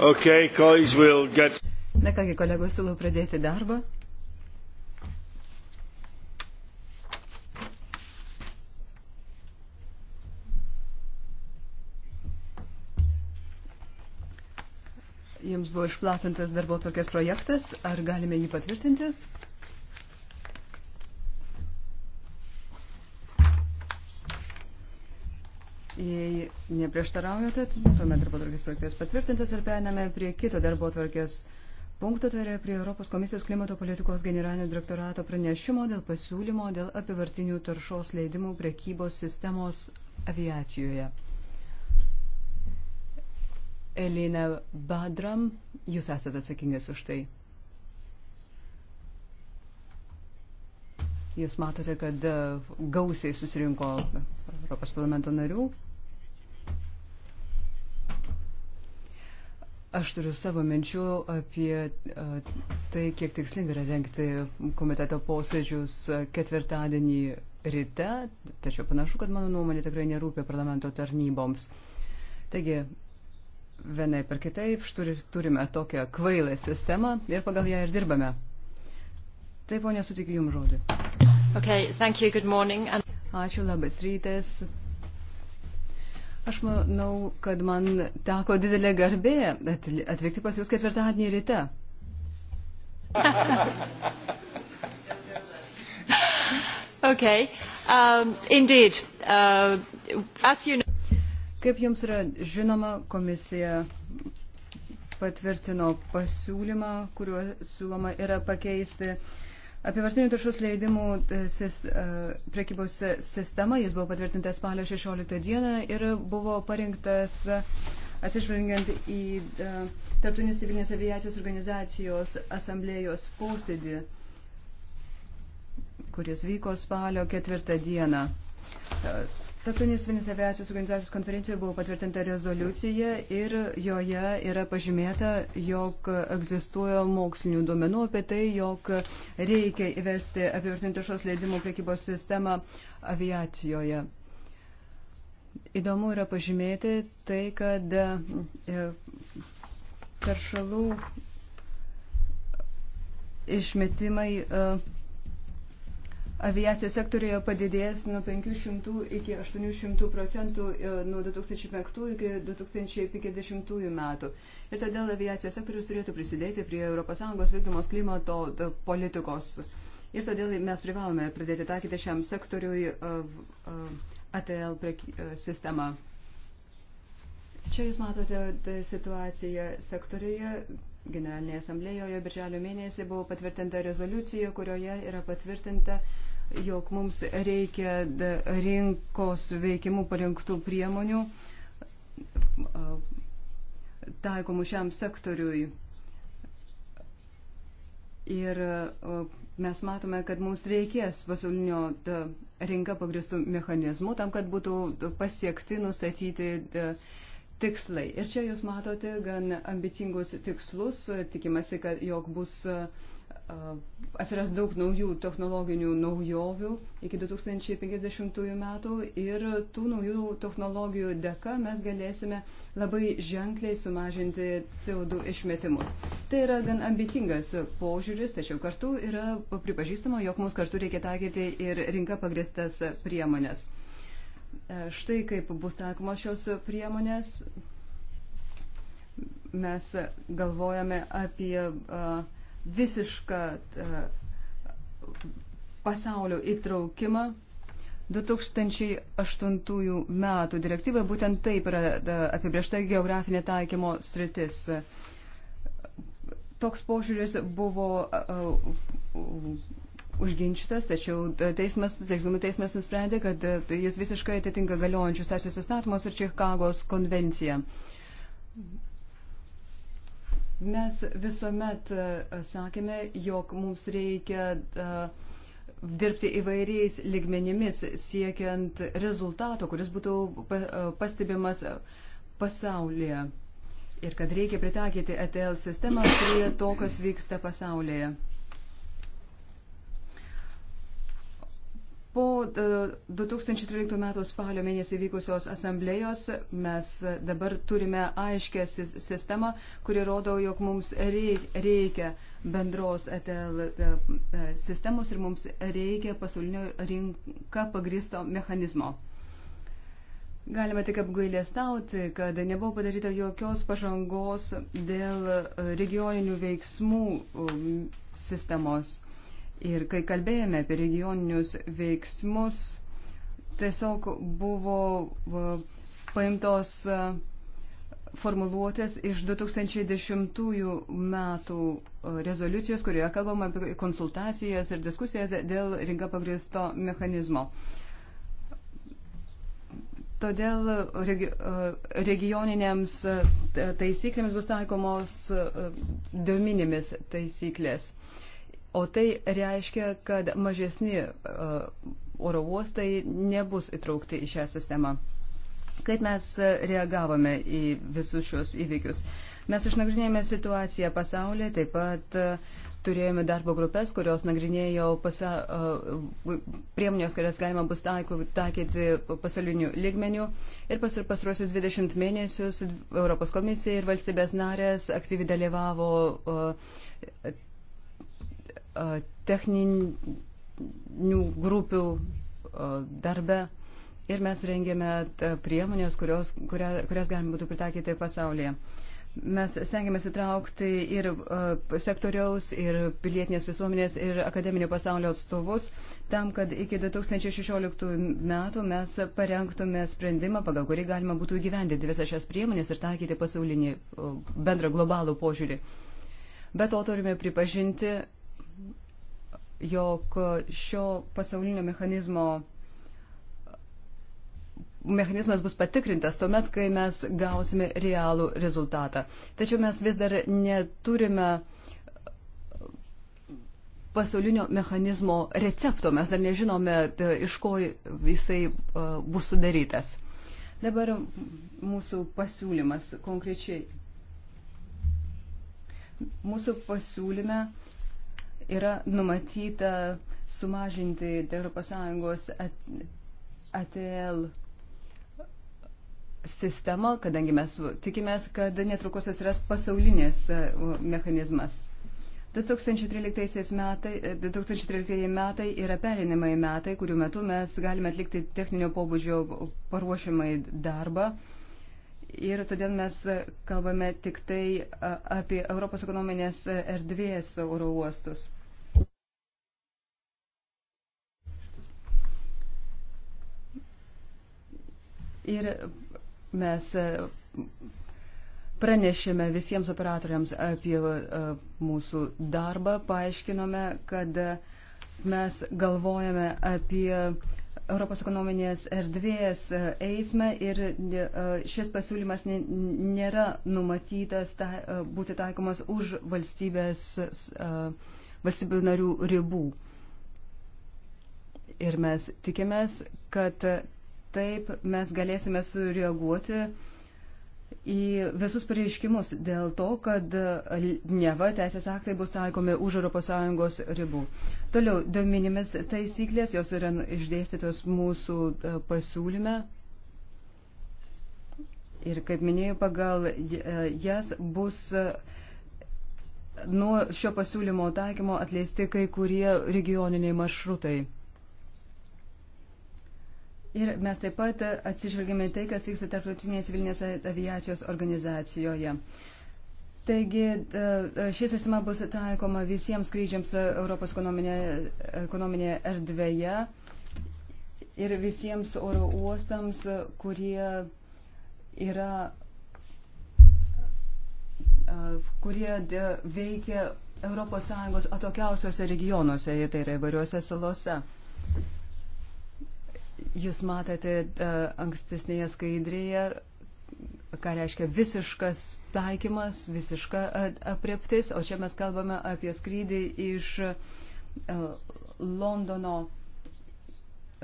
Okay, we'll get... Na kągi, kolegos, siūlau pradėti darbą. Jums buvo išplatintas darbo tvarkės projektas, ar galime jį patvirtinti? neprieštaraujate, tuomet darbo tvarkės projektas patvirtintas ir peiname prie kito darbo tvarkės punkto, tai yra prie Europos komisijos klimato politikos generalinio direktorato pranešimo dėl pasiūlymo dėl apivartinių taršos leidimų prekybos sistemos aviacijoje. Elina Badram, jūs esate atsakingas už tai. Jūs matote, kad gausiai susirinko Europos parlamento narių. Aš turiu savo minčių apie tai, kiek tikslinga yra rengti komiteto posėdžius ketvirtadienį ryte, tačiau panašu, kad mano nuomonė tikrai nerūpia parlamento tarnyboms. Taigi, vienai per kitaip turime tokią kvailą sistemą ir pagal ją ir dirbame. Taip, ponė, sutikiu Jums žodį. Okay, thank you, good morning. And... Ačiū, labas rytas. Aš manau, kad man teko didelė garbė atvykti pas Jūs ketvirtadienį ryte. okay. um, indeed, uh, as you know... Kaip jums yra žinoma, komisija patvirtino pasiūlymą, kuriuo siūloma yra pakeisti apivartinių taršos leidimų e, sis, e, prekybos sistema. Jis buvo patvirtintas spalio 16 dieną ir buvo parinktas atsižvelgiant į e, Tarptautinės civilinės aviacijos organizacijos asamblėjos posėdį, kuris vyko spalio 4 dieną. Tarptautinės civilinės aviacijos organizacijos konferencijoje buvo patvirtinta rezoliucija ir joje yra pažymėta, jog egzistuoja mokslinių duomenų apie tai, jog reikia įvesti apivartinti šios leidimų prekybos sistemą aviacijoje. Įdomu yra pažymėti tai, kad e, taršalų išmetimai. Uh, aviacijos sektorijoje padidės nuo 500 iki 800 procentų e, nuo 2005 iki 2050 metų. Ir todėl aviacijos sektorius turėtų prisidėti prie ES vykdomos klimato e, politikos. Ir todėl mes privalome pradėti taikyti šiam sektoriui e, ATL sistemą. Čia jūs matote situaciją sektorijoje, Generalinėje asamblėjoje birželio mėnesį buvo patvirtinta rezoliucija, kurioje yra patvirtinta, jog mums reikia rinkos veikimų parinktų priemonių taikomų šiam sektoriui. Ir mes matome, kad mums reikės pasaulinio rinka pagristų mechanizmų tam, kad būtų pasiekti nustatyti. De, tikslai. Ir čia jūs matote gan ambicingus tikslus, tikimasi, kad jog bus uh, atsiras daug naujų technologinių naujovių iki 2050 metų ir tų naujų technologijų dėka mes galėsime labai ženkliai sumažinti CO2 išmetimus. Tai yra gan ambicingas požiūris, tačiau kartu yra pripažįstama, jog mums kartu reikia taikyti ir rinka pagristas priemonės. E, štai kaip bus taikomos šios priemonės. Mes galvojame apie e, visišką e, pasaulio įtraukimą. 2008 metų direktyva būtent taip yra apibriešta geografinė taikymo sritis. Toks požiūris buvo užginčytas, tačiau teismas, teismų teismas nusprendė, kad e, tai jis visiškai atitinka galiojančius teisės įstatymus ir Čikagos konvenciją. Mes visuomet e, sakėme, jog mums reikia e, dirbti įvairiais ligmenimis, siekiant rezultato, kuris būtų pastebimas pasaulyje. Ir kad reikia pritaikyti ETL sistemą prie to, kas vyksta pasaulyje. Po 2013 e, m. spalio mėnesį vykusios asamblėjos mes dabar turime aiškę sistemą, kuri rodo, jog mums reikia bendros ETL e, e, sistemos ir mums reikia pasaulinio rinka pagristo mechanizmo. Galime tik apgailėstauti, kad nebuvo padaryta jokios pažangos dėl regioninių veiksmų um, sistemos Ir kai kalbėjome apie regioninius veiksmus, tiesiog buvo paimtos formuluotės iš 2010 metų rezoliucijos, kurioje kalbama apie konsultacijas ir diskusijas dėl rinka pagristo mechanizmo. Todėl regioninėms taisyklėms bus taikomos dominimis taisyklės. O tai reiškia, kad mažesni e, oro uostai nebus įtraukti į šią sistemą. Kaip mes reagavome į visus šios įvykius? Mes išnagrinėjome situaciją pasaulyje, taip pat e, turėjome darbo grupės, kurios nagrinėjo pasa, e, priemonės, kurias galima bus taikyti pasaulinių lygmenių. Ir pas, pasiruosius 20 mėnesius Europos komisija ir valstybės narės aktyviai dalyvavo techninių grupių darbe ir mes rengėme priemonės, kurios, kuria, kurias galima būtų pritaikyti pasaulyje. Mes stengiamės įtraukti ir uh, sektoriaus, ir pilietinės visuomenės, ir akademinio pasaulio atstovus, tam, kad iki 2016 metų mes parengtume sprendimą, pagal kurį galima būtų įgyvendinti visas šias priemonės ir taikyti pasaulinį uh, bendrą globalų požiūrį. Bet to turime pripažinti, jog šio pasaulinio mechanizmo mechanizmas bus patikrintas tuomet, kai mes gausime realų rezultatą. Tačiau mes vis dar neturime pasaulinio mechanizmo recepto, mes dar nežinome, e, iš ko jisai e, bus sudarytas. Dabar mūsų pasiūlymas konkrečiai. Mūsų pasiūlyme yra numatyta sumažinti ES ATL sistemą, kadangi mes tikimės, kad netrukus atsiras pasaulinės e, mechanizmas. 2013 metai, 2013 e, metai yra perinimai metai, kurių metu mes galime atlikti techninio pobūdžio paruošimai darbą. Ir todėl mes kalbame tik tai apie Europos ekonominės e, erdvės oro uostus. Ir mes e, pranešėme visiems operatoriams apie e, mūsų darbą, paaiškinome, kad e, mes galvojame apie Europos ekonominės erdvės eismę ir šis pasiūlymas nėra numatytas ta, būti taikomas už valstybės, valstybių narių ribų. Ir mes tikimės, kad Taip mes galėsime sureaguoti į visus pareiškimus dėl to, kad neva teisės aktai bus taikomi už ES ribų. Toliau, dominimis taisyklės, jos yra išdėstytos mūsų e, pasiūlyme. Ir kaip minėjau, pagal e, jas bus e, nuo šio pasiūlymo taikymo atleisti kai kurie regioniniai maršrutai. Ir mes taip pat atsižvelgėme tai, kas vyksta tarptautinėje civilinės aviacijos organizacijoje. Taigi e, e, ši sistema bus taikoma visiems skrydžiams Europos ekonominėje, ekonominėje erdvėje ir visiems oro uostams, kurie yra e, kurie veikia ES atokiausiuose regionuose, tai yra įvairiuose salose. Jūs matote e, ankstesnėje skaidrėje, ką reiškia visiškas taikymas, visiška e, apreptis, o čia mes kalbame apie skrydį iš e, Londono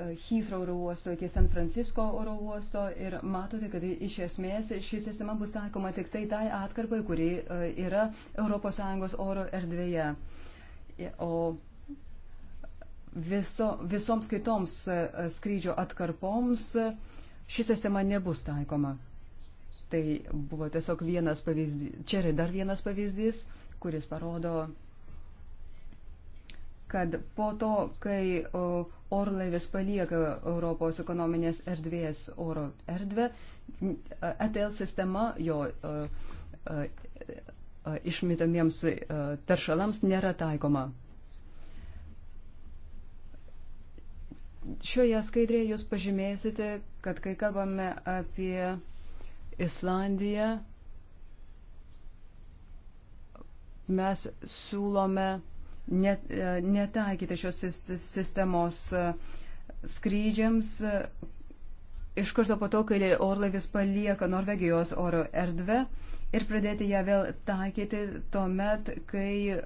Heathrow oro uosto iki San Francisco oro uosto ir matote, kad iš esmės ši sistema bus taikoma tik tai tai atkarpai, kuri yra ES oro erdvėje. O viso, visoms kitoms e, e, skrydžio atkarpoms e, ši sistema nebus taikoma. Tai buvo tiesiog vienas pavyzdys, čia yra dar vienas pavyzdys, kuris parodo, kad po to, kai orlaivis palieka Europos ekonominės erdvės oro erdvę, ETL sistema jo išmitamiems taršalams nėra taikoma. Šioje skaidrėje jūs pažymėsite, kad kai kalbame apie Islandiją, mes siūlome net, netaikyti šios sistemos e, skrydžiams e, iš karto po to, kai orlaivis palieka Norvegijos oro erdvę ir pradėti ją vėl taikyti tuomet, kai e,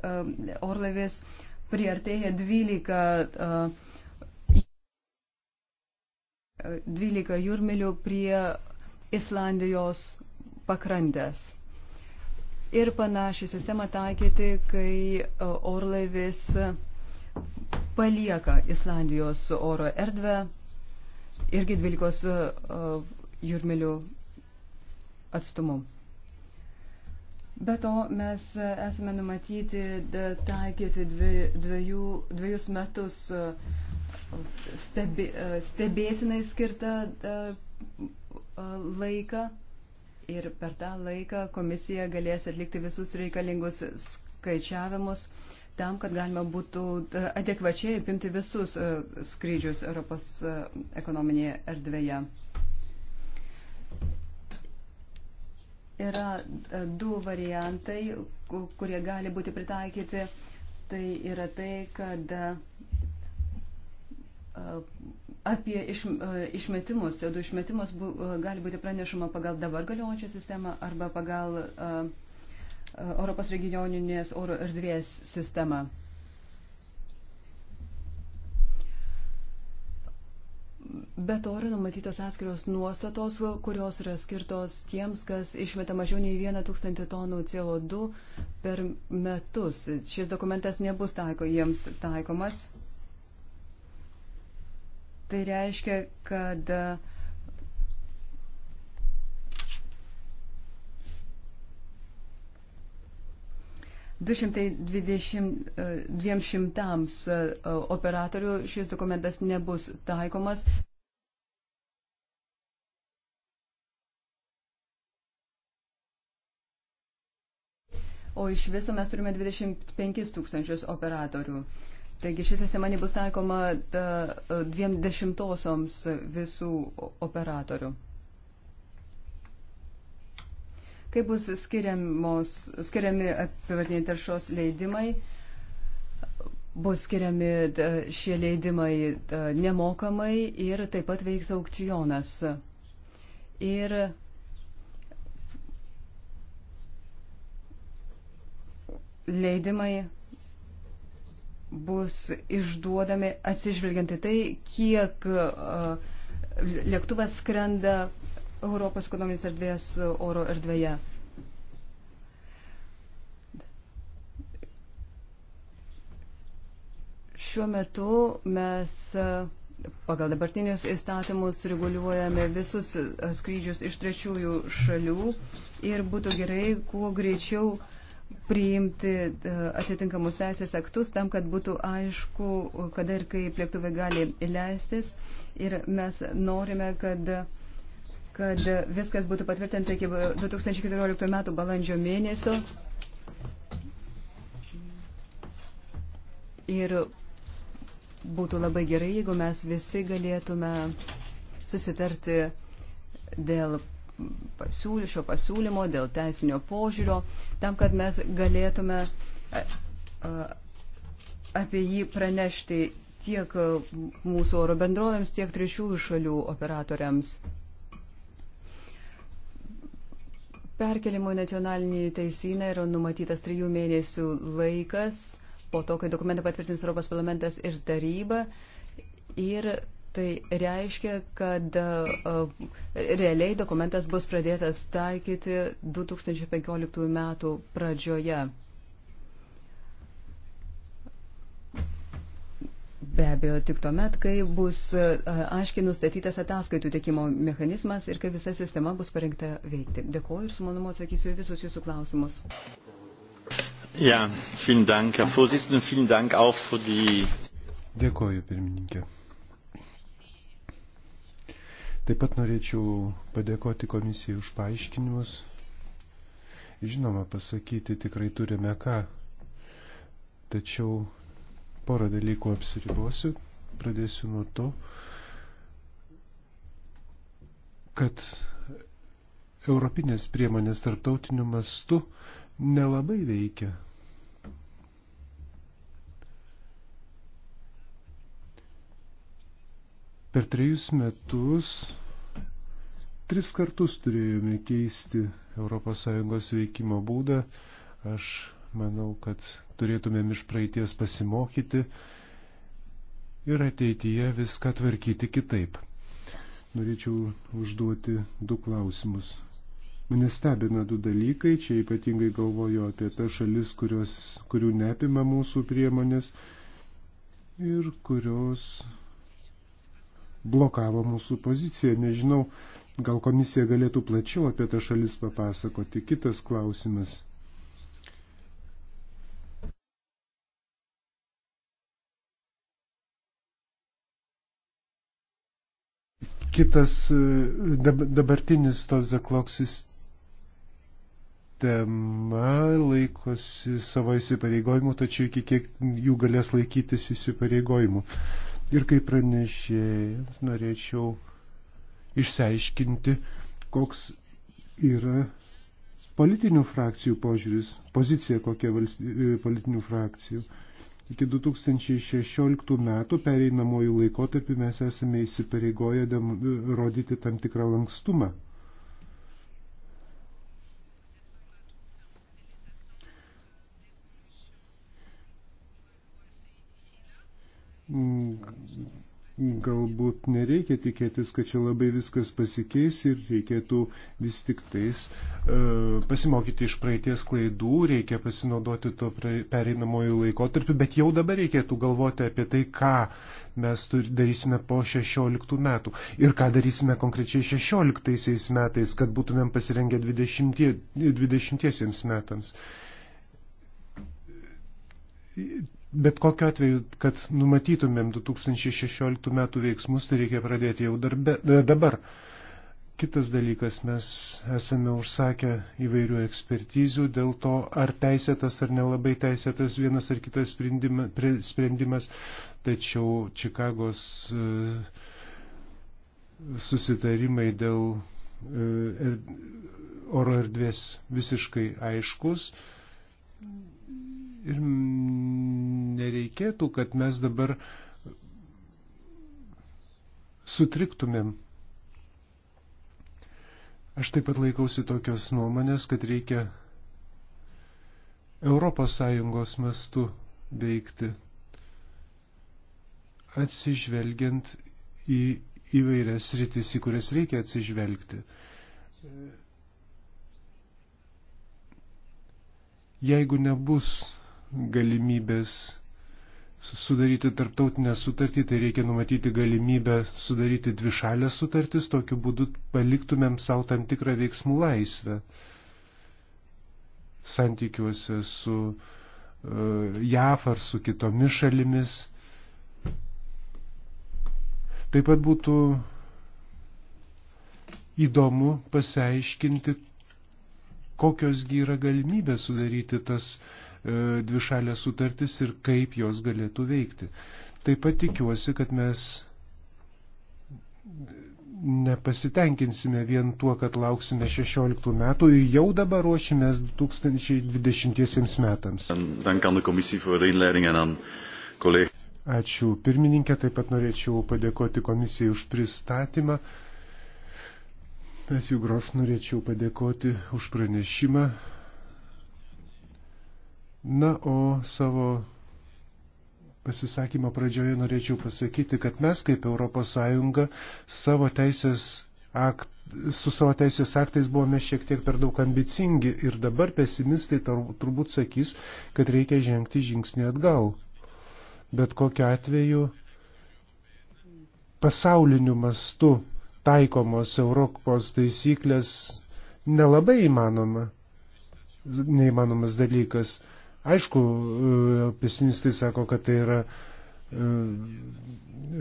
orlaivis priartėja 12 12 jūrmilių prie Islandijos pakrantės. Ir panašią sistemą taikyti, kai e, orlaivis palieka Islandijos oro erdvę irgi 12 e, jūrmilių atstumu. Be to, mes esame numatyti taikyti dvi, dviejų, dviejus metus e, stebi, e, stebėsinai skirtą e, e, laiką ir per tą laiką komisija galės atlikti visus reikalingus skaičiavimus tam, kad galima būtų adekvačiai apimti visus skrydžius Europos ekonominėje erdvėje. Yra du variantai, kurie gali būti pritaikyti. Tai yra tai, kad apie iš, išmetimus, CO2 išmetimus bu, gali būti pranešama pagal dabar galiojančią sistemą arba pagal a, a, Europos regioninės oro erdvės sistemą. Be to yra numatytos atskiros nuostatos, kurios yra skirtos tiems, kas išmeta mažiau nei 1000 tonų CO2 per metus. Šis dokumentas nebus taiko, jiems taikomas. Tai reiškia, kad e, Du šimtai e, dviem šimtams e, operatorių šis dokumentas nebus taikomas. o iš viso mes turime 25 tūkstančius operatorių. Taigi ši sistema nebus taikoma dviem dešimtosioms visų operatorių. Kaip bus skiriami apivartiniai taršos leidimai? Bus skiriami šie leidimai nemokamai ir taip pat veiks aukcionas. Ir leidimai bus išduodami atsižvelgiant į tai, kiek e, lėktuvas skrenda Europos ekonominės erdvės oro erdvėje. Šiuo metu mes e, pagal dabartinius įstatymus reguliuojame visus e, skrydžius iš trečiųjų šalių ir būtų gerai kuo greičiau uh, priimti e, atitinkamus teisės aktus tam, kad būtų aišku, kada ir kaip lėktuvai gali leistis. Ir mes norime, kad, kad viskas būtų patvirtinta iki 2014 metų balandžio mėnesio. Ir būtų labai gerai, jeigu mes visi galėtume susitarti dėl pasiūly, šio pasiūlymo, dėl teisinio požiūrio, tam, kad mes galėtume e, e, apie jį pranešti tiek mūsų oro bendrovėms, tiek trečiųjų šalių operatoriams. Perkelimo nacionalinį teisyną yra numatytas trijų mėnesių laikas po to, kai dokumentą patvirtins Europos parlamentas ir taryba. Ir Tai reiškia, kad realiai dokumentas bus pradėtas taikyti 2015 metų pradžioje. Be abejo, tik tuomet, kai bus aiškiai nustatytas ataskaitų tiekimo mechanizmas ir kai visa sistema bus parengta veikti. Dėkuoju ir su malomu atsakysiu į visus jūsų klausimus. Ja, vielen Dank, Herr Vorsitzender, vielen Dank auch für die. Dėkuoju, pirmininkė. Taip pat norėčiau padėkoti komisijai už paaiškinimus. Žinoma, pasakyti tikrai turime ką, tačiau porą dalykų apsiribosiu. Pradėsiu nuo to, kad europinės priemonės tarptautiniu mastu nelabai veikia. Per trejus metus tris kartus turėjome keisti ES veikimo būdą. Aš manau, kad turėtumėm iš praeities pasimokyti ir ateityje viską tvarkyti kitaip. Norėčiau užduoti du klausimus. Mane stebina du dalykai, čia ypatingai galvoju apie tas šalis, kurios, kurių neapima mūsų priemonės ir kurios blokavo mūsų poziciją. Nežinau, gal komisija galėtų plačiau apie tą šalis papasakoti. Kitas klausimas. Kitas e, dabartinis tos zakloksis tema laikosi savo įsipareigojimų, tačiau iki kiek jų galės laikytis įsipareigojimų ir kaip pranešėjas norėčiau išsiaiškinti, koks yra politinių frakcijų požiūris, pozicija kokia valstybių, e, politinių frakcijų. Iki 2016 metų pereinamojų laikotarpių mes esame įsipareigoję rodyti tam tikrą lankstumą. Mm, galbūt nereikia tikėtis, kad čia labai viskas pasikeis ir reikėtų vis tik tais e, pasimokyti iš praeities klaidų, reikia pasinaudoti to pereinamojų laikotarpiu, bet jau dabar reikėtų galvoti apie tai, ką mes darysime po 16 metų ir ką darysime konkrečiai 16 metais, kad būtumėm pasirengę 20, 20 metams bet kokiu atveju, kad numatytumėm 2016 metų veiksmus, tai reikia pradėti jau darbe, e, dabar. Kitas dalykas, mes esame užsakę įvairių ekspertizių dėl to, ar teisėtas ar nelabai teisėtas vienas ar kitas sprendimas, tačiau Čikagos e, susitarimai dėl e, er, oro erdvės visiškai aiškus Ir nereikėtų, kad mes dabar sutriktumėm. Aš taip pat laikausi tokios nuomonės, kad reikia Europos Sąjungos mastu veikti, atsižvelgiant į įvairias rytis, į kurias reikia atsižvelgti. Jeigu nebus galimybės sudaryti tarptautinę sutartį, tai reikia numatyti galimybę sudaryti dvišalę sutartis, tokiu būdu paliktumėm savo tam tikrą veiksmų laisvę santykiuose su uh, JAF ar su kitomis šalimis. Taip pat būtų įdomu pasiaiškinti, kokios gyra galimybė sudaryti tas uh, E, dvišalės sutartis ir kaip jos galėtų veikti. Taip pat tikiuosi, kad mes nepasitenkinsime vien tuo, kad lauksime 16 metų ir jau dabar ruošimės 2020 metams. Ačiū pirmininkė, taip pat norėčiau padėkoti komisijai už pristatymą. Mes jų groš norėčiau padėkoti už pranešimą, Na, o savo pasisakymo pradžioje norėčiau pasakyti, kad mes kaip ES savo teisės akt, su savo teisės aktais buvome šiek tiek per daug ambicingi ir dabar pesimistai turbūt sakys, kad reikia žengti žingsnį atgal. Bet kokiu atveju pasauliniu mastu taikomos Europos taisyklės nelabai įmanoma, neįmanomas dalykas. Aišku, e, pesimistai sako, kad tai yra e,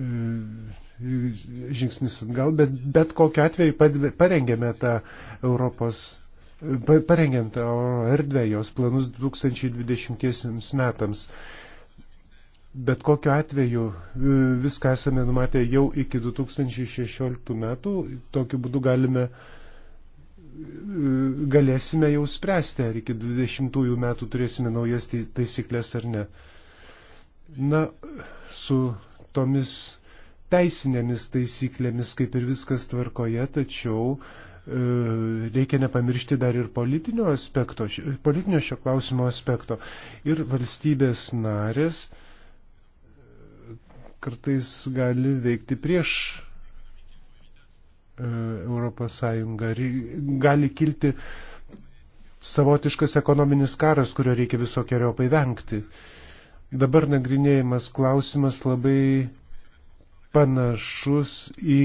e, žingsnis atgal, bet, bet kokiu atveju parengėme tą Europos, parengėm tą erdvę, jos planus 2020 metams. Bet kokiu atveju viską esame numatę jau iki 2016 metų, tokiu būdu galime uh, galėsime jau spręsti, ar iki 20 metų turėsime naujas tai- taisyklės ar ne. Na, su tomis teisinėmis taisyklėmis kaip ir viskas tvarkoje, tačiau e, reikia nepamiršti dar ir politinio, aspekto, politinio šio klausimo aspekto. Ir valstybės narės e, kartais gali veikti prieš Europos Sąjunga. Gali kilti savotiškas ekonominis karas, kurio reikia visokiojopai vengti. Dabar nagrinėjimas klausimas labai panašus į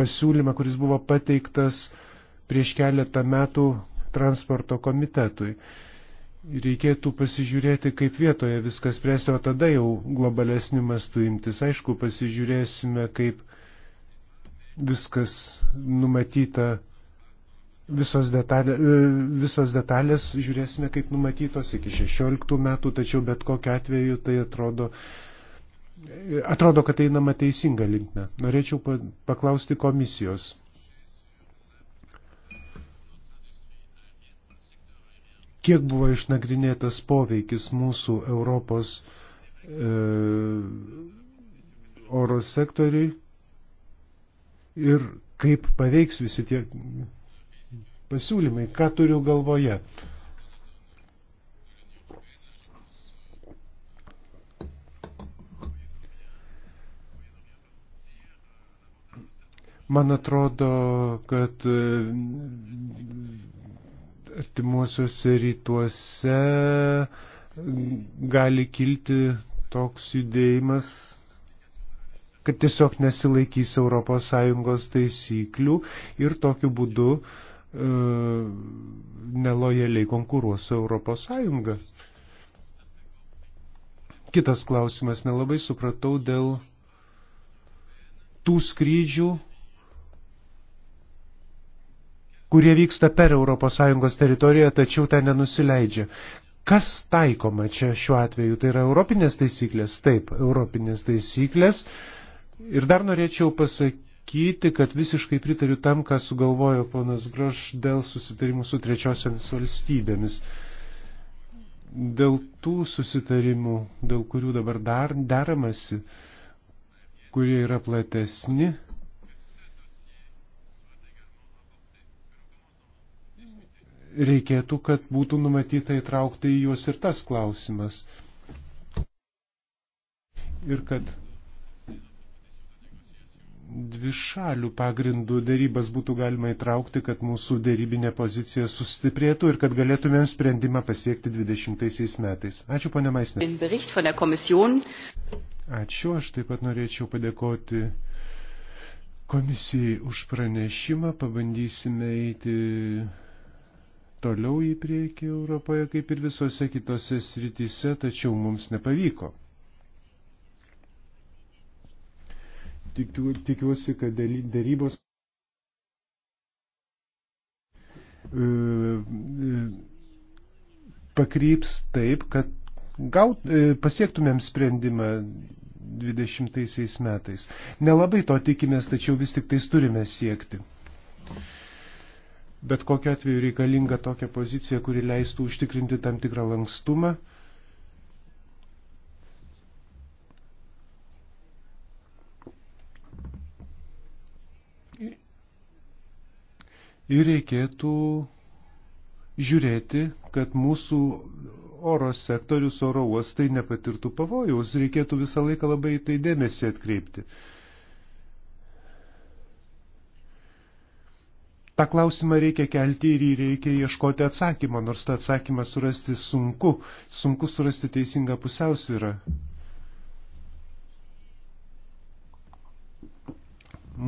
pasiūlymą, kuris buvo pateiktas prieš keletą metų transporto komitetui. Reikėtų pasižiūrėti, kaip vietoje viskas spręsti, o tada jau globalesnių mastų imtis. Aišku, pasižiūrėsime, kaip viskas numatyta, visos, detalė, e, visos detalės žiūrėsime kaip numatytos iki 16 metų, tačiau bet kokiu atveju tai atrodo, e, atrodo, kad einama teisinga linkme. Norėčiau paklausti komisijos. Kiek buvo išnagrinėtas poveikis mūsų Europos e, oro sektoriui ir kaip paveiks visi tie pasiūlymai, ką turiu galvoje. Man atrodo, kad artimuosiuose rytuose gali kilti toks judėjimas kad tiesiog nesilaikys ES taisyklių ir tokiu būdu e, nelojaliai konkuruos su ES. Kitas klausimas, nelabai supratau dėl tų skrydžių, kurie vyksta per ES teritoriją, tačiau ten nenusileidžia. Kas taikoma čia šiuo atveju? Tai yra europinės taisyklės? Taip, europinės taisyklės. E, Ir dar norėčiau pasakyti, kad visiškai pritariu tam, ką sugalvojo ponas Groš dėl susitarimų su trečiosiomis valstybėmis. Dėl tų susitarimų, dėl kurių dabar dar deramasi, kurie yra platesni, reikėtų, kad būtų numatyta įtraukti į juos ir tas klausimas. Ir kad dvišalių pagrindų dėrybas būtų galima įtraukti, kad mūsų dėrybinė pozicija sustiprėtų ir kad galėtumėm sprendimą pasiekti 20 metais. Ačiū, ponė Maisne. Ačiū, aš taip pat norėčiau padėkoti komisijai už pranešimą. Pabandysime eiti toliau į priekį Europoje, kaip ir visose kitose srityse, tačiau mums nepavyko. tikiu, tikiuosi, kad darybos e, e, pakryps taip, kad gaut, e, pasiektumėm sprendimą 20 metais. Nelabai to tikimės, tačiau vis tik tais turime siekti. Bet kokiu atveju reikalinga tokia pozicija, kuri leistų užtikrinti tam tikrą lankstumą ir reikėtų žiūrėti, kad mūsų oro sektorius, oro uostai nepatirtų pavojaus. Reikėtų visą laiką labai į tai dėmesį atkreipti. Ta klausimą reikia kelti ir jį reikia ieškoti atsakymą, nors tą atsakymą surasti sunku. Sunku surasti teisingą pusiausvyrą.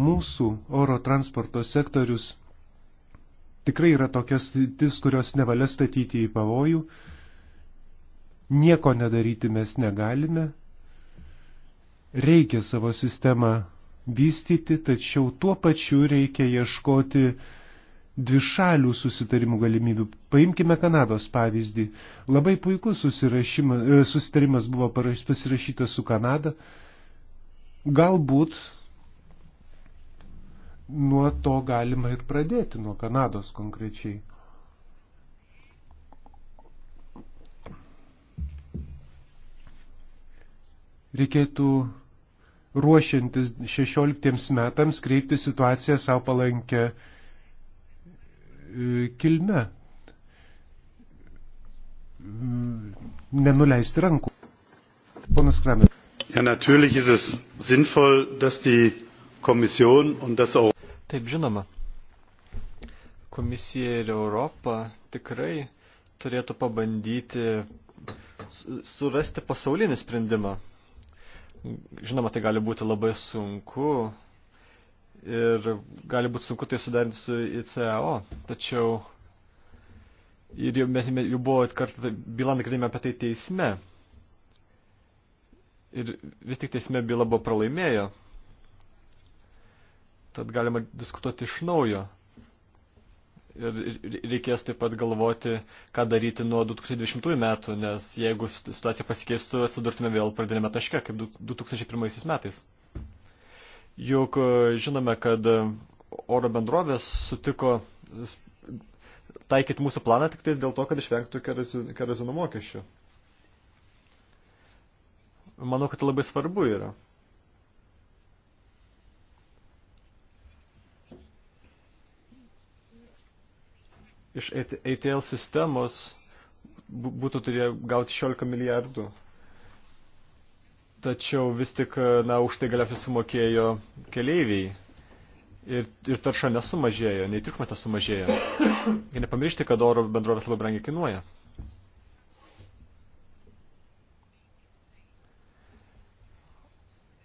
Mūsų oro transporto sektorius tikrai yra tokias tis, kurios nevalia statyti į pavojų. Nieko nedaryti mes negalime. Reikia savo sistemą vystyti, tačiau tuo pačiu reikia ieškoti dvišalių susitarimų galimybių. Paimkime Kanados pavyzdį. Labai puikus e, susitarimas buvo pasirašytas su Kanada. Galbūt nuo to galima ir pradėti, nuo Kanados konkrečiai. Reikėtų ruošiantis 16 metams kreipti situaciją savo palankę e, kilme. Mm, nenuleisti rankų. Ponas Kramer. Ja, natürlich ist es sinnvoll, dass die Kommission und das auch. Taip žinoma, komisija ir Europa tikrai turėtų pabandyti surasti pasaulinį sprendimą. Žinoma, tai gali būti labai sunku ir gali būti sunku tai sudarinti su ICAO, tačiau ir jau, mes jau buvo kartą bylą nagrinėjame apie tai teisme. Ir vis tik teisme byla buvo pralaimėjo tad galima diskutuoti iš naujo. Ir reikės taip pat galvoti, ką daryti nuo 2020 metų, nes jeigu situacija pasikeistų, atsidurtume vėl pradinėme taške, kaip 2001 metais. Juk žinome, kad oro bendrovės sutiko taikyti mūsų planą tik tai dėl to, kad išvengtų kerozino mokesčių. Manau, kad tai labai svarbu yra. iš ATL sistemos būtų turėję gauti 16 milijardų. Tačiau vis tik, na, už tai galiausiai sumokėjo keleiviai. Ir, ir tarša nesumažėjo, nei triukšmas nesumažėjo. Ir nepamiršti, kad oro bendrovės labai brangiai kainuoja.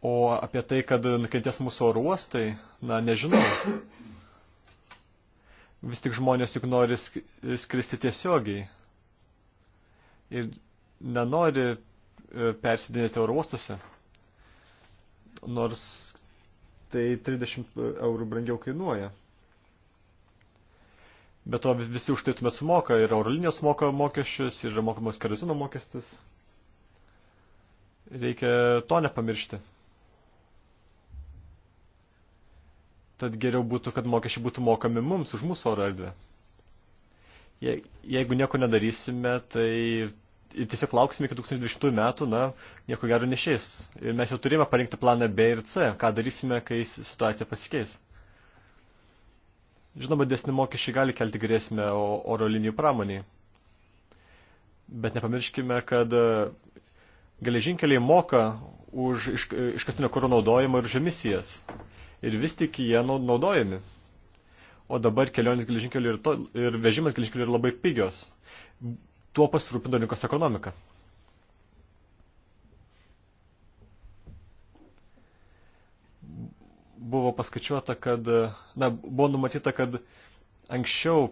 O apie tai, kad nukentės mūsų oro uostai, na, nežinau. vis tik žmonės juk nori skristi tiesiogiai ir nenori e, persidinėti oro uostuose, nors tai 30 eurų brangiau kainuoja. Bet to visi už tai tuomet sumoka, ir oro linijos moka mokesčius, ir yra mokamas kerozino mokestis. Reikia to nepamiršti. Tad geriau būtų, kad mokesčiai būtų mokami mums už mūsų oro erdvę. Je, jeigu nieko nedarysime, tai tiesiog lauksime iki 2020 metų, na, nieko gero neišės. Ir mes jau turime parinkti planą B ir C, ką darysime, kai situacija pasikeis. Žinoma, desni mokesčiai gali kelti grėsmę oro linijų pramoniai. Bet nepamirškime, kad e, geležinkeliai moka už iškastinio kuro naudojimą ir už emisijas ir vis tik jie naudojami. O dabar kelionės geležinkeliu ir, to, ir vežimas geležinkeliu yra labai pigios. Tuo pasirūpino rinkos ekonomika. Buvo paskaičiuota, kad, na, buvo numatyta, kad anksčiau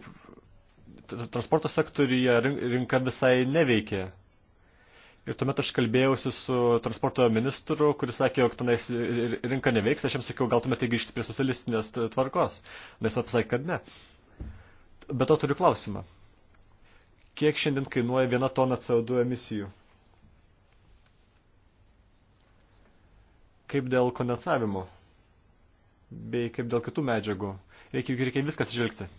transporto sektoriuje rinka visai neveikė. Ir tuomet aš kalbėjausi su transporto ministru, kuris sakė, jog tenais rinka neveiks. Aš jam sakiau, gal tuomet tai grįžti prie socialistinės tvarkos. Nes man pasakė, kad ne. Bet to turiu klausimą. Kiek šiandien kainuoja viena tona CO2 emisijų? Kaip dėl kondensavimo? Bei kaip dėl kitų medžiagų? Reikia, reikia viskas žvelgti.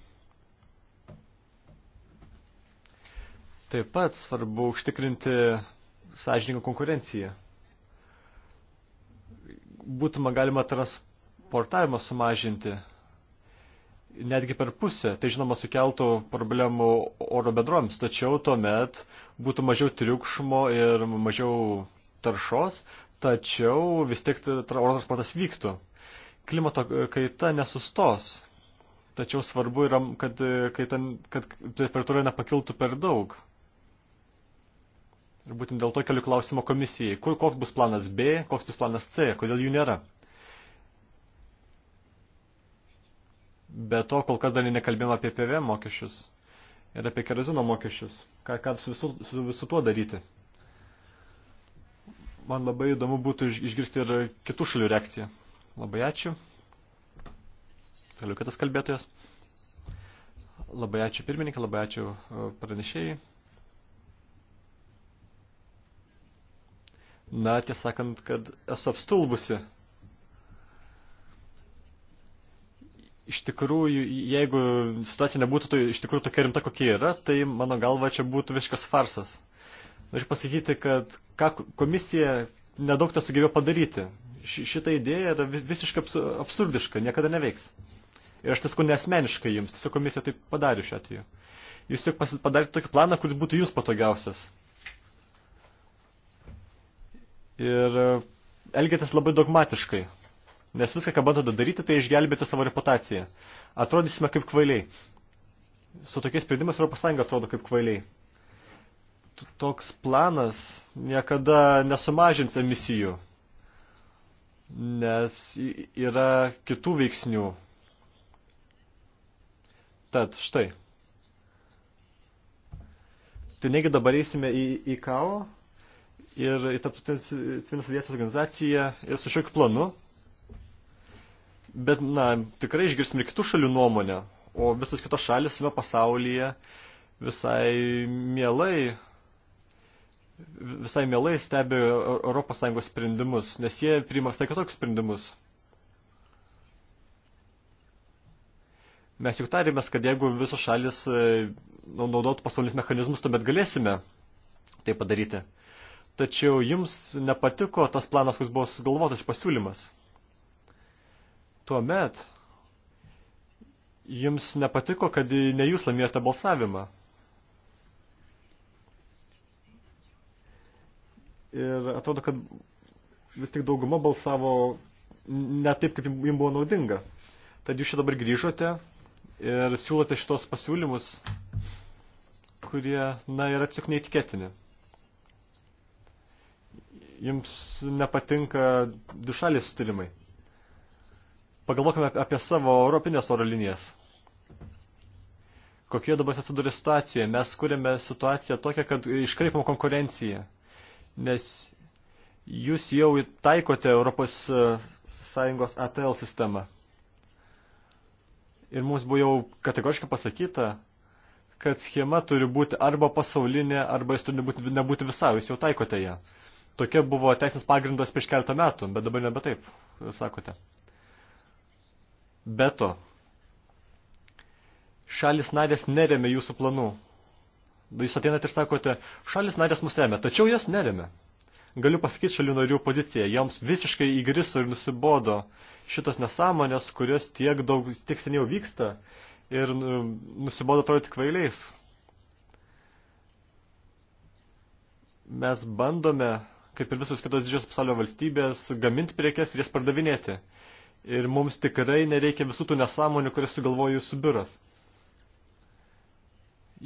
Taip pat svarbu užtikrinti sąžininką konkurenciją. Būtumą galima transportavimą sumažinti netgi per pusę. Tai žinoma sukeltų problemų oro bedroms, tačiau tuomet būtų mažiau triukšmo ir mažiau taršos, tačiau vis tiek oro transportas vyktų. Klimato kaita nesustos, tačiau svarbu yra, kad, kaita, kad temperatūra nepakiltų per daug. Ir būtent dėl to keliu klausimą komisijai. Kur, koks bus planas B, koks bus planas C, kodėl jų nėra? Be to, kol kas dar nekalbėjom apie PVM mokesčius ir apie kerazino mokesčius. Ką, ką su, visu, su visu tuo daryti? Man labai įdomu būtų išgirsti ir kitų šalių reakciją. Labai ačiū. Toliau kitas kalbėtojas. Labai ačiū pirmininkai, labai ačiū e, pranešėjai. na, tiesąkant, kad esu apstulbusi. Iš tikrųjų, jeigu situacija nebūtų tai iš tikrųjų tokia rimta, kokia yra, tai mano galva čia būtų visiškas farsas. Noriu pasakyti, kad ką komisija nedaug tą sugebėjo padaryti. Šitą idėją yra visiškai absurdiška, niekada neveiks. Ir aš tiesiog nesmeniškai jums, tiesiog komisija taip padarė šiuo atveju. Jūs tiesiog padarėte tokį planą, kuris būtų jūs patogiausias ir e, elgėtės labai dogmatiškai, nes viską, ką bandote daryti, tai išgelbėti savo reputaciją. Atrodysime kaip kvailiai. Su tokiais sprendimais Europos Sąjunga atrodo kaip kvailiai. Toks planas niekada nesumažins emisijų, nes yra kitų veiksnių. Tad štai. Tai negi dabar eisime į, į kavo ir į tarptautinę civilinės aviacijos organizaciją ir su šiokiu planu. Bet, na, tikrai išgirsim ir kitų šalių nuomonę, o visas kitos šalis visame pasaulyje visai mielai visai mielai stebi ES sprendimus, nes jie priima visai kitokius sprendimus. Mes juk tarėmės, kad jeigu visos šalis e, naudotų pasaulinius mechanizmus, tuomet galėsime tai padaryti tačiau jums nepatiko tas planas, kuris buvo sugalvotas pasiūlymas. Tuomet jums nepatiko, kad ne jūs laimėjote balsavimą. Ir atrodo, kad vis tik dauguma balsavo ne taip, kaip jums buvo naudinga. Tad jūs čia dabar grįžote ir siūlote šitos pasiūlymus, kurie, na, yra tiesiog neįtikėtini jums nepatinka dušaliai sustarimai. Pagalvokime apie savo europinės oro linijas. Kokie dabar atsidūrė situacija? Mes kūrėme situaciją tokią, kad iškreipam konkurenciją. Nes jūs jau taikote Europos e, Sąjungos ATL sistemą. Ir mums buvo jau kategoriškai pasakyta, kad schema turi būti arba pasaulinė, arba jis turi nebūti, nebūti visai, jūs jau taikote ją. Tokia buvo teisės pagrindas prieš keletą metų, bet dabar nebe taip, sakote. Be to, šalis narės neremia jūsų planų. Jūs ateinat ir sakote, šalis narės mus remia, tačiau jas neremia. Galiu pasakyti šalių narių poziciją, joms visiškai įgriso ir nusibodo šitos nesąmonės, kurios tiek daug, tiek seniau vyksta ir nu, nusibodo atrodyti kvailiais. Mes bandome kaip ir visos kitos didžios pasaulio valstybės, gaminti prekes ir jas pardavinėti. Ir mums tikrai nereikia visų tų nesąmonių, kurias sugalvoja jūsų biuras.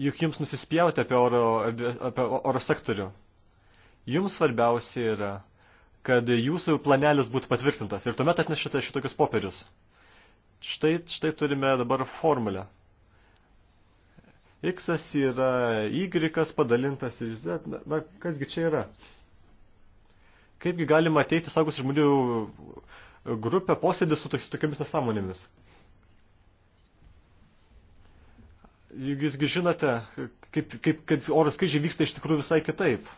Juk jums nusispjauti apie oro, apie oro sektorių. Jums svarbiausia yra, kad jūsų planelis būtų patvirtintas ir tuomet atnešite šitokius popierius. Štai, štai turime dabar formulę. X yra Y padalintas iš Z. Na, na kasgi čia yra? Kaipgi galima ateiti saugus žmonių e, grupę posėdį su tokiamis nesąmonėmis? Juk jūsgi žinote, kaip, kaip, kad oro skrydžiai vyksta iš tikrųjų visai kitaip.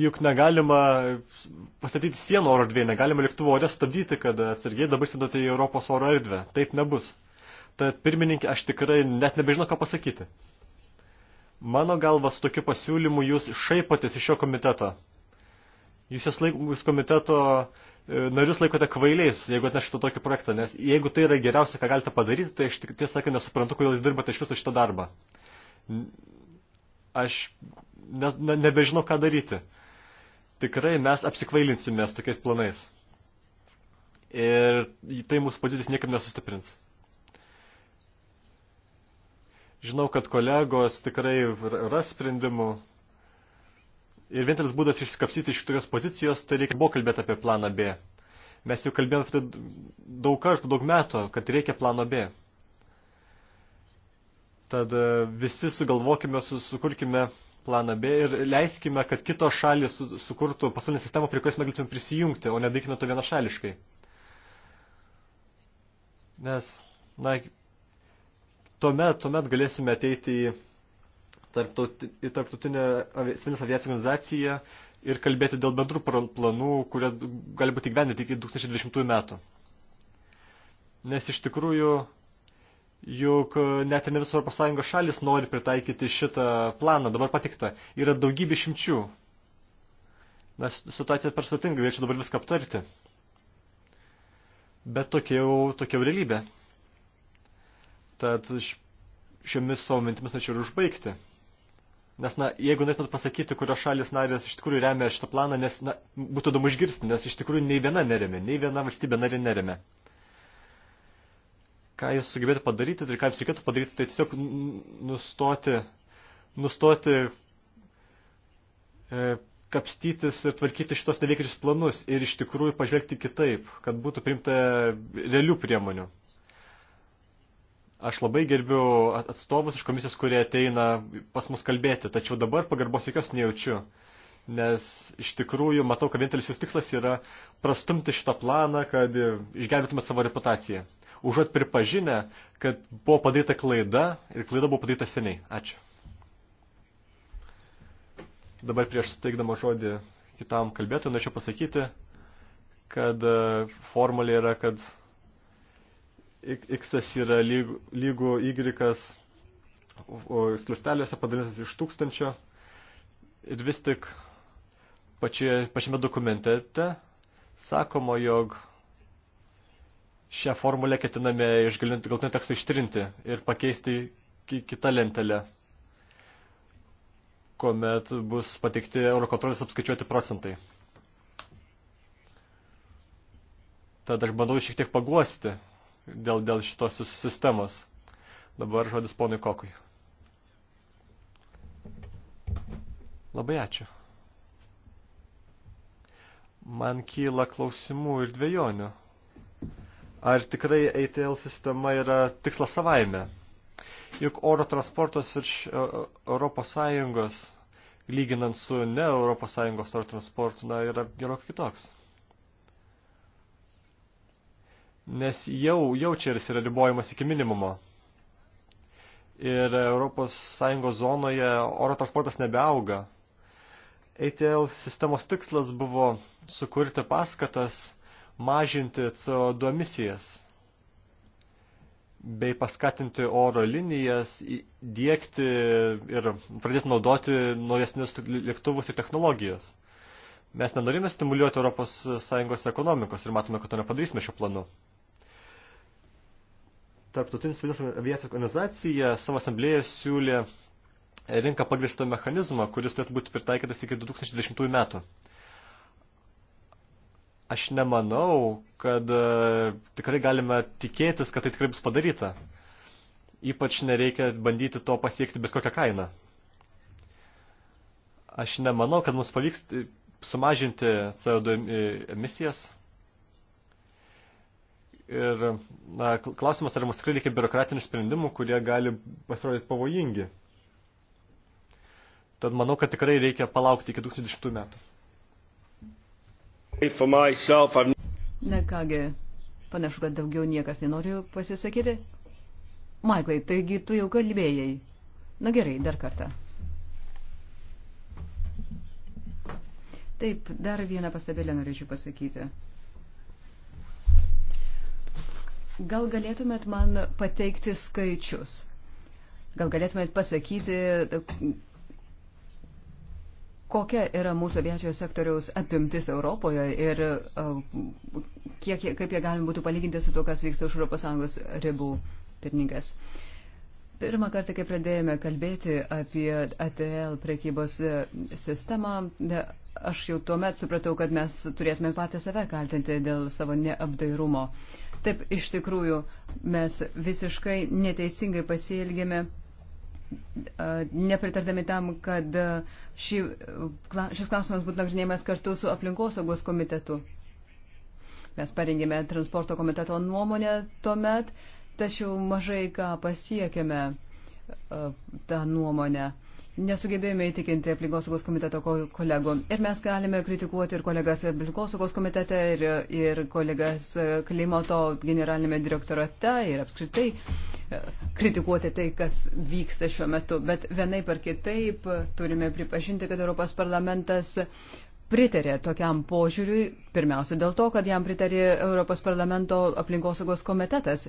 Juk negalima pastatyti sienų oro erdvėje, negalima lėktuvo ore stabdyti, kad atsargiai dabar sėdate į Europos oro erdvę. Taip nebus. Tad pirmininkė, aš tikrai net nebežinau, ką pasakyti. Mano galva, su tokiu pasiūlymu jūs šaipotės iš šio komiteto. Jūs jos laikus komiteto e, narius laikote kvailiais, jeigu atnešite tokį projektą, nes jeigu tai yra geriausia, ką galite padaryti, tai aš tiesą sakant nesuprantu, kodėl jūs dirbate iš viso šitą darbą. Aš ne, ne, nebežinau, ką daryti. Tikrai mes apsikvailinsimės tokiais planais. Ir tai mūsų pozicijos niekam nesustiprins. Žinau, kad kolegos tikrai ras sprendimų. Ir vienintelis būdas išskapsyti iš tokios pozicijos, tai reikia buvo kalbėti apie planą B. Mes jau kalbėjome apie tai daug kartų, daug metų, kad reikia plano B. Tad e, visi sugalvokime, su, sukurkime planą B ir leiskime, kad kitos šalis su, sukurtų pasaulinę sistemą, prie kurios mes galėtume prisijungti, o nedarykime to vienašališkai. Nes, na, tuomet, tuomet galėsime ateiti į, tarptauti, į tarptautinę civilinės aviacijos organizaciją ir kalbėti dėl bendrų planų, kurie gali būti gyvendinti iki 2020 metų. Nes iš tikrųjų, juk net ir ne visos Europos Sąjungos šalis nori pritaikyti šitą planą, dabar patiktą. Yra daugybė šimčių. Nes situacija per sudėtinga, galėčiau dabar viską aptarti. Bet tokia jau, tokia jau realybė. Tad šiomis savo mintimis norėčiau ir užbaigti. Nes, na, jeigu norėtumėt pasakyti, kurios šalis narės iš tikrųjų remia šitą planą, nes, na, būtų įdomu išgirsti, nes iš tikrųjų nei viena neremia, nei viena valstybė narė neremia. Ką jis sugebėtų padaryti ir tai ką jums reikėtų padaryti, tai tiesiog nustoti, nustoti e, kapstytis ir tvarkyti šitos neveikiančius planus ir iš tikrųjų pažvelgti kitaip, kad būtų priimta realių priemonių. Aš labai gerbiu atstovus iš komisijos, kurie ateina pas mus kalbėti, tačiau dabar pagarbos jokios nejaučiu. Nes iš tikrųjų matau, kad vienintelis jūs tikslas yra prastumti šitą planą, kad išgelbėtumėt savo reputaciją. Užuot pripažinę, kad buvo padaryta klaida ir klaida buvo padaryta seniai. Ačiū. Dabar prieš suteikdama žodį kitam kalbėtojui norėčiau pasakyti, kad e, formulė yra, kad x yra lygu, lygu y, skliustelėse padalintas iš tūkstančio. Ir vis tik pačioje, pačiame dokumentete sakoma, jog šią formulę ketiname iš galtinio teksto ištrinti ir pakeisti kitą lentelę, kuomet bus pateikti eurokontrolės apskaičiuoti procentai. Tad aš bandau šiek tiek paguosti dėl, dėl šitos sistemos. Dabar žodis ponui Kokui. Labai ačiū. Man kyla klausimų ir dviejonių. Ar tikrai ATL sistema yra tikslas savaime? Juk oro transportas virš e, e, Europos Sąjungos, lyginant su ne Europos Sąjungos oro transportu, na, yra gerokai kitoks. nes jau, jau čia ir yra ribojamas iki minimumo. Ir ES zonoje oro transportas nebeauga. ATL sistemos tikslas buvo sukurti paskatas, mažinti CO2 emisijas bei paskatinti oro linijas, dėkti ir pradėti naudoti naujesnius lėktuvus ir technologijas. Mes nenorime stimuliuoti ES ekonomikos ir matome, kad to nepadarysime šio planu. Tarptautinis civilinės aviacijos organizacija savo asamblėje siūlė rinką pagristą mechanizmą, kuris turėtų būti pritaikytas iki 2020 metų. Aš nemanau, kad e, tikrai galime tikėtis, kad tai tikrai bus padaryta. Ypač nereikia bandyti to pasiekti bet kokią kainą. Aš nemanau, kad mums pavyks e, sumažinti CO2 e, emisijas Ir na, klausimas, ar mums tikrai reikia biurokratinių sprendimų, kurie gali pasirodyti pavojingi. Tad manau, kad tikrai reikia palaukti iki 2010 metų. Na kągi, panašu, kad daugiau niekas nenoriu pasisakyti. Maiklai, taigi tu jau kalbėjai. Na gerai, dar kartą. Taip, dar vieną pastabėlę norėčiau pasakyti. Gal galėtumėt man pateikti skaičius? Gal galėtumėt pasakyti, kokia yra mūsų aviacijos sektoriaus apimtis Europoje ir kiek, kaip jie galima būtų palyginti su to, kas vyksta už ES ribų pirmininkas. Pirmą kartą, kai pradėjome kalbėti apie ATL prekybos e, sistemą, e, aš jau tuomet supratau, kad mes turėtume patį save kaltinti dėl savo neapdairumo. Uh, Taip, iš tikrųjų, mes visiškai neteisingai pasielgėme, nepritardami tam, kad ši, šis klausimas būtų nagrinėjamas kartu su aplinkosaugos komitetu. Mes parengėme transporto komiteto nuomonę tuomet, tačiau mažai ką pasiekėme tą nuomonę nesugebėjome įtikinti aplinkosaugos komiteto kolegų. Ir mes galime kritikuoti ir kolegas aplinkosaugos komitete, ir, ir kolegas e, klimato generalinėme direktorate, ir apskritai e, kritikuoti tai, kas vyksta šiuo metu. Bet vienaip ar kitaip turime pripažinti, kad Europos parlamentas pritarė tokiam požiūriui, pirmiausia dėl to, kad jam pritarė Europos parlamento aplinkosaugos komitetas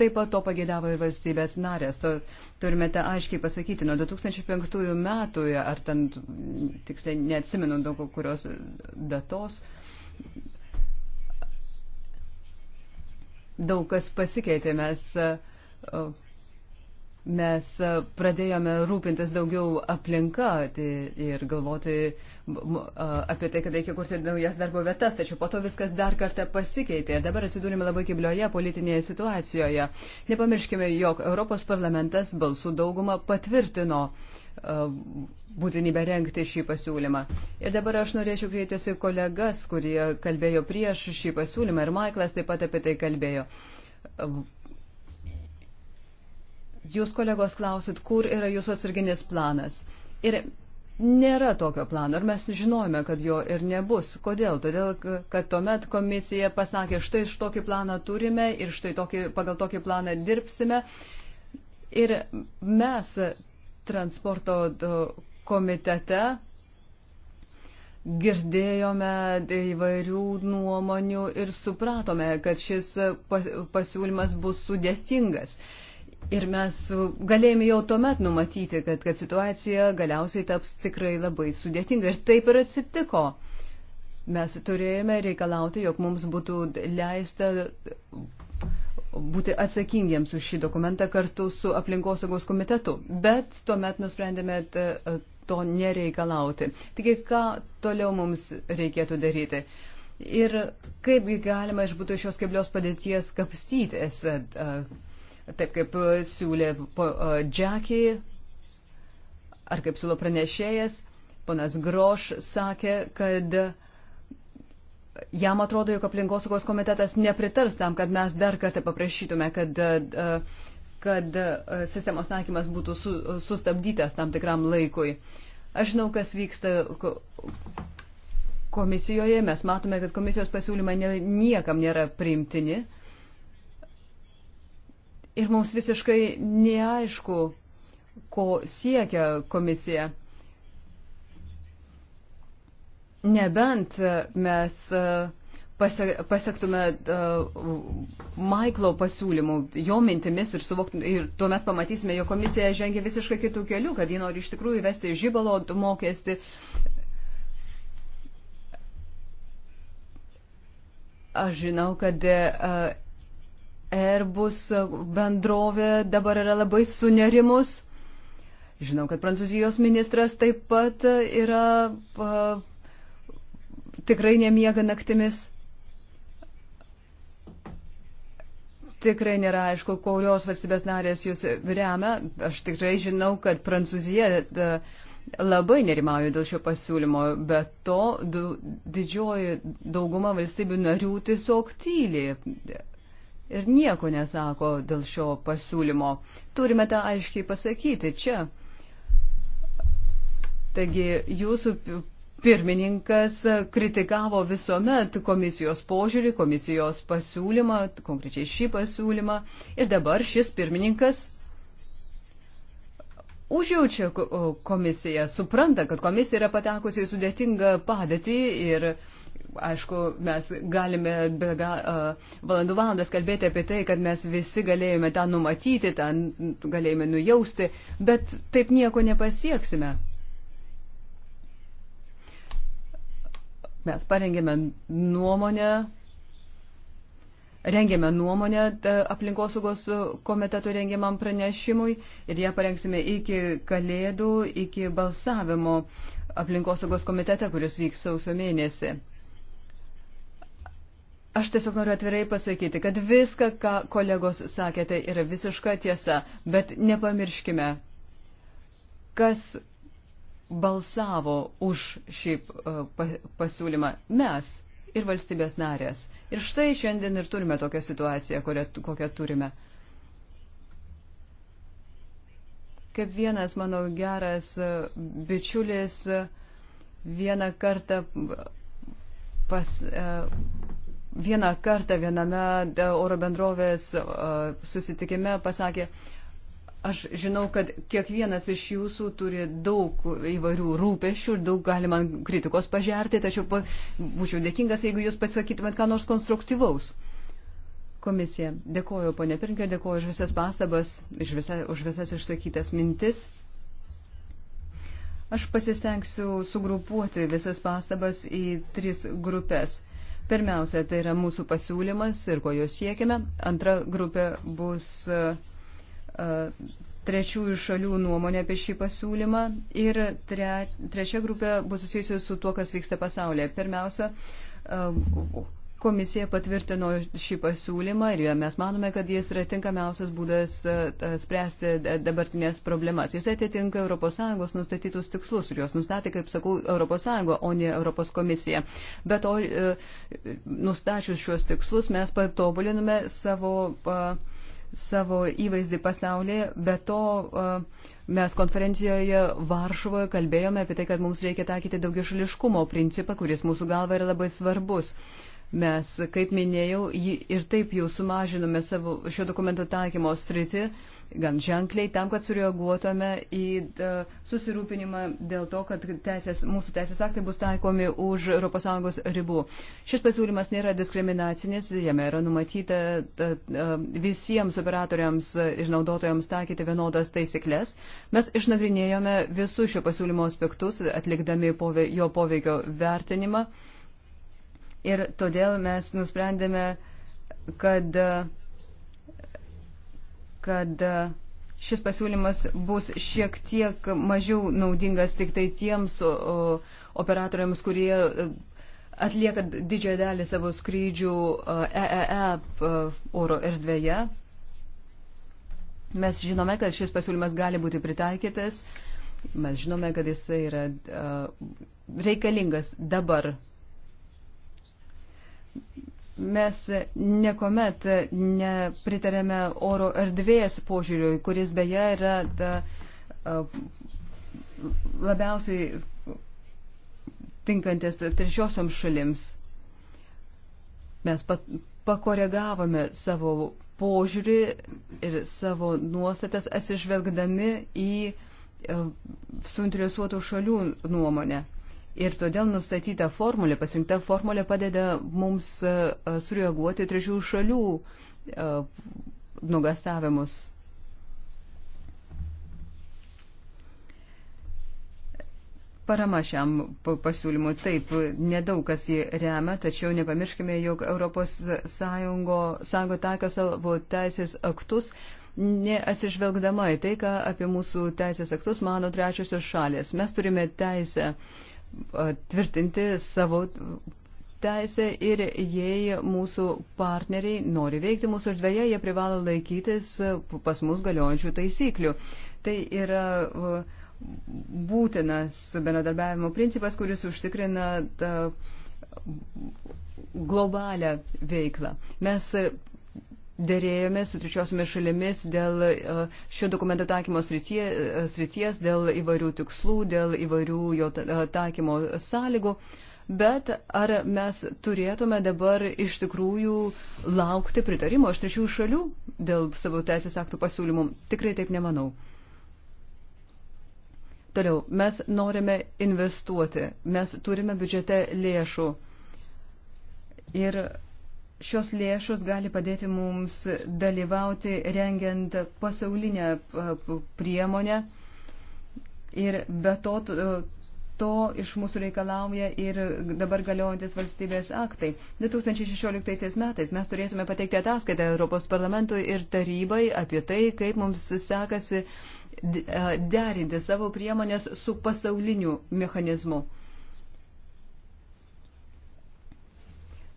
Taip pat to pagėdavo ir valstybės narės. To, turime tą aiškiai pasakyti. Nuo 2005 metų, ar ten, tiksliai, neatsimenu daug kurios datos, daug kas pasikeitė. Mes mes e, pradėjome rūpintis daugiau aplinka tai, ir galvoti apie tai, kad reikia kurti naujas darbo vietas, tačiau po to viskas dar kartą pasikeitė ir dabar atsidūrime labai kiblioje politinėje situacijoje. Nepamirškime, jog Europos parlamentas balsų daugumą patvirtino e, būtinybę renkti šį pasiūlymą. Ir dabar aš norėčiau kreiptis į kolegas, kurie kalbėjo prieš šį pasiūlymą ir Maiklas taip pat apie tai kalbėjo Jūs, kolegos, klausit, kur yra jūsų atsarginis planas. Ir nėra tokio plano, ir mes žinojame, kad jo ir nebus. Kodėl? Todėl, kad tuomet komisija pasakė, štai tokį planą turime ir štai tokį, pagal tokį planą dirbsime. Ir mes transporto komitete girdėjome įvairių nuomonių ir supratome, kad šis pasiūlymas bus sudėtingas. Ir mes galėjome jau tuomet numatyti, kad, kad situacija galiausiai taps tikrai labai sudėtinga. Ir taip ir atsitiko. Mes turėjome reikalauti, jog mums būtų leista būti atsakingiems už šį dokumentą kartu su aplinkosaugos komitetu. Bet tuomet nusprendėme to nereikalauti. Taigi, ką toliau mums reikėtų daryti? Ir kaipgi galima iš būtų šios keblios padėties kapstytis? Uh, taip kaip e, siūlė Džekį, ar kaip siūlo pranešėjas, ponas Groš sakė, kad jam atrodo, jog aplinkosaugos komitetas nepritars tam, kad mes dar kartą paprašytume, kad, e, e, kad sistemos taikymas būtų su, sustabdytas tam tikram laikui. Aš žinau, kas vyksta komisijoje, mes matome, kad komisijos pasiūlymai niekam nėra priimtini. Uh, Ir mums visiškai neaišku, ko siekia komisija. Nebent mes e, pasiektume uh, e, Maiklo pasiūlymų, jo mintimis ir, suvoktume, ir tuomet pamatysime, jo komisija žengia visiškai kitų kelių, kad ji nori iš tikrųjų įvesti žybalo mokestį. Aš žinau, kad uh, Airbus bendrovė dabar yra labai sunerimus. Žinau, kad prancūzijos ministras taip pat yra pa, tikrai nemiega naktimis. Tikrai nėra aišku, kurios valstybės narės jūs remia. Aš tikrai žinau, kad Prancūzija labai nerimauja dėl šio pasiūlymo, bet to didžioji dauguma valstybių narių tiesiog tyliai ir nieko nesako dėl šio pasiūlymo. Turime tą aiškiai pasakyti čia. Taigi jūsų pirmininkas kritikavo visuomet komisijos požiūrį, komisijos pasiūlymą, konkrečiai šį pasiūlymą. Ir dabar šis pirmininkas užjaučia komisiją, supranta, kad komisija yra patekusi į sudėtingą padėtį ir uh, aišku, mes galime be, uh, valandų valandas kalbėti apie tai, kad mes visi galėjome tą numatyti, tą galėjome nujausti, bet taip nieko nepasieksime. Mes parengėme nuomonę, rengėme nuomonę aplinkosaugos komiteto rengiamam pranešimui ir ją parengsime iki kalėdų, iki balsavimo aplinkosaugos komitete, kuris vyks sausio mėnesį. Aš tiesiog noriu atvirai pasakyti, kad viską, ką kolegos sakė, tai yra visiška tiesa, bet nepamirškime, kas balsavo už šį e, pasiūlymą. Mes ir valstybės narės. Ir štai šiandien ir turime tokią situaciją, kurią, kokią turime. Kaip vienas mano geras e, bičiulis e, vieną kartą pas, vieną kartą viename e, oro bendrovės e, susitikime pasakė, aš žinau, kad kiekvienas iš jūsų turi daug įvairių rūpešių ir daug gali man kritikos pažerti, tačiau būčiau dėkingas, jeigu jūs pasakytumėt ką nors konstruktyvaus. Komisija, dėkoju, ponė Pirinkė, dėkoju už visas pastabas, už visas, už visas išsakytas mintis. Aš pasistengsiu sugrupuoti visas pastabas į tris grupės. Pirmiausia, tai yra mūsų pasiūlymas ir ko jo siekime. Antra grupė bus e, e, trečiųjų šalių nuomonė apie šį pasiūlymą. Ir tre, trečia grupė bus susijusi su tuo, kas vyksta pasaulyje. Pirmiausia, e, Komisija patvirtino šį pasiūlymą ir mes manome, kad jis yra tinkamiausias būdas e, spręsti dabartinės problemas. Jis atitinka ES nustatytus tikslus ir juos nustatė, kaip sakau, ES, o ne ES komisija. Bet o e, nustačius šios tikslus mes patobulinome savo, e, savo įvaizdį pasaulyje, bet to mes konferencijoje Varšuvoje kalbėjome apie tai, kad mums reikia taikyti daugiašališkumo principą, kuris mūsų galva yra labai svarbus. Mes, kaip minėjau, ir taip jau sumažinome savo šio dokumento taikymo sritį gan ženkliai tam, kad sureaguotume į e, susirūpinimą dėl to, kad teisės, mūsų teisės aktai bus taikomi už ES ribų. Šis pasiūlymas nėra diskriminacinis, jame yra numatyta e, visiems operatoriams ir naudotojams taikyti vienodas taisyklės. Mes išnagrinėjome visus šio pasiūlymo aspektus, atlikdami jo poveikio vertinimą. Ir todėl mes nusprendėme, kad, kad šis pasiūlymas bus šiek tiek mažiau naudingas tik tai tiems operatoriams, kurie e, atlieka didžiąją dalį savo skrydžių EEE e e oro erdvėje. Mes žinome, kad šis pasiūlymas gali būti pritaikytas. Mes žinome, kad jis yra reikalingas dabar Mes niekuomet nepritarėme oro erdvės požiūriui, kuris beje yra ta, labiausiai tinkantis trečiosiam šalims. Mes pat, pakoregavome savo požiūrį ir savo nuostatas atsižvelgdami į suinteresuotų šalių nuomonę. Ir todėl nustatyta formulė, pasirinkta formulė padeda mums e, e, sureaguoti trečių šalių e, nugastavimus. Parama šiam pasiūlymui taip, nedaug kas jį remia, tačiau nepamirškime, jog ES sąjungo taiko savo teisės aktus neatsižvelgdama į tai, ką apie mūsų teisės aktus mano trečiosios šalės. Mes turime teisę uh, tvirtinti savo teisę ir jei mūsų partneriai nori veikti mūsų žvėje, jie privalo laikytis pas mus galiojančių taisyklių. Tai yra būtinas bendradarbiavimo principas, kuris užtikrina globalę veiklą. Mes dėrėjome su trečiosiomis šalimis dėl e, šio dokumento taikymo e, srities, dėl įvairių tikslų, dėl įvairių jo e, taikymo sąlygų. Bet ar mes turėtume dabar iš tikrųjų laukti pritarimo iš trečiųjų šalių dėl savo teisės aktų pasiūlymų? Tikrai taip nemanau. Toliau, mes norime investuoti, mes turime biudžete lėšų. Ir šios lėšos gali padėti mums dalyvauti rengiant pasaulinę e, priemonę ir be to, e, to iš mūsų reikalauja ir dabar galiojantis valstybės aktai. 2016 metais mes turėtume pateikti ataskaitą Europos parlamentui ir tarybai apie tai, kaip mums sekasi e, derinti savo priemonės su pasauliniu mechanizmu.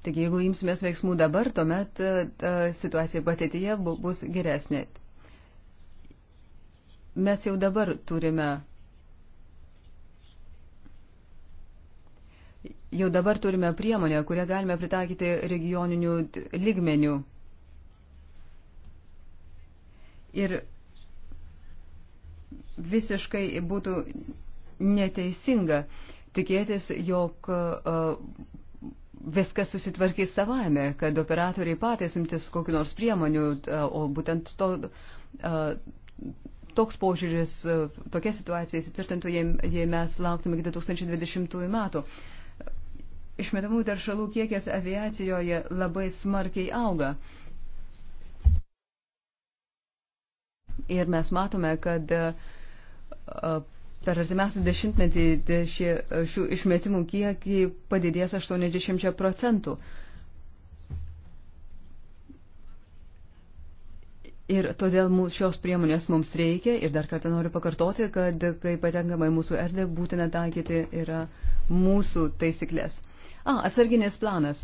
Taigi, jeigu imsimės veiksmų dabar, tuomet e, situacija ateityje bus geresnė. Mes jau dabar turime. Jau dabar turime priemonę, kurią galime pritaikyti regioninių lygmenių. Ir visiškai būtų neteisinga tikėtis, jog e, viskas susitvarkys savaime, kad operatoriai patys imtis kokiu nors priemonių, o būtent to, toks požiūris, tokia situacija įsitvirtintų, jei mes lauktume iki 2020 metų. Išmetamų teršalų kiekis aviacijoje labai smarkiai auga. Ir mes matome, kad Per artimiausių dešimtmetį tai šie, šių išmetimų kiekį padidės 80 procentų. Ir todėl mūs, šios priemonės mums reikia ir dar kartą noriu pakartoti, kad kai patenkama į mūsų erdvę, būtina taikyti yra mūsų taisyklės. A, atsarginės planas.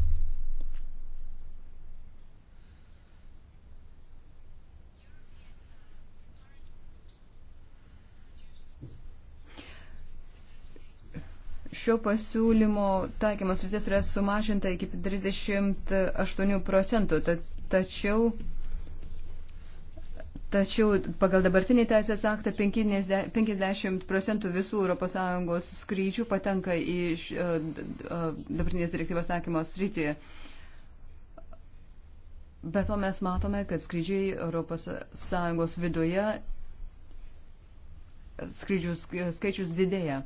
šio pasiūlymo taikymas rytis yra sumažinta iki 38 procentų, tačiau, tačiau pagal dabartinį teisės aktą 50 procentų visų ES skrydžių patenka į dabartinės direktyvos taikymos rytį. Be to mes matome, kad skrydžiai ES viduje skrydžių skaičius didėja.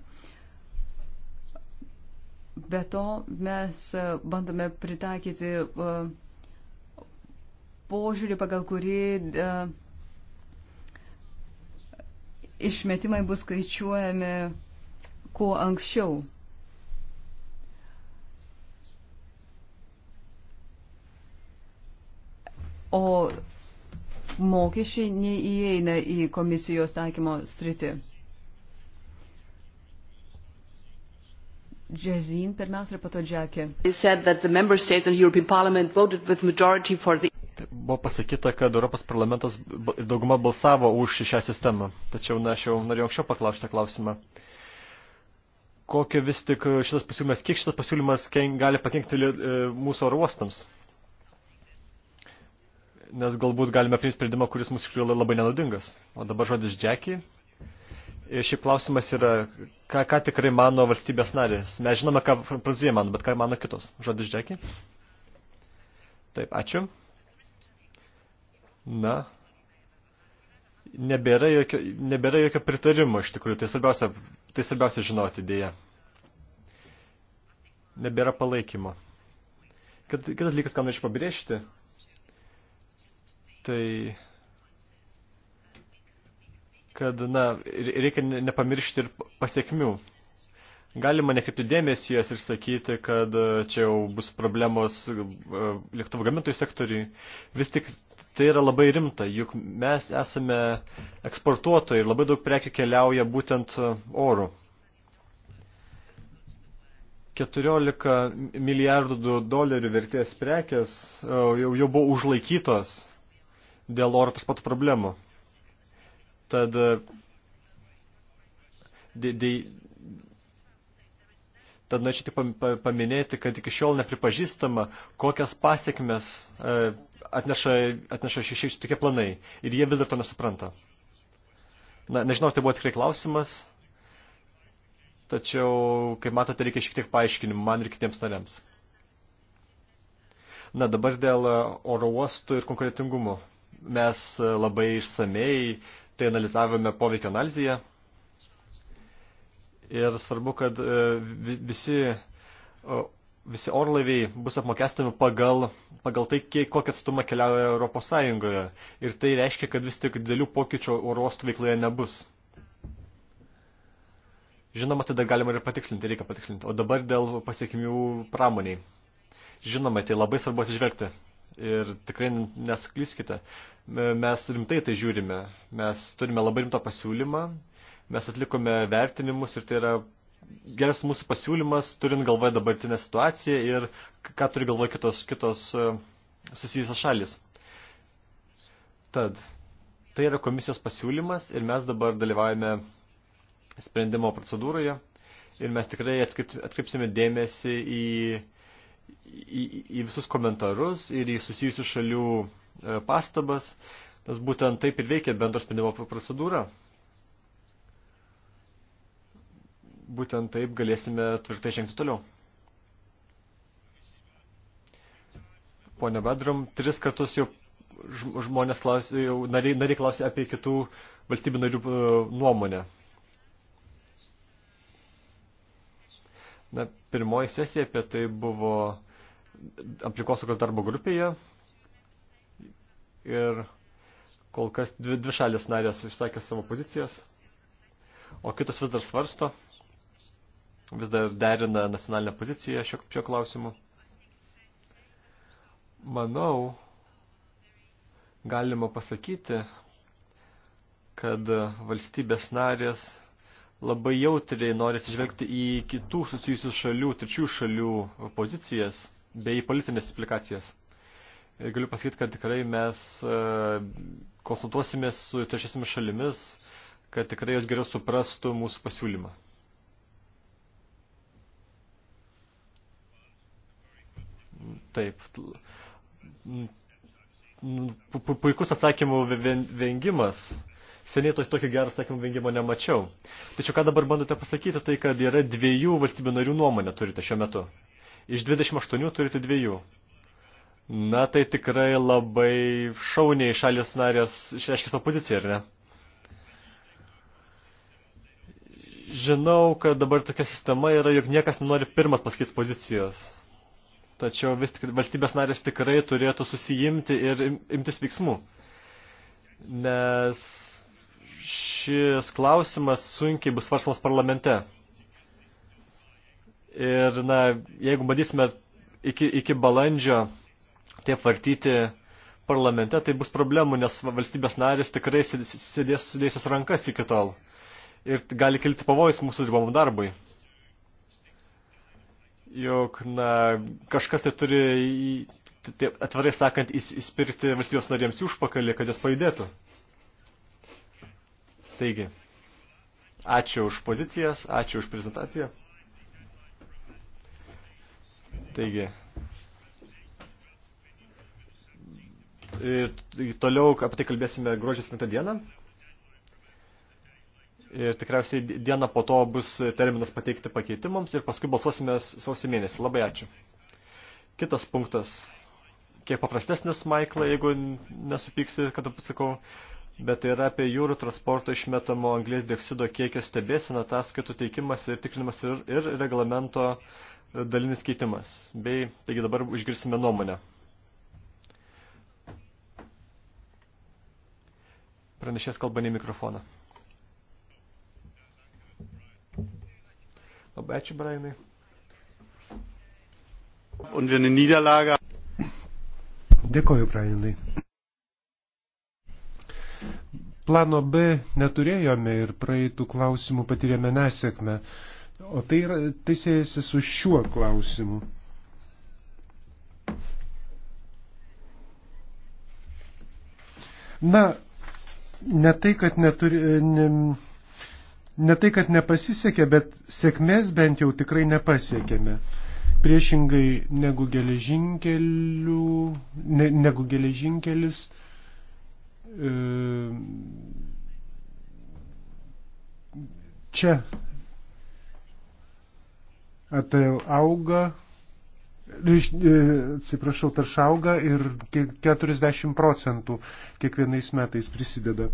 Be to mes e, bandome pritaikyti e, požiūrį, pagal kurį e, išmetimai bus skaičiuojami kuo anksčiau. O mokesčiai neįeina į komisijos taikymo sritį. Džezin pirmiausia ir pato Džekė. Tai buvo pasakyta, kad Europos parlamentas ir dauguma balsavo už šią sistemą. Tačiau, na, aš jau norėjau anksčiau paklausti klausimą. Kokio vis tik šitas pasiūlymas, kiek šitas pasiūlymas gali pakenkti e, mūsų oro uostams? Nes galbūt galime priimti sprendimą, kuris mūsų iš tikrųjų labai nenaudingas. O dabar žodis Džekį. Ir šiaip klausimas yra, ką, ką tikrai mano valstybės narės. Mes žinome, ką Prancūzija mano, bet ką mano kitos. Žodis Džekį. Taip, ačiū. Na. Nebėra jokio, nebėra jokio pritarimo, iš tikrųjų. Tai svarbiausia, tai svarbiausia žinoti, dėja. Nebėra palaikymo. Kitas dalykas, ką norėčiau pabrėžti, tai kad, na, reikia nepamiršti ir pasiekmių. Galima nekreipti dėmesį jas ir sakyti, kad e, čia jau bus problemos e, lėktuvų gamintojų sektoriui. Vis tik tai yra labai rimta, juk mes esame eksportuotojai ir labai daug prekių keliauja būtent e, oru. 14 milijardų dolerių vertės prekės jau, jau buvo užlaikytos dėl oro transporto problemų. Tad e, dėj, Tad norėčiau tik paminėti, kad iki šiol nepripažįstama, kokias pasiekmes e, atneša, atneša šeši tokie planai. Ir jie vis dar to nesupranta. Na, nežinau, tai buvo tikrai klausimas, tačiau, kaip matote, reikia šiek tiek paaiškinimų man ir kitiems nariams. Na, dabar dėl e, oro uostų ir konkurentingumo. Mes labai išsamei tai analizavome poveikio analizėje. Ir svarbu, kad e, visi, visi orlaiviai bus apmokestami pagal, pagal tai, kiek, kokią atstumą keliauja Europos Sąjungoje. Ir tai reiškia, kad vis tik didelių pokyčių oro uostų veikloje nebus. Žinoma, tada galima ir patikslinti, reikia patikslinti. O dabar dėl pasiekmių pramoniai. Žinoma, tai labai svarbu atsižvelgti ir tikrai nesuklyskite, mes rimtai tai žiūrime. Mes turime labai rimtą pasiūlymą, mes atlikome vertinimus ir tai yra geras mūsų pasiūlymas, turint galvoje dabartinę situaciją ir ką turi galvoje kitos, kitos e, susijusios šalis. Tad, tai yra komisijos pasiūlymas ir mes dabar dalyvaujame sprendimo procedūroje ir mes tikrai atkreipsime dėmesį į į, į visus komentarus ir į susijusių šalių e, pastabas, nes būtent taip ir veikia bendro sprendimo procedūra. Būtent taip galėsime tvirtai žengti toliau. Pone Bedram, tris kartus jau žmonės klausė, jau nariai, nariai klausė apie kitų valstybių narių e, nuomonę. Na, pirmoji sesija apie tai buvo aplinkosaugos darbo grupėje ir kol kas dvi, dvi šalis narės išsakė savo pozicijas, o kitos vis dar svarsto, vis dar derina nacionalinę poziciją šio, šio klausimu. Manau, galima pasakyti, kad valstybės narės labai jautriai nori atsižvelgti į kitų susijusių šalių, trečių šalių pozicijas – bei politinės implikacijas. Ir e, galiu pasakyti, kad tikrai mes e, konsultuosimės su trečiasiamis šalimis, kad tikrai jos geriau suprastų mūsų pasiūlymą. Taip. Puikus atsakymų vengimas. Seniai to, tokio gerą atsakymų vengimo nemačiau. Tačiau ką dabar bandote pasakyti, tai kad yra dviejų valstybių narių nuomonė turite šiuo metu iš 28 turite dviejų. Na, tai tikrai labai šauniai šalis narės išreiškia savo poziciją, ar ne? Žinau, kad dabar tokia sistema yra, jog niekas nenori pirmas pasakyti pozicijos. Tačiau vis tik valstybės narės tikrai turėtų susijimti ir imtis veiksmų. Nes šis klausimas sunkiai bus svarstamas parlamente. Ir, na, jeigu bandysime iki, iki balandžio taip vartyti parlamente, tai bus problemų, nes valstybės narės tikrai sėdės sudėjusios rankas iki tol. Ir gali kilti pavojus mūsų dirbamų darbui. Juk, na, kažkas tai turi, taip, atvarai sakant, įspirti valstybės narėms į užpakalį, kad jos pajudėtų. Taigi, ačiū už pozicijas, ačiū už prezentaciją. Taigi. Ir toliau apie tai kalbėsime gruodžio 7 dieną. Ir tikriausiai diena po to bus terminas pateikti pakeitimams ir paskui balsuosime sausio mėnesį. Labai ačiū. Kitas punktas. Kiek paprastesnis, Maikla, jeigu nesupyksi, kad atsakau, bet tai yra apie jūrų transporto išmetamo anglės dioksido kiekio stebėsina ataskaitų teikimas ir tikrinimas ir, ir reglamento dalinis keitimas. Bei, taigi dabar išgirsime nuomonę. Pranešės kalba ne mikrofoną. Labai ačiū, Brainai. Und wir eine Niederlage. Dėkoju, Brainai. Plano B neturėjome ir praeitų klausimų patyrėme nesėkmę. O tai, yra, tai siejasi su šiuo klausimu. Na, ne tai, kad, neturi, ne, ne tai, kad nepasisekė, bet sėkmės bent jau tikrai nepasiekėme. Priešingai negu, ne, negu geležinkelis. E, čia Atel auga, e, atsiprašau, tarša auga ir 40 procentų kiekvienais metais prisideda.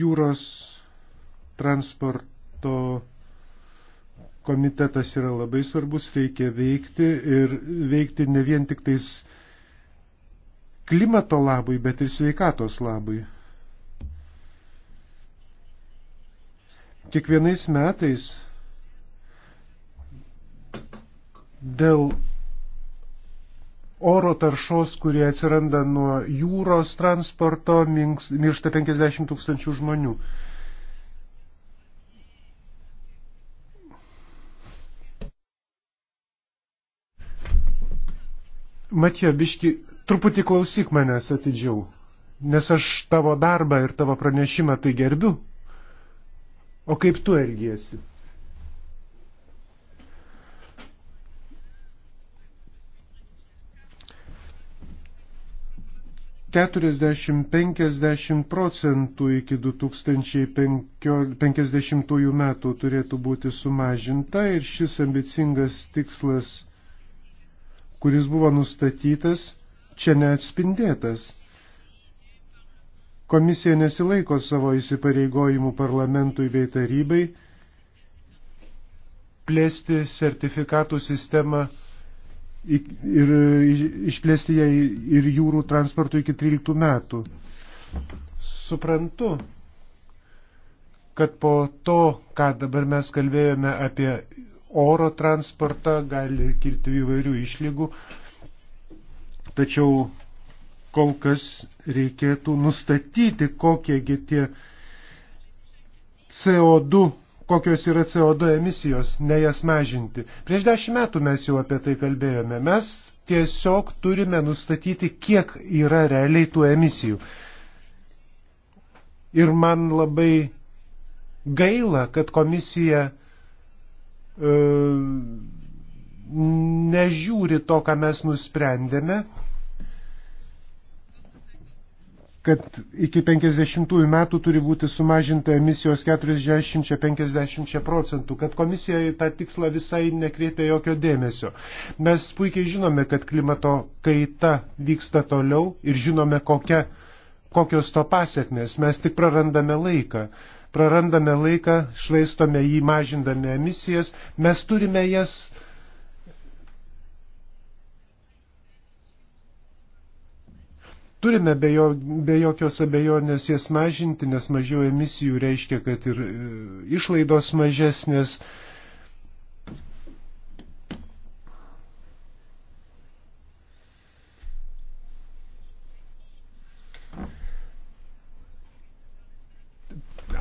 Jūros transporto komitetas yra labai svarbus, reikia veikti ir veikti ne vien tik tais klimato labui, bet ir sveikatos labui. Kiekvienais metais dėl oro taršos, kurie atsiranda nuo jūros transporto, miršta 50 tūkstančių žmonių. Matijo, biški, truputį klausyk manęs atidžiau, nes aš tavo darbą ir tavo pranešimą tai gerbiu. O kaip tu elgiesi? Keturiasdešimt penkiasdešimt procentų iki 2050 metų turėtų būti sumažinta ir šis ambicingas tikslas, kuris buvo nustatytas, čia neatspindėtas. Komisija nesilaiko savo įsipareigojimų parlamentui bei tarybai plėsti sertifikatų sistemą ir išplėsti ją ir jūrų transportų iki 13 metų. Suprantu, kad po to, ką dabar mes kalbėjome apie oro transportą, gali kilti įvairių išlygų, tačiau kol kas reikėtų nustatyti, kokiegi tie CO2, kokios yra CO2 emisijos, ne jas mažinti. Prieš dešimt metų mes jau apie tai kalbėjome. Mes tiesiog turime nustatyti, kiek yra realiai tų emisijų. Ir man labai gaila, kad komisija e, nežiūri to, ką mes nusprendėme, kad iki 50 metų turi būti sumažinta emisijos 40-50 procentų, kad komisija į tą tikslą visai nekreipia jokio dėmesio. Mes puikiai žinome, kad klimato kaita vyksta toliau ir žinome, kokia, kokios to pasiekmes. Mes tik prarandame laiką. Prarandame laiką, švaistome jį mažindami emisijas. Mes turime jas Turime be, jo, be jokios abejonės jas mažinti, nes mažiau emisijų reiškia, kad ir e, išlaidos mažesnės.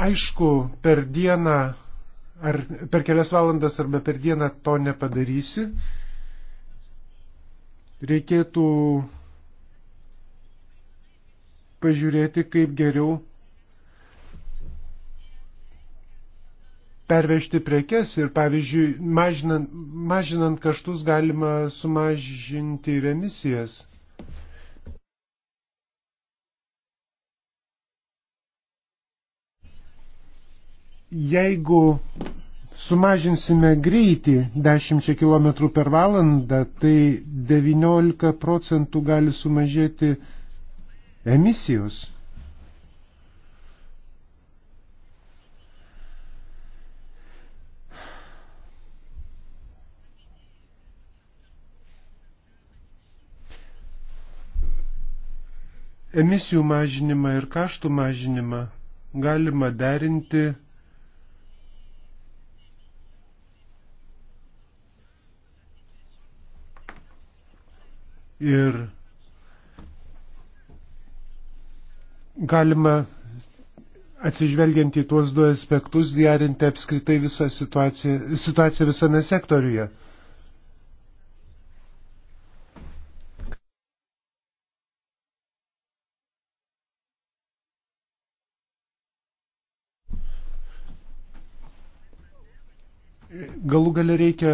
Aišku, per dieną ar per kelias valandas arba per dieną to nepadarysi. Reikėtų pažiūrėti, kaip geriau pervežti prekes ir, pavyzdžiui, mažinant, mažinant kaštus galima sumažinti ir emisijas. Jeigu sumažinsime greitį 10 km per valandą, tai 19 procentų gali sumažėti emisijos. Emisijų mažinimą ir kaštų mažinimą galima derinti ir galima atsižvelgiant į tuos du aspektus gerinti apskritai visą situaciją, situaciją visame sektoriuje. Galų gale reikia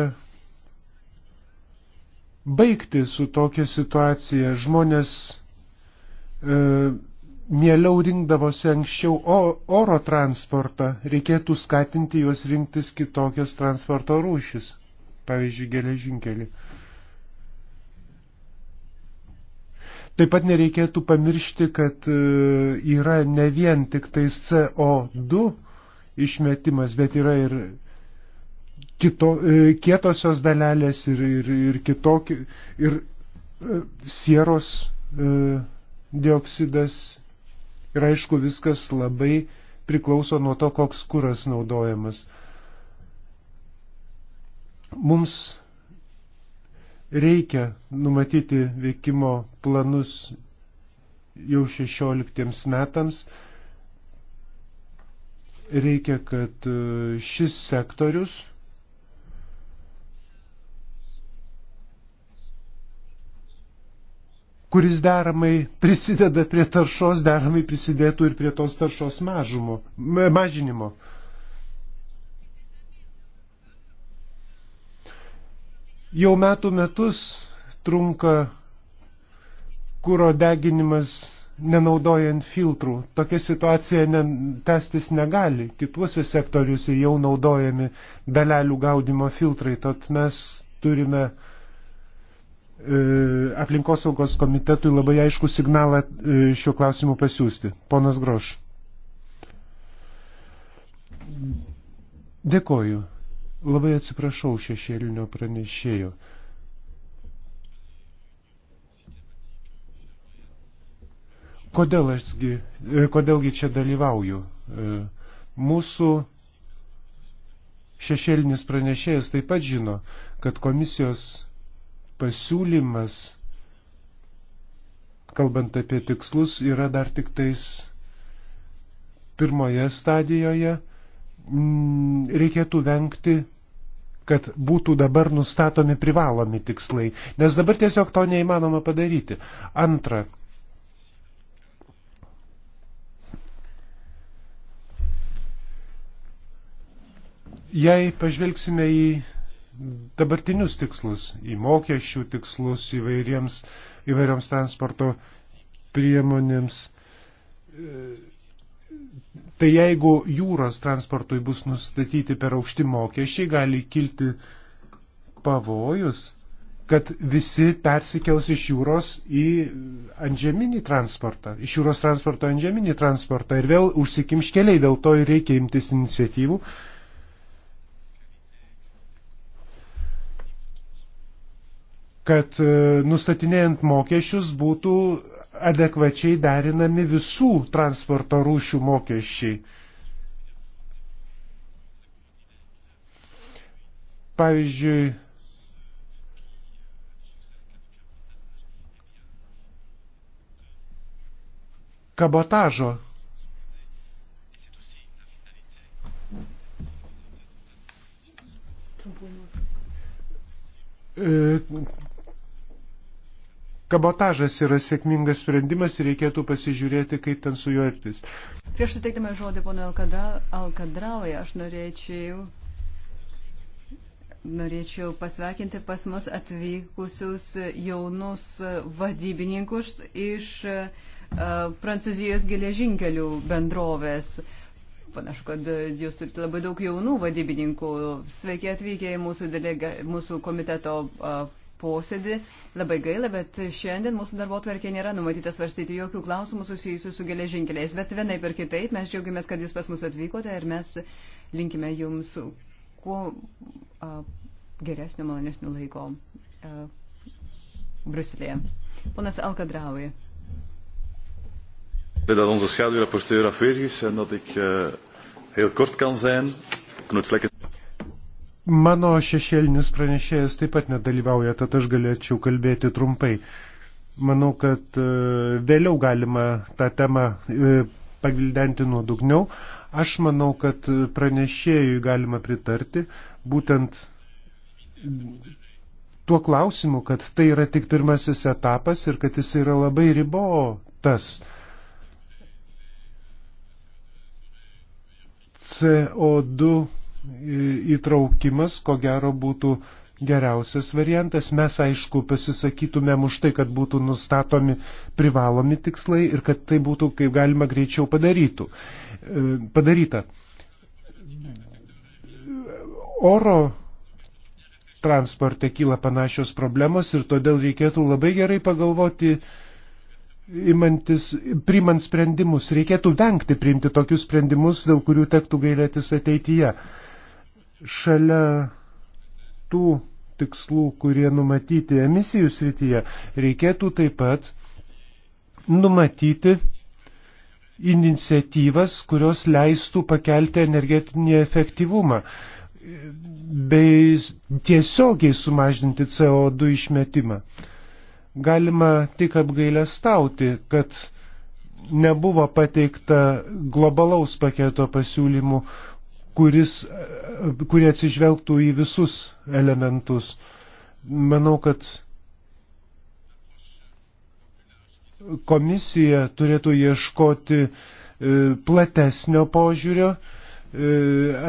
baigti su tokia situacija. Žmonės e, mieliau rinkdavosi anksčiau oro transportą, reikėtų skatinti juos rinktis kitokias transporto rūšis, pavyzdžiui, geležinkelį. Taip pat nereikėtų pamiršti, kad e, yra ne vien tik tais CO2 išmetimas, bet yra ir kito, e, kietosios dalelės ir, ir, ir kitokių, ir e, sieros dioksidas Ir aišku, viskas labai priklauso nuo to, koks kuras naudojamas. Mums reikia numatyti veikimo planus jau 16 metams. Reikia, kad e, šis sektorius kuris deramai prisideda prie taršos, deramai prisidėtų ir prie tos taršos mažumo, mažinimo. Jau metų metus trunka kūro deginimas nenaudojant filtrų. Tokia situacija ne, tęstis negali. Kituose sektoriuose jau naudojami dalelių gaudimo filtrai, tad mes turime uh, E, aplinkosaugos komitetui labai aišku signalą e, šiuo klausimu pasiūsti. Ponas Groš. Dėkoju. Labai atsiprašau šešėlinio pranešėjo. Kodėl ašgi, e, kodėlgi čia dalyvauju? Mūsų šešėlinis pranešėjas taip pat žino, kad komisijos pasiūlymas, kalbant apie tikslus, yra dar tik tais pirmoje stadijoje. Mm, reikėtų vengti kad būtų dabar nustatomi privalomi tikslai, nes dabar tiesiog to neįmanoma padaryti. Antra, jei pažvelgsime į dabartinius tikslus, į mokesčių tikslus įvairiems, įvairioms transporto priemonėms. Tai jeigu jūros transportui bus nustatyti per aukšti mokesčiai, gali kilti pavojus, kad visi persikels iš jūros į antžeminį transportą, iš jūros transporto antžeminį transportą ir vėl užsikimš keliai, dėl to ir reikia imtis iniciatyvų kad e, nustatinėjant mokesčius būtų adekvačiai derinami visų transporto rūšių mokesčiai. Pavyzdžiui, kabotažo e, Kabotažas yra sėkmingas sprendimas ir reikėtų pasižiūrėti, kaip ten su juo elgtis. Prieš suteikdama žodį pono Alkadraui, aš norėčiau, norėčiau pasveikinti pas mus atvykusius jaunus vadybininkus iš uh, Prancūzijos geležinkelių bendrovės. Panašu, kad jūs turite labai daug jaunų vadybininkų. Sveiki atvykę į mūsų, delega, mūsų komiteto uh, posėdį. Labai gaila, bet šiandien mūsų darbo tvarkė nėra numatyta svarstyti jokių klausimų susijusių su geležinkeliais, bet vienaip ir kitaip mes džiaugiamės, kad jūs pas mus atvykote ir mes linkime jums kuo a, geresnio, malonesnio laiko a, Bruselėje. Ponas Alkadraui. Dat onze schaduwrapporteur afwezig is en dat ik uh, eh, heel kort kan zijn. Knut Vlekken. Mano šešėlinis pranešėjas taip pat nedalyvauja, tad aš galėčiau kalbėti trumpai. Manau, kad e, vėliau galima tą temą e, pagildenti nuodugniau. Aš manau, kad pranešėjui galima pritarti būtent tuo klausimu, kad tai yra tik pirmasis etapas ir kad jis yra labai ribotas. CO2 įtraukimas, ko gero, būtų geriausias variantas. Mes, aišku, pasisakytumėm už tai, kad būtų nustatomi privalomi tikslai ir kad tai būtų kaip galima greičiau padarytų, e, padaryta. Oro transporte kyla panašios problemos ir todėl reikėtų labai gerai pagalvoti, imantis, primant sprendimus. Reikėtų vengti priimti tokius sprendimus, dėl kurių tektų gailėtis ateityje šalia tų tikslų, kurie numatyti emisijų srityje, reikėtų taip pat numatyti iniciatyvas, kurios leistų pakelti energetinį efektyvumą bei tiesiogiai sumažinti CO2 išmetimą. Galima tik apgailę stauti, kad nebuvo pateikta globalaus paketo pasiūlymų, kuris, kurie atsižvelgtų į visus elementus. Manau, kad komisija turėtų ieškoti e, platesnio požiūrio, e,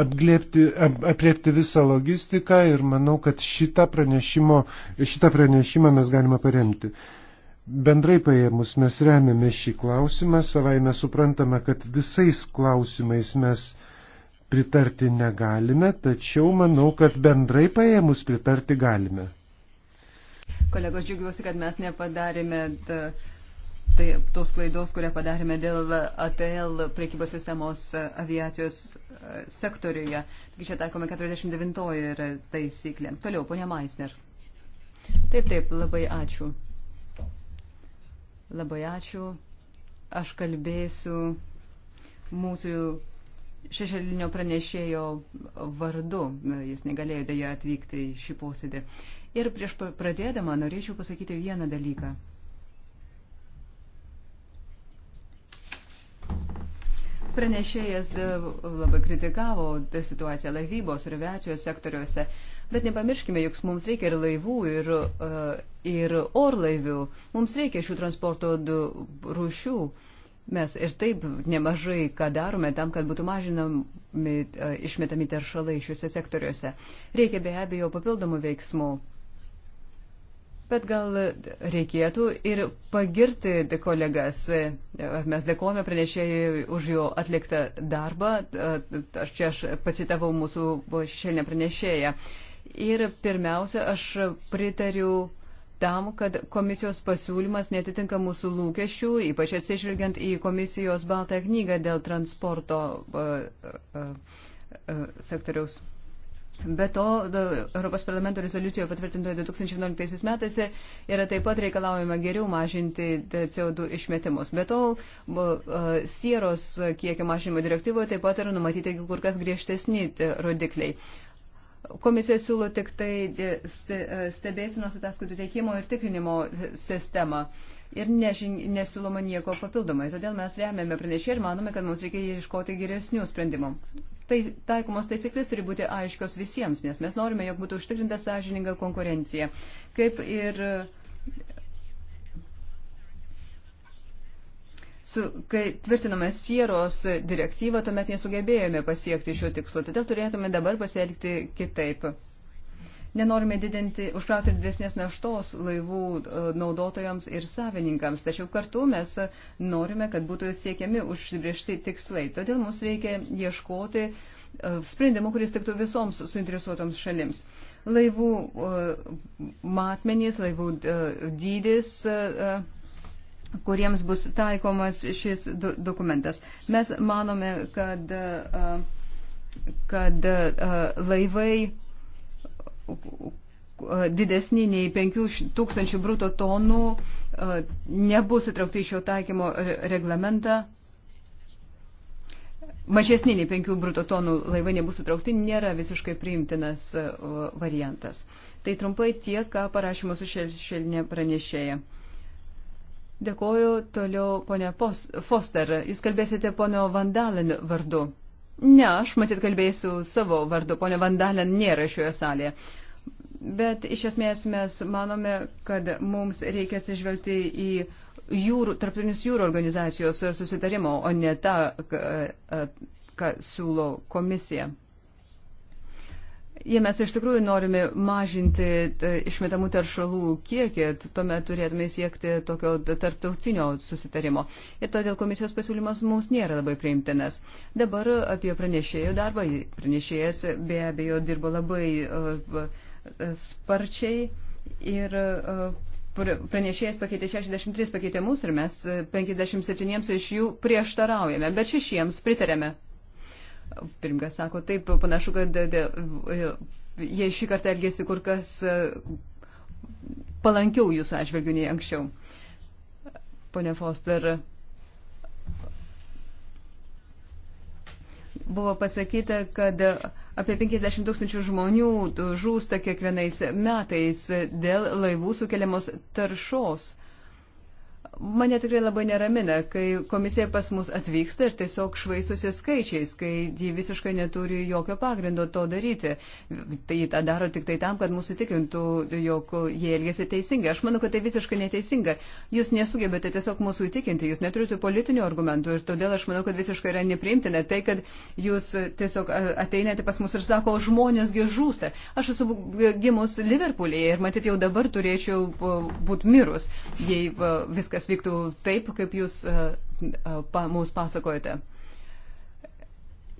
apglėpti, ap, apriepti visą logistiką ir manau, kad šitą, šitą pranešimą mes galime paremti. Bendrai paėmus mes remiame šį klausimą, savaime suprantame, kad visais klausimais mes uh, pritarti negalime, tačiau manau, kad bendrai paėmus pritarti galime. Kolegos, džiugiuosi, kad mes nepadarėme tai, tos klaidos, kurią padarėme dėl ATL priekybos sistemos aviacijos e, sektoriuje. Taigi čia taikome 49 yra taisyklė. Toliau, ponia Maisner. Taip, taip, labai ačiū. Labai ačiū. Aš kalbėsiu mūsų šešėlinio pranešėjo vardu. Jis negalėjo dėja atvykti į šį posėdį. Ir prieš pradėdama norėčiau pasakyti vieną dalyką. Pranešėjas labai kritikavo situaciją laivybos ir aviacijos sektoriuose, bet nepamirškime, juk mums reikia ir laivų, ir, e, ir orlaivių, mums reikia šių transporto rūšių. Mes ir taip nemažai ką darome tam, kad būtų mažinami e, išmetami teršalai šiuose sektoriuose. Reikia be abejo papildomų veiksmų. Bet gal reikėtų ir pagirti kolegas. Mes dėkojame pranešėjai už jo atliktą darbą. Aš čia aš pacitavau mūsų šešėlinę pranešėją. Ir pirmiausia, aš pritariu tam, kad komisijos pasiūlymas netitinka mūsų lūkesčių, ypač atsižvelgiant į komisijos baltą knygą dėl transporto uh, uh, uh, sektoriaus. Be to, Europos parlamento rezoliucijoje patvirtintoje 2011 metais yra taip pat reikalaujama geriau mažinti CO2 išmetimus. Be to, e, sieros kiekio mažinimo direktyvoje taip pat yra numatyti kur kas griežtesni rodikliai. Komisija siūlo tik tai e, stebėsinos ataskaitų teikimo ir tikrinimo sistemą ir nesiūloma nieko papildomai. Todėl mes remiame pranešį ir manome, kad mums reikia ieškoti geresnių sprendimų. Tai taikomos taisyklės turi būti aiškios visiems, nes mes norime, jog būtų užtikrinta sąžininga konkurencija. Kaip ir su, kai tvirtinome sieros direktyvą, tuomet nesugebėjome pasiekti šio tikslo, todėl turėtume dabar pasielgti kitaip. Nenorime didinti, užkrauti didesnės naštos laivų e, naudotojams ir savininkams, tačiau kartu mes norime, kad būtų siekiami užsibriežti tikslai. Todėl mums reikia ieškoti e, sprendimų, kuris tiktų visoms suinteresuotoms šalims. Laivų e, matmenys, laivų dydis. Uh, kuriems bus taikomas šis dokumentas. Mes manome, kad, kad laivai didesni nei 5000 bruto tonų nebus įtraukti šio taikymo reglamentą. Mažesni nei 5 bruto tonų laivai nebus įtraukti nėra visiškai priimtinas variantas. Tai trumpai tiek, ką parašymo su šešėlinė pranešėja. Dėkoju toliau ponė Foster. Jūs kalbėsite ponio Vandalin vardu. Ne, aš matyt kalbėsiu savo vardu. Ponio Vandalin nėra šioje salėje. Bet iš esmės mes manome, kad mums reikės išvelgti į jūrų, tarptautinius jūrų organizacijos susitarimo, o ne tą, ką, ką siūlo komisija. Jei mes iš tikrųjų norime mažinti e, išmetamų teršalų kiekį, tuomet turėtume siekti tokio tarptautinio susitarimo. Ir todėl komisijos pasiūlymas mums nėra labai priimtinas. Dabar apie pranešėjo darbą. Pranešėjas be abejo dirbo labai e, e, sparčiai ir pranešėjas pakeitė 63 pakeitimus ir mes 57 iš jų prieštaraujame, bet šešiems pritarėme. Pirmkas sako, taip, panašu, kad de, de, jie šį kartą elgėsi kur kas e, palankiau jūsų atžvilgių nei anksčiau. Pone Foster, buvo pasakyta, kad apie 50 tūkstančių žmonių žūsta kiekvienais metais dėl laivų sukeliamos taršos. Mane tikrai labai neramina, kai komisija pas mus atvyksta ir tiesiog švaistosi skaičiais, kai ji visiškai neturi jokio pagrindo to daryti. Tai tą daro tik tai tam, kad mūsų tikintų, jog jie elgesi teisingai. Aš manau, kad tai visiškai neteisinga. Jūs nesugebėte tiesiog mūsų įtikinti, jūs neturite politinių argumentų ir todėl aš manau, kad visiškai yra nepriimtina tai, kad jūs tiesiog ateinate pas mus ir sako, žmonėsgi žūsta. Aš esu gimus Liverpoolėje ir matyt jau dabar turėčiau būti mirus, jei viskas viskas vyktų taip, kaip jūs e, e, pa, mums pasakojate.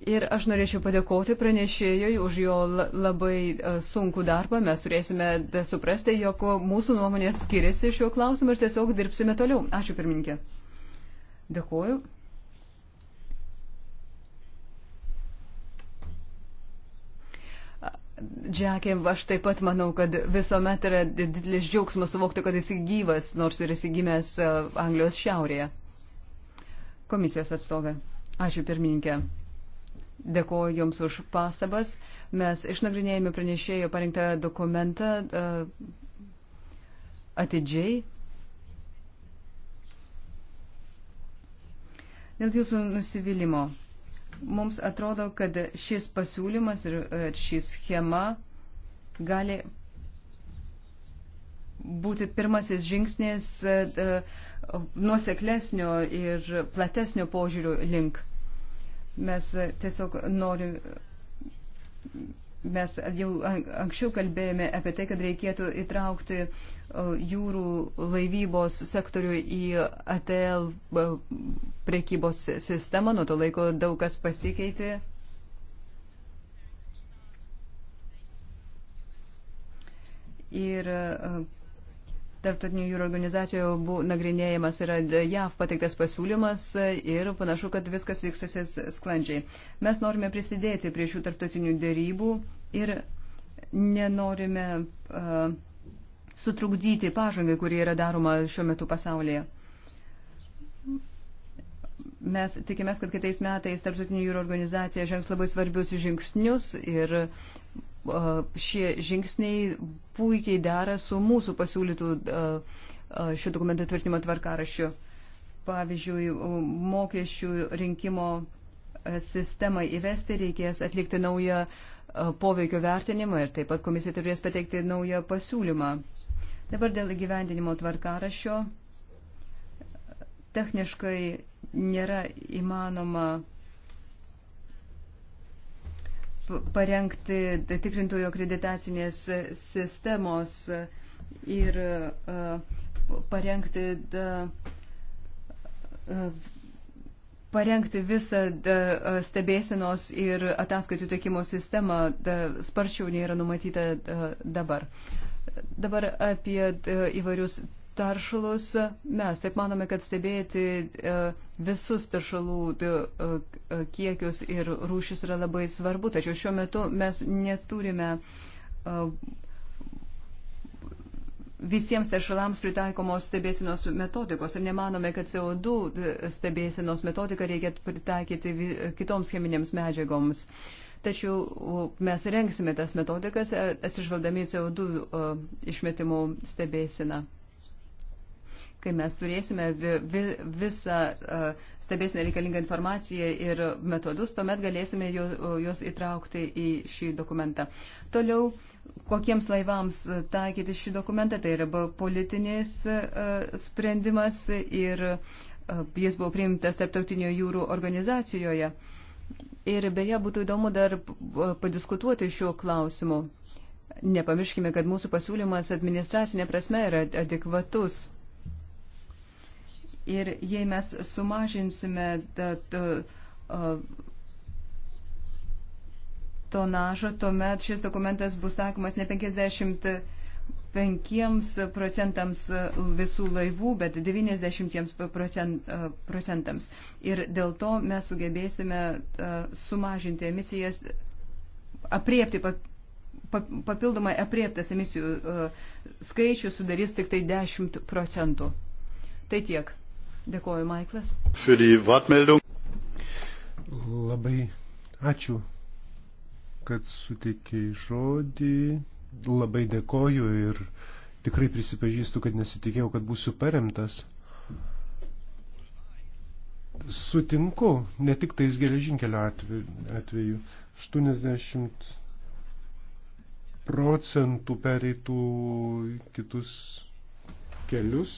Ir aš norėčiau padėkoti pranešėjui už jo labai e, sunkų darbą. Mes turėsime suprasti, jog mūsų nuomonės skiriasi šiuo klausimu ir tiesiog dirbsime toliau. Ačiū pirmininkė. Dėkuoju. Džekė, aš taip pat manau, kad visuomet yra didelis džiaugsmas suvokti, kad jis gyvas, nors ir įsigimęs e, Anglijos šiaurėje. Komisijos atstovė. Ačiū pirmininkė. Dėkuoju Jums už pastabas. Mes išnagrinėjame pranešėjo parinktą dokumentą e, atidžiai. Dėl Jūsų nusivylimų mums atrodo, kad šis pasiūlymas ir, ir e, ši schema gali būti pirmasis žingsnis e, e, nuoseklesnio ir platesnio požiūrių link. Mes tiesiog norim Mes jau anksčiau kalbėjome apie tai, kad reikėtų įtraukti jūrų laivybos sektorių į ATL prekybos sistemą. Nuo to laiko daug kas pasikeitė. Ir uh, Tarptautinių jūrų organizacijų buvo nagrinėjamas yra JAV pateiktas pasiūlymas ir panašu, kad viskas vyksusis sklandžiai. Mes norime prisidėti prie šių tarptautinių dėrybų ir nenorime uh, sutrukdyti pažangai, kurie yra daroma šiuo metu pasaulyje. Mes tikimės, kad kitais metais Tarptautinių jūrų organizacija žengs labai svarbius žingsnius ir uh, šie žingsniai puikiai dera su mūsų pasiūlytų šio dokumento tvirtinimo tvarkarašiu. Pavyzdžiui, mokesčių rinkimo e, sistemai įvesti reikės atlikti naują poveikio vertinimą ir taip pat komisija turės pateikti naują pasiūlymą. Dabar dėl gyvendinimo tvarkarašio techniškai nėra įmanoma parengti tikrintojų akreditacinės sistemos ir e, parengti, e, parengti visą e, stebėsenos ir ataskaitų teikimo sistemą sparčiau nei yra numatyta dabar. Dabar apie įvairius taršalus. Mes taip manome, kad stebėti e, visus taršalų e, e, kiekius ir rūšis yra labai svarbu, tačiau šiuo metu mes neturime visiems teršalams pritaikomos stebėsinos metodikos ir nemanome, kad CO2 stebėsinos metodiką reikia pritaikyti kitoms cheminėms medžiagoms. Tačiau mes rengsime tas metodikas, atsižvaldami CO2 išmetimų stebėsiną kai mes turėsime vi, vi, visą uh, stebėsime reikalingą informaciją ir metodus, tuomet galėsime juos įtraukti į šį dokumentą. Toliau, kokiems laivams taikyti šį dokumentą, tai yra politinis uh, sprendimas ir uh, jis buvo priimtas Tarptautinio jūrų organizacijoje. Ir beje, būtų įdomu dar padiskutuoti šiuo klausimu. Nepamirškime, kad mūsų pasiūlymas administracinė prasme yra adekvatus. Ir jei mes sumažinsime tonažą, tuomet šis dokumentas bus taikomas ne 55 procentams visų laivų, bet 90 procentams. Ir dėl to mes sugebėsime sumažinti emisijas, apriepti papildomai apriektas emisijų skaičius sudarys tik tai 10 procentų. Tai tiek. Dėkoju, Maiklas. Labai ačiū, kad sutikėjai žodį. Labai dėkoju ir tikrai prisipažįstu, kad nesitikėjau, kad būsiu paremtas. Sutinku, ne tik tais geležinkelio atveju. 80 procentų pereitų kitus kelius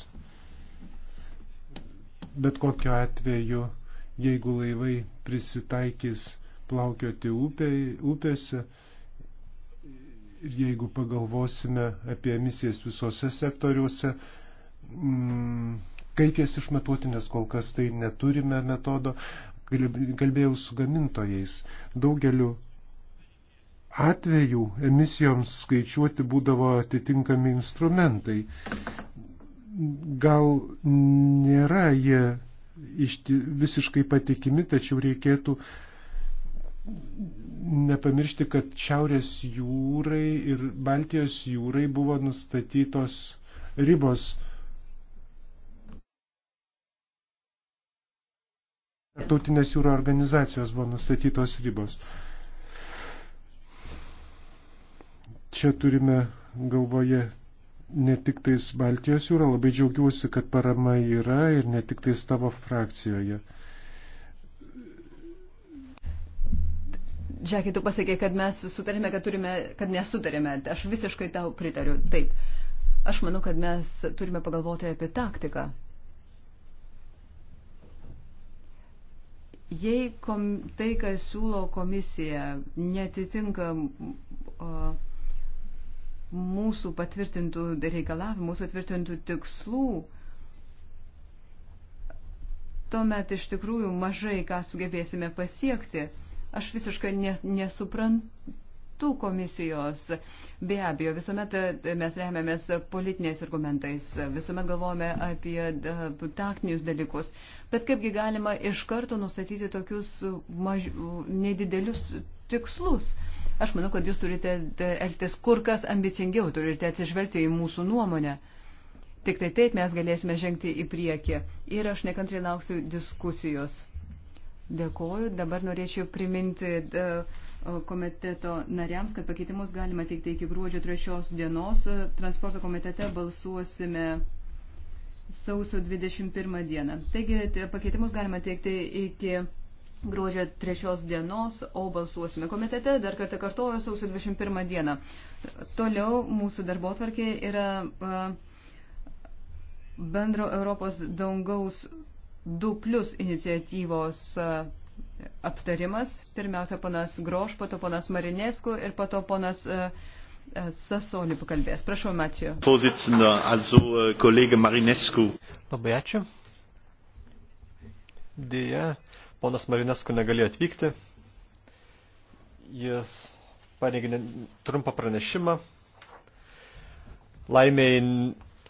bet kokiu atveju, jeigu laivai prisitaikys plaukioti upė, upėse ir jeigu pagalvosime apie emisijas visose sektoriuose, mm, kaip jas išmatuoti, nes kol kas tai neturime metodo, kalbėjau su gamintojais. Daugeliu atvejų emisijoms skaičiuoti būdavo atitinkami instrumentai gal nėra jie išti, visiškai patikimi, tačiau reikėtų nepamiršti, kad Šiaurės jūrai ir Baltijos jūrai buvo nustatytos ribos. Tautinės jūro organizacijos buvo nustatytos ribos. Čia turime galvoje ne tik tais Baltijos jūra, labai džiaugiuosi, kad parama yra ir ne tik tais tavo frakcijoje. Džekė, tu pasakė, kad mes sutarėme, kad, turime, kad nesutarėme. Aš visiškai tau pritariu. Taip. Aš manau, kad mes turime pagalvoti apie taktiką. Jei kom, tai, ką siūlo komisija, netitinka. Uh, mūsų patvirtintų reikalavimų, mūsų patvirtintų tikslų, tuomet iš tikrųjų mažai ką sugebėsime pasiekti. Aš visiškai nesuprantu komisijos. Be abejo, visuomet e, mes remiamės politiniais argumentais, visuomet galvojame apie e, taktinius dalykus. Bet kaipgi galima iš karto nustatyti tokius maž... nedidelius tikslus? Aš manau, kad jūs turite elgtis kur kas ambicingiau, turite atsižvelgti į mūsų nuomonę. Tik tai taip mes galėsime žengti į priekį. Ir aš nekantriai lauksiu diskusijos. Dėkoju. Dabar norėčiau priminti e, komiteto nariams, kad pakeitimus galima teikti iki gruodžio 3 dienos. Transporto komitete balsuosime sausio 21 dieną. Taigi pakeitimus galima teikti iki gruodžio 3 dienos, o balsuosime komitete, dar kartą kartuoju, sausio 21 dieną. Toliau mūsų darbo tvarkė yra e, bendro Europos dangaus 2 plus iniciatyvos e, aptarimas. Pirmiausia, ponas Groš, pato ponas Marinesku ir pato ponas e, Sasoli pakalbės. Prašau, Matijo. Labai ačiū. Dėja, ponas Marinesku negalėjo atvykti. Jis pareigė trumpą pranešimą. Laimėjai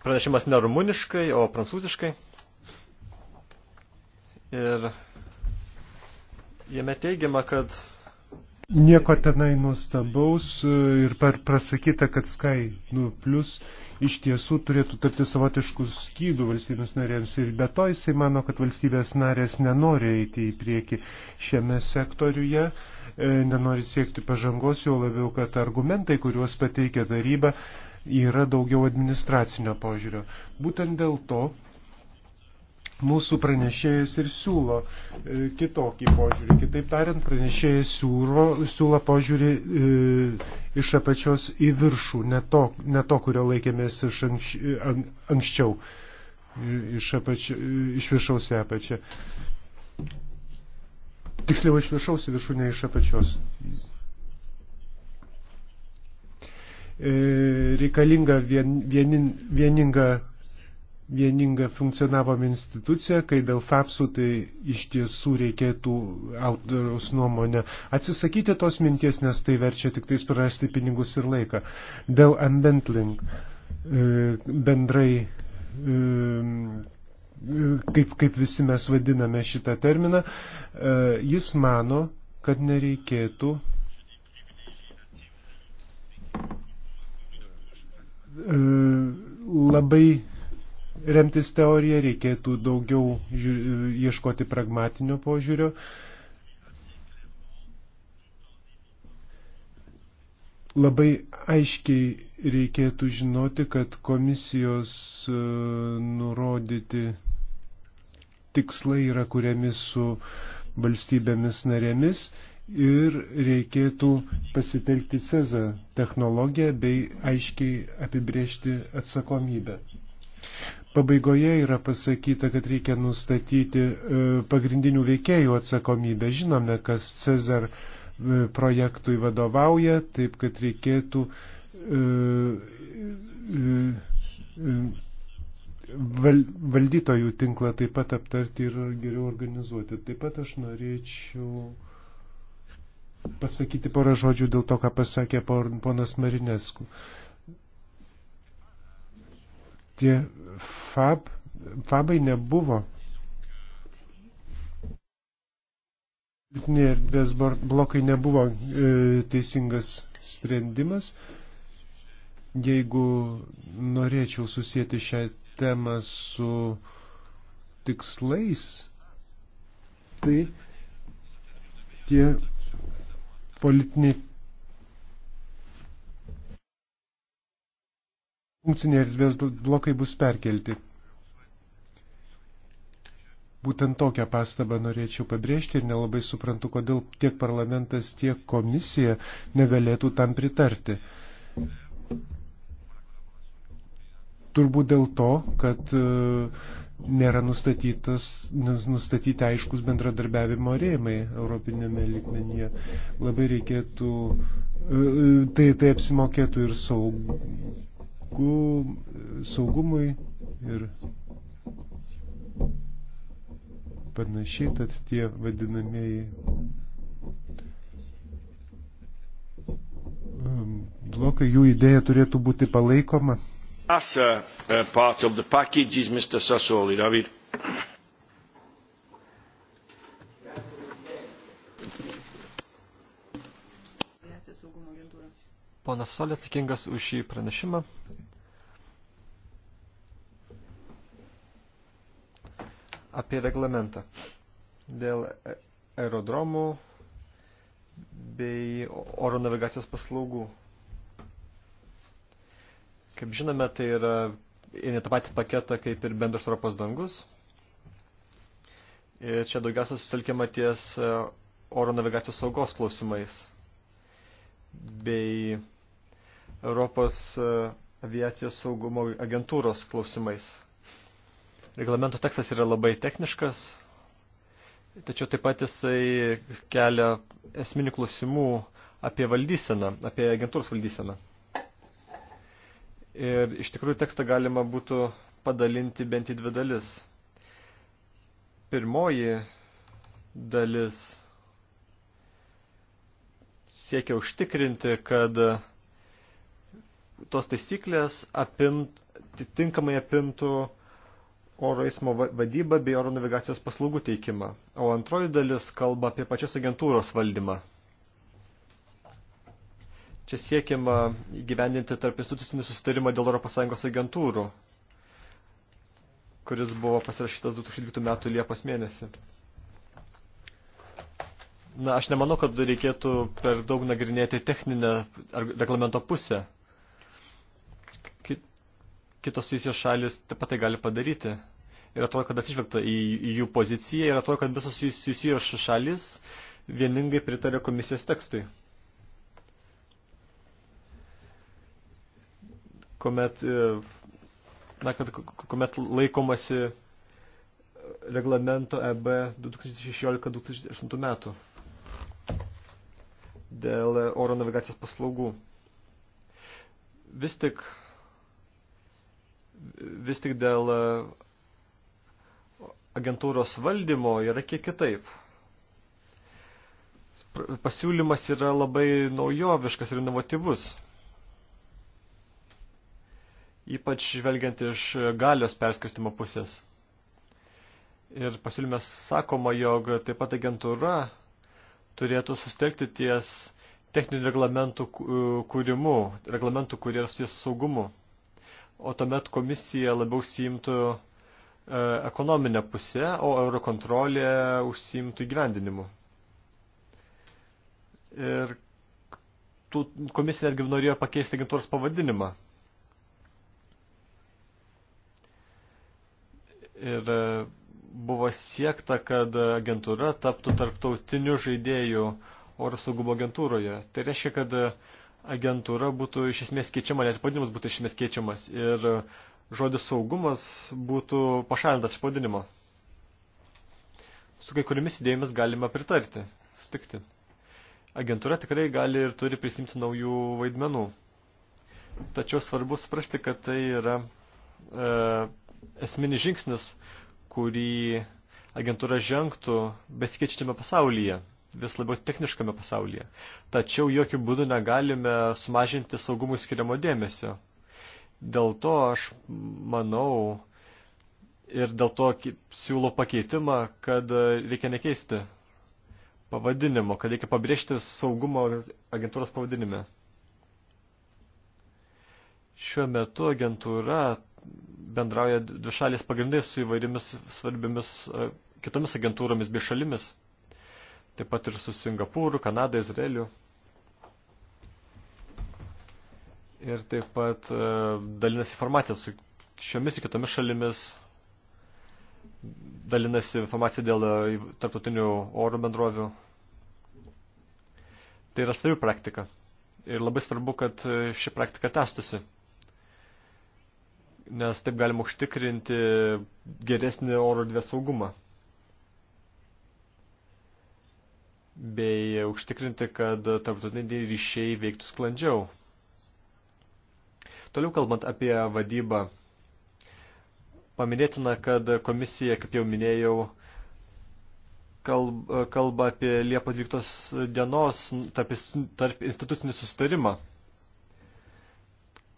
pranešimas ne rumuniškai, o prancūziškai. Ir jame teigiama, kad Nieko tenai nuostabaus e, ir prasakyta, kad Sky nu, Plus iš tiesų turėtų tapti savotiškų skydų valstybės narėms ir be to jisai mano, kad valstybės narės nenori eiti į priekį šiame sektoriuje, e, nenori siekti pažangos, jau labiau, kad argumentai, kuriuos pateikia taryba, yra daugiau administracinio požiūrio. Būtent dėl to mūsų pranešėjas ir siūlo e, kitokį požiūrį. Kitaip tariant, pranešėjas siūlo, siūlo požiūrį e, iš apačios į viršų, ne to, ne to kurio laikėmės iš anks, anksčiau, e, iš, apačio, e, iš viršaus į apačią. Tiksliau iš viršaus į viršų, ne iš apačios. E, reikalinga vien, vienin, vieninga vieninga funkcionavom institucija, kai dėl FAPSų tai iš tiesų reikėtų autoriaus nuomonę atsisakyti tos minties, nes tai verčia tik tais prarasti pinigus ir laiką. Dėl unbentling e, bendrai, e, kaip, kaip visi mes vadiname šitą terminą, e, jis mano, kad nereikėtų labai remtis teoriją, reikėtų daugiau ieškoti pragmatinio požiūrio. Labai aiškiai reikėtų žinoti, kad komisijos e, nurodyti tikslai yra kuriami su valstybėmis narėmis ir reikėtų pasitelkti CEZA technologiją bei aiškiai apibriežti atsakomybę. Pabaigoje yra pasakyta, kad reikia nustatyti e, pagrindinių veikėjų atsakomybę. Žinome, kas Cezar e, projektui vadovauja, taip kad reikėtų e, valdytojų tinklą taip pat aptarti ir geriau organizuoti. Taip pat aš norėčiau pasakyti porą žodžių dėl to, ką pasakė ponas Marinesku tie fab, fabai nebuvo politinė erdvės blokai nebuvo e, teisingas sprendimas. Jeigu norėčiau susijęti šią temą su tikslais, tai tie politiniai funkciniai erdvės blokai bus perkelti. Būtent tokią pastabą norėčiau pabrėžti ir nelabai suprantu, kodėl tiek parlamentas, tiek komisija negalėtų tam pritarti. Turbūt dėl to, kad e, nėra nu, nustatyti aiškus bendradarbiavimo rėmai Europinėme likmenyje. Labai reikėtų, e, e, tai, tai apsimokėtų ir saug, saugų, saugumui ir panašiai, tad tie vadinamieji um, blokai, jų idėja turėtų būti palaikoma. That's a, a part of the package is Mr. Sassoli, David. Ponas Solė atsakingas už šį pranešimą. Apie reglamentą dėl e- aerodromų bei oro navigacijos paslaugų. Kaip žinome, tai yra ne tą patį paketą kaip ir bendras Europos dangus. Ir čia daugiausia susitelkiama ties e, oro navigacijos saugos klausimais bei Europos e, aviacijos saugumo agentūros klausimais. Reglamento tekstas yra labai techniškas, tačiau taip pat jisai kelia esminių klausimų apie valdyseną, apie agentūros valdyseną. Ir iš tikrųjų tekstą galima būtų padalinti bent į dvi dalis. Pirmoji dalis siekia užtikrinti, kad tos taisyklės apimt, tinkamai apimtų oro eismo vadybą bei oro navigacijos paslaugų teikimą. O antroji dalis kalba apie pačios agentūros valdymą. Čia siekiama įgyvendinti tarp institucinį sustarimą dėl ES agentūrų, kuris buvo pasirašytas 2012 m. Liepos mėnesį. Na, aš nemanau, kad reikėtų per daug nagrinėti techninę reglamento pusę. Kitos susijusios šalis taip pat tai gali padaryti. Ir atrodo, kad atsižvelgta į, į jų poziciją ir atrodo, kad visos susijusios šalis vieningai pritarė komisijos tekstui. Kuomet, e, na, kad, kuomet laikomasi reglamento EB 2016-2008 metų dėl oro navigacijos paslaugų. Vis tik, vis tik dėl agentūros valdymo yra kiek kitaip. Pasiūlymas yra labai naujoviškas ir inovatyvus. Ypač žvelgiant iš galios perskirstimo pusės. Ir pasiūlymas sakoma, jog taip pat agentūra turėtų sustelkti ties techninių reglamentų e, kūrimu, reglamentų, kurie yra susijęs su saugumu. O tuomet komisija labiau siimtų e, ekonominę pusę, o eurokontrolė užsiimtų įgyvendinimu. Ir tų, komisija netgi norėjo pakeisti agentūros pavadinimą. Ir e, buvo siekta, kad agentūra taptų tarptautiniu žaidėju oro saugumo agentūroje. Tai reiškia, kad agentūra būtų iš esmės keičiama, net pavadinimas būtų iš esmės keičiamas ir žodis saugumas būtų pašalintas iš pavadinimo. Su kai kuriomis idėjomis galima pritarti, stikti. Agentūra tikrai gali ir turi prisimti naujų vaidmenų. Tačiau svarbu suprasti, kad tai yra e, esminis žingsnis, e, kurį agentūra žengtų besikeičiame pasaulyje, vis labiau techniškame pasaulyje. Tačiau jokių būdų negalime sumažinti saugumui skiriamo dėmesio. Dėl to aš manau ir dėl to siūlau pakeitimą, kad reikia nekeisti pavadinimo, kad reikia pabrėžti saugumo agentūros pavadinime. Šiuo metu agentūra bendrauja dvišalės pagrindai su įvairiomis svarbiamis e, kitomis agentūromis bei šalimis. Taip pat ir su Singapūru, Kanada, Izraeliu. Ir taip pat e, dalinasi informaciją su šiomis ir kitomis šalimis. Dalinasi informaciją dėl e, tarptautinių oro bendrovių. Tai yra svarbi praktika. Ir labai svarbu, kad ši praktika testusi nes taip galim užtikrinti geresnį oro dvies saugumą. Bei užtikrinti, kad tarptautiniai ryšiai veiktų sklandžiau. Toliau kalbant apie vadybą, paminėtina, kad komisija, kaip jau minėjau, kalba apie Liepo 12 dienos tarp, tarp institucinį sustarimą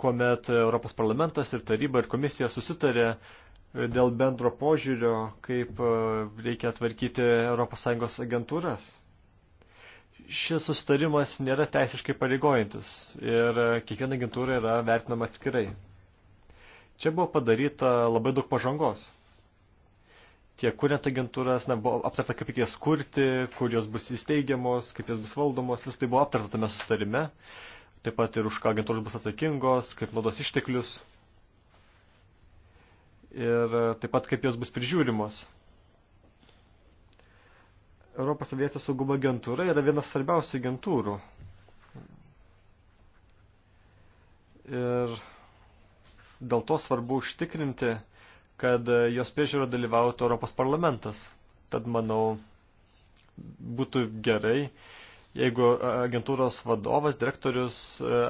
kuomet Europos parlamentas ir taryba ir komisija susitarė e, dėl bendro požiūrio, kaip e, reikia tvarkyti ES agentūras. Šis sustarimas nėra teisiškai pareigojantis ir e, kiekviena agentūra yra vertinama atskirai. Čia buvo padaryta labai daug pažangos. Tie kuriant agentūras, na, buvo aptarta, kaip reikės kurti, kur jos bus įsteigiamos, kaip jos bus valdomos, vis tai buvo aptarta tame sustarime taip pat ir už ką agentūros bus atsakingos, kaip naudos išteklius ir taip pat kaip jos bus prižiūrimos. Europos aviacijos saugumo agentūra yra vienas svarbiausių agentūrų. Ir dėl to svarbu užtikrinti, kad jos priežiūro dalyvautų Europos parlamentas. Tad manau, būtų gerai, jeigu e, agentūros vadovas, direktorius e,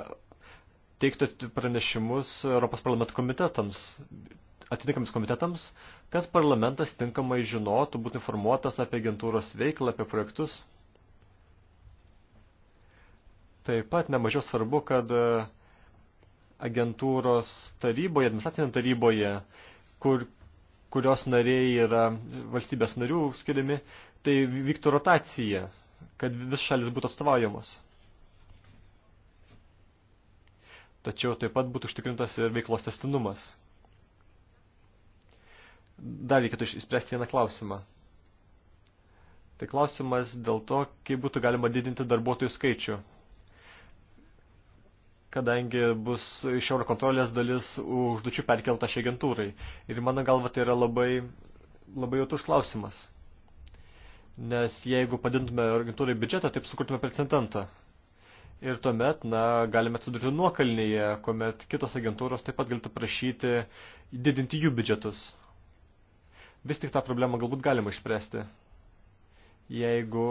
teiktų pranešimus Europos parlamento komitetams, atitinkams komitetams, kad parlamentas tinkamai žinotų, būtų informuotas apie agentūros veiklą, apie projektus. Taip pat nemažiau svarbu, kad e, agentūros taryboje, administracinė taryboje, kur, kurios nariai yra valstybės narių skiriami, tai vyktų rotacija kad vis šalis būtų atstovaujamos. Tačiau taip pat būtų užtikrintas ir veiklos testinumas. Dar reikėtų išspręsti vieną klausimą. Tai klausimas dėl to, kaip būtų galima didinti darbuotojų skaičių. Kadangi bus iš euro kontrolės dalis užduočių perkelta šiai agentūrai. Ir mano galva tai yra labai, labai jautrus klausimas nes jeigu padintume agentūrai biudžetą, taip sukurtume precedentą. Ir tuomet, na, galime atsidurti nuokalnyje, kuomet kitos agentūros taip pat galėtų prašyti didinti jų biudžetus. Vis tik tą problemą galbūt galima išspręsti, jeigu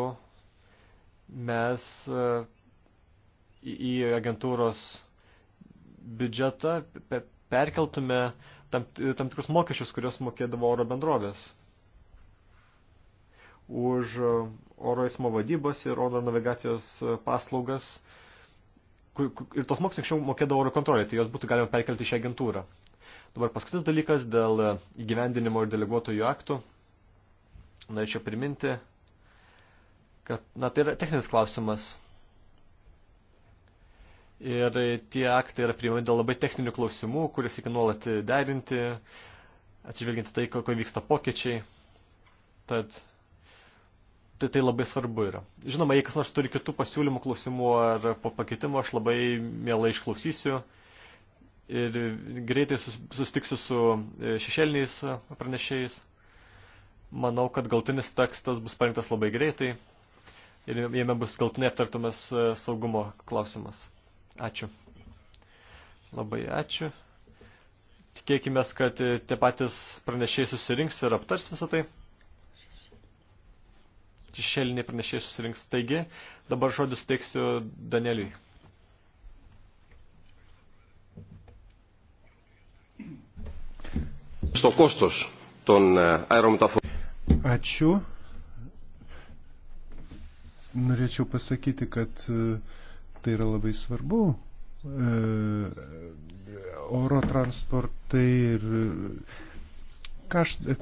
mes e, į agentūros biudžetą perkeltume tam, tam tikrus mokesčius, kurios mokėdavo oro bendrovės už e, oro eismo vadybos ir oro navigacijos e, paslaugas. Ir tos mokslai anksčiau mokėdavo oro kontrolę, tai jos būtų galima perkelti šią agentūrą. Dabar paskutinis dalykas dėl e, įgyvendinimo ir deleguotojų aktų. Norėčiau priminti, kad na, tai yra techninis klausimas. Ir tie aktai yra priimami dėl labai techninių klausimų, kuriuos reikia nuolat derinti, atsižvelginti tai, kokie vyksta pokyčiai. Tad tai, tai labai svarbu yra. Žinoma, jei kas nors turi kitų pasiūlymų, klausimų ar pakeitimų, aš labai mielai išklausysiu ir greitai sus, sustiksiu su e, šešėliniais e, pranešėjais. Manau, kad galtinis tekstas bus parinktas labai greitai ir jame bus galtinai aptartamas e, saugumo klausimas. Ačiū. Labai ačiū. Tikėkime, kad tie patys pranešėjai susirinks ir aptars visą tai šešėliniai pranešėjai susirinks. Taigi, dabar žodį suteiksiu Danieliui. Στο κόστος των αερομεταφορών. Ačiū. Norėčiau pasakyti, kad e, tai yra labai svarbu. E, oro transportai ir e,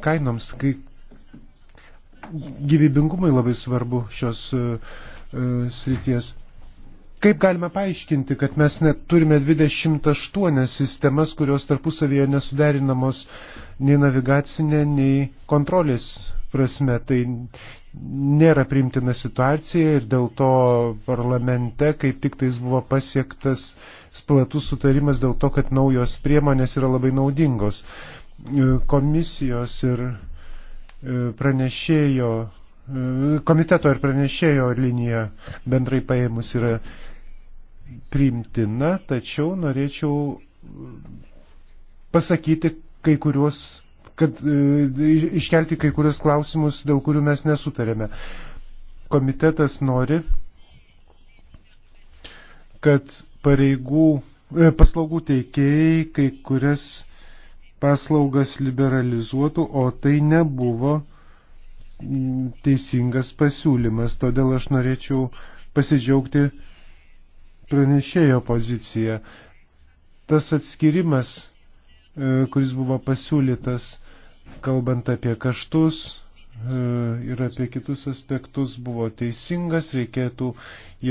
kainoms, kai gyvybingumui labai svarbu šios e, e, srities. Kaip galime paaiškinti, kad mes net turime 28 sistemas, kurios tarpusavėje nesuderinamos nei navigacinė, nei kontrolės prasme. Tai nėra priimtina situacija ir dėl to parlamente kaip tik tais buvo pasiektas splatus sutarimas dėl to, kad naujos priemonės yra labai naudingos. E, komisijos ir E, pranešėjo, e, komiteto ir pranešėjo linija bendrai paėmus yra priimtina, tačiau norėčiau e, pasakyti kai kuriuos, kad iškelti kai kurios klausimus, dėl kurių mes nesutarėme. Komitetas nori, kad pareigų, paslaugų teikėjai kai kurias paslaugas liberalizuotų, o tai nebuvo mm, teisingas pasiūlymas. Todėl aš norėčiau pasidžiaugti pranešėjo poziciją. Tas atskirimas, e, kuris buvo pasiūlytas, kalbant apie kaštus, e, ir apie kitus aspektus buvo teisingas, reikėtų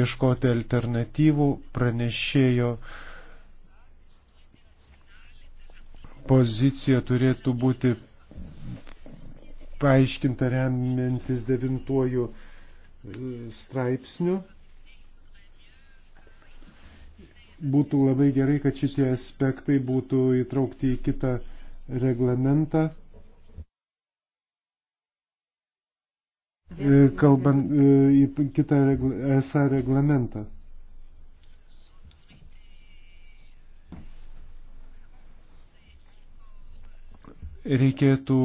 ieškoti alternatyvų pranešėjo uh, pozicija turėtų būti paaiškinta remiantis devintuoju e, straipsniu. Būtų labai gerai, kad šitie aspektai būtų įtraukti į kitą reglamentą. E, kalbant e, į kitą esą reglamentą. reikėtų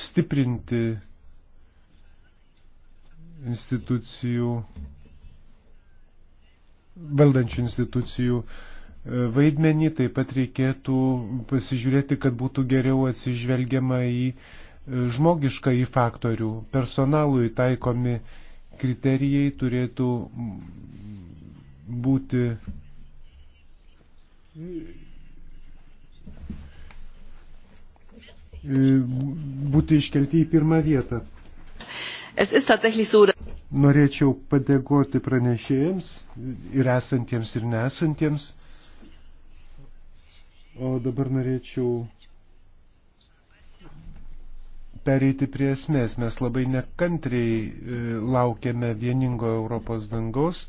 stiprinti institucijų, valdančių institucijų e, vaidmenį, taip pat reikėtų pasižiūrėti, kad būtų geriau atsižvelgiama į e, žmogišką į faktorių. Personalui taikomi kriterijai turėtų būti E, būti iškelti į pirmą vietą. Norėčiau padėkoti pranešėjams ir esantiems ir nesantiems. O dabar norėčiau pereiti prie esmės. Mes labai nekantriai e, laukiame vieningo Europos dangaus.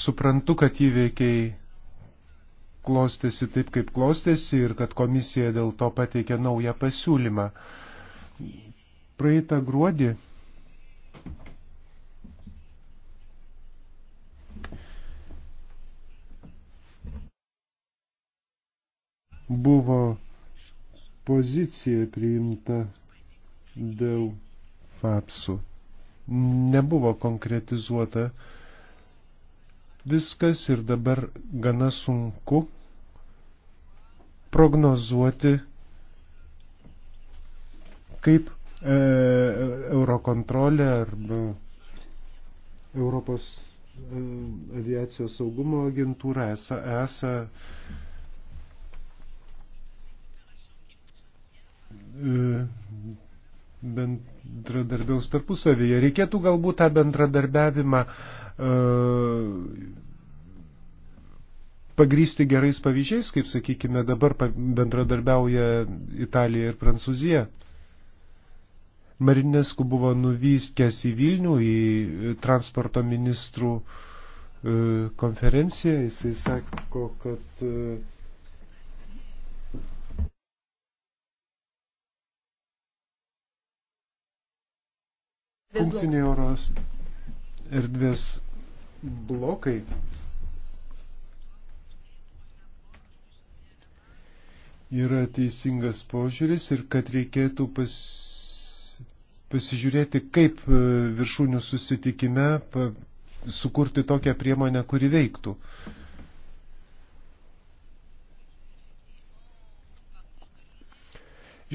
Suprantu, kad įveikiai klostėsi taip, kaip klostėsi ir kad komisija dėl to pateikė naują pasiūlymą. Praeitą gruodį buvo pozicija priimta dėl FAPSų. Nebuvo konkretizuota viskas ir dabar gana sunku prognozuoti, kaip e, Eurokontrolė arba Europos e, aviacijos saugumo agentūra ESA, ESA e, bendradarbiaus tarpusavyje. Reikėtų galbūt tą bendradarbiavimą e, pagrysti gerais pavyzdžiais, kaip sakykime dabar bendradarbiauja Italija ir Prancūzija. Marinesku buvo nuvykęs į Vilnių į transporto ministrų e, konferenciją. Jisai sako, kad e, funkciniai oros erdvės blokai yra teisingas požiūris ir kad reikėtų pas, pasižiūrėti, kaip e, viršūnių susitikime pa, sukurti tokią priemonę, kuri veiktų.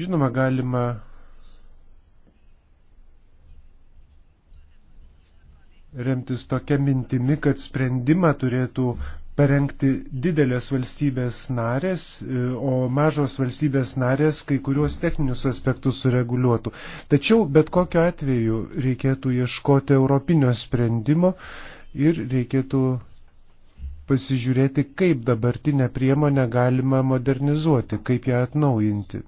Žinoma, galima remtis tokia mintimi, kad sprendimą turėtų parengti didelės valstybės narės, e, o mažos valstybės narės kai kuriuos techninius aspektus sureguliuotų. Tačiau bet kokiu atveju reikėtų ieškoti europinio sprendimo ir reikėtų pasižiūrėti, kaip dabartinę priemonę galima modernizuoti, kaip ją atnaujinti.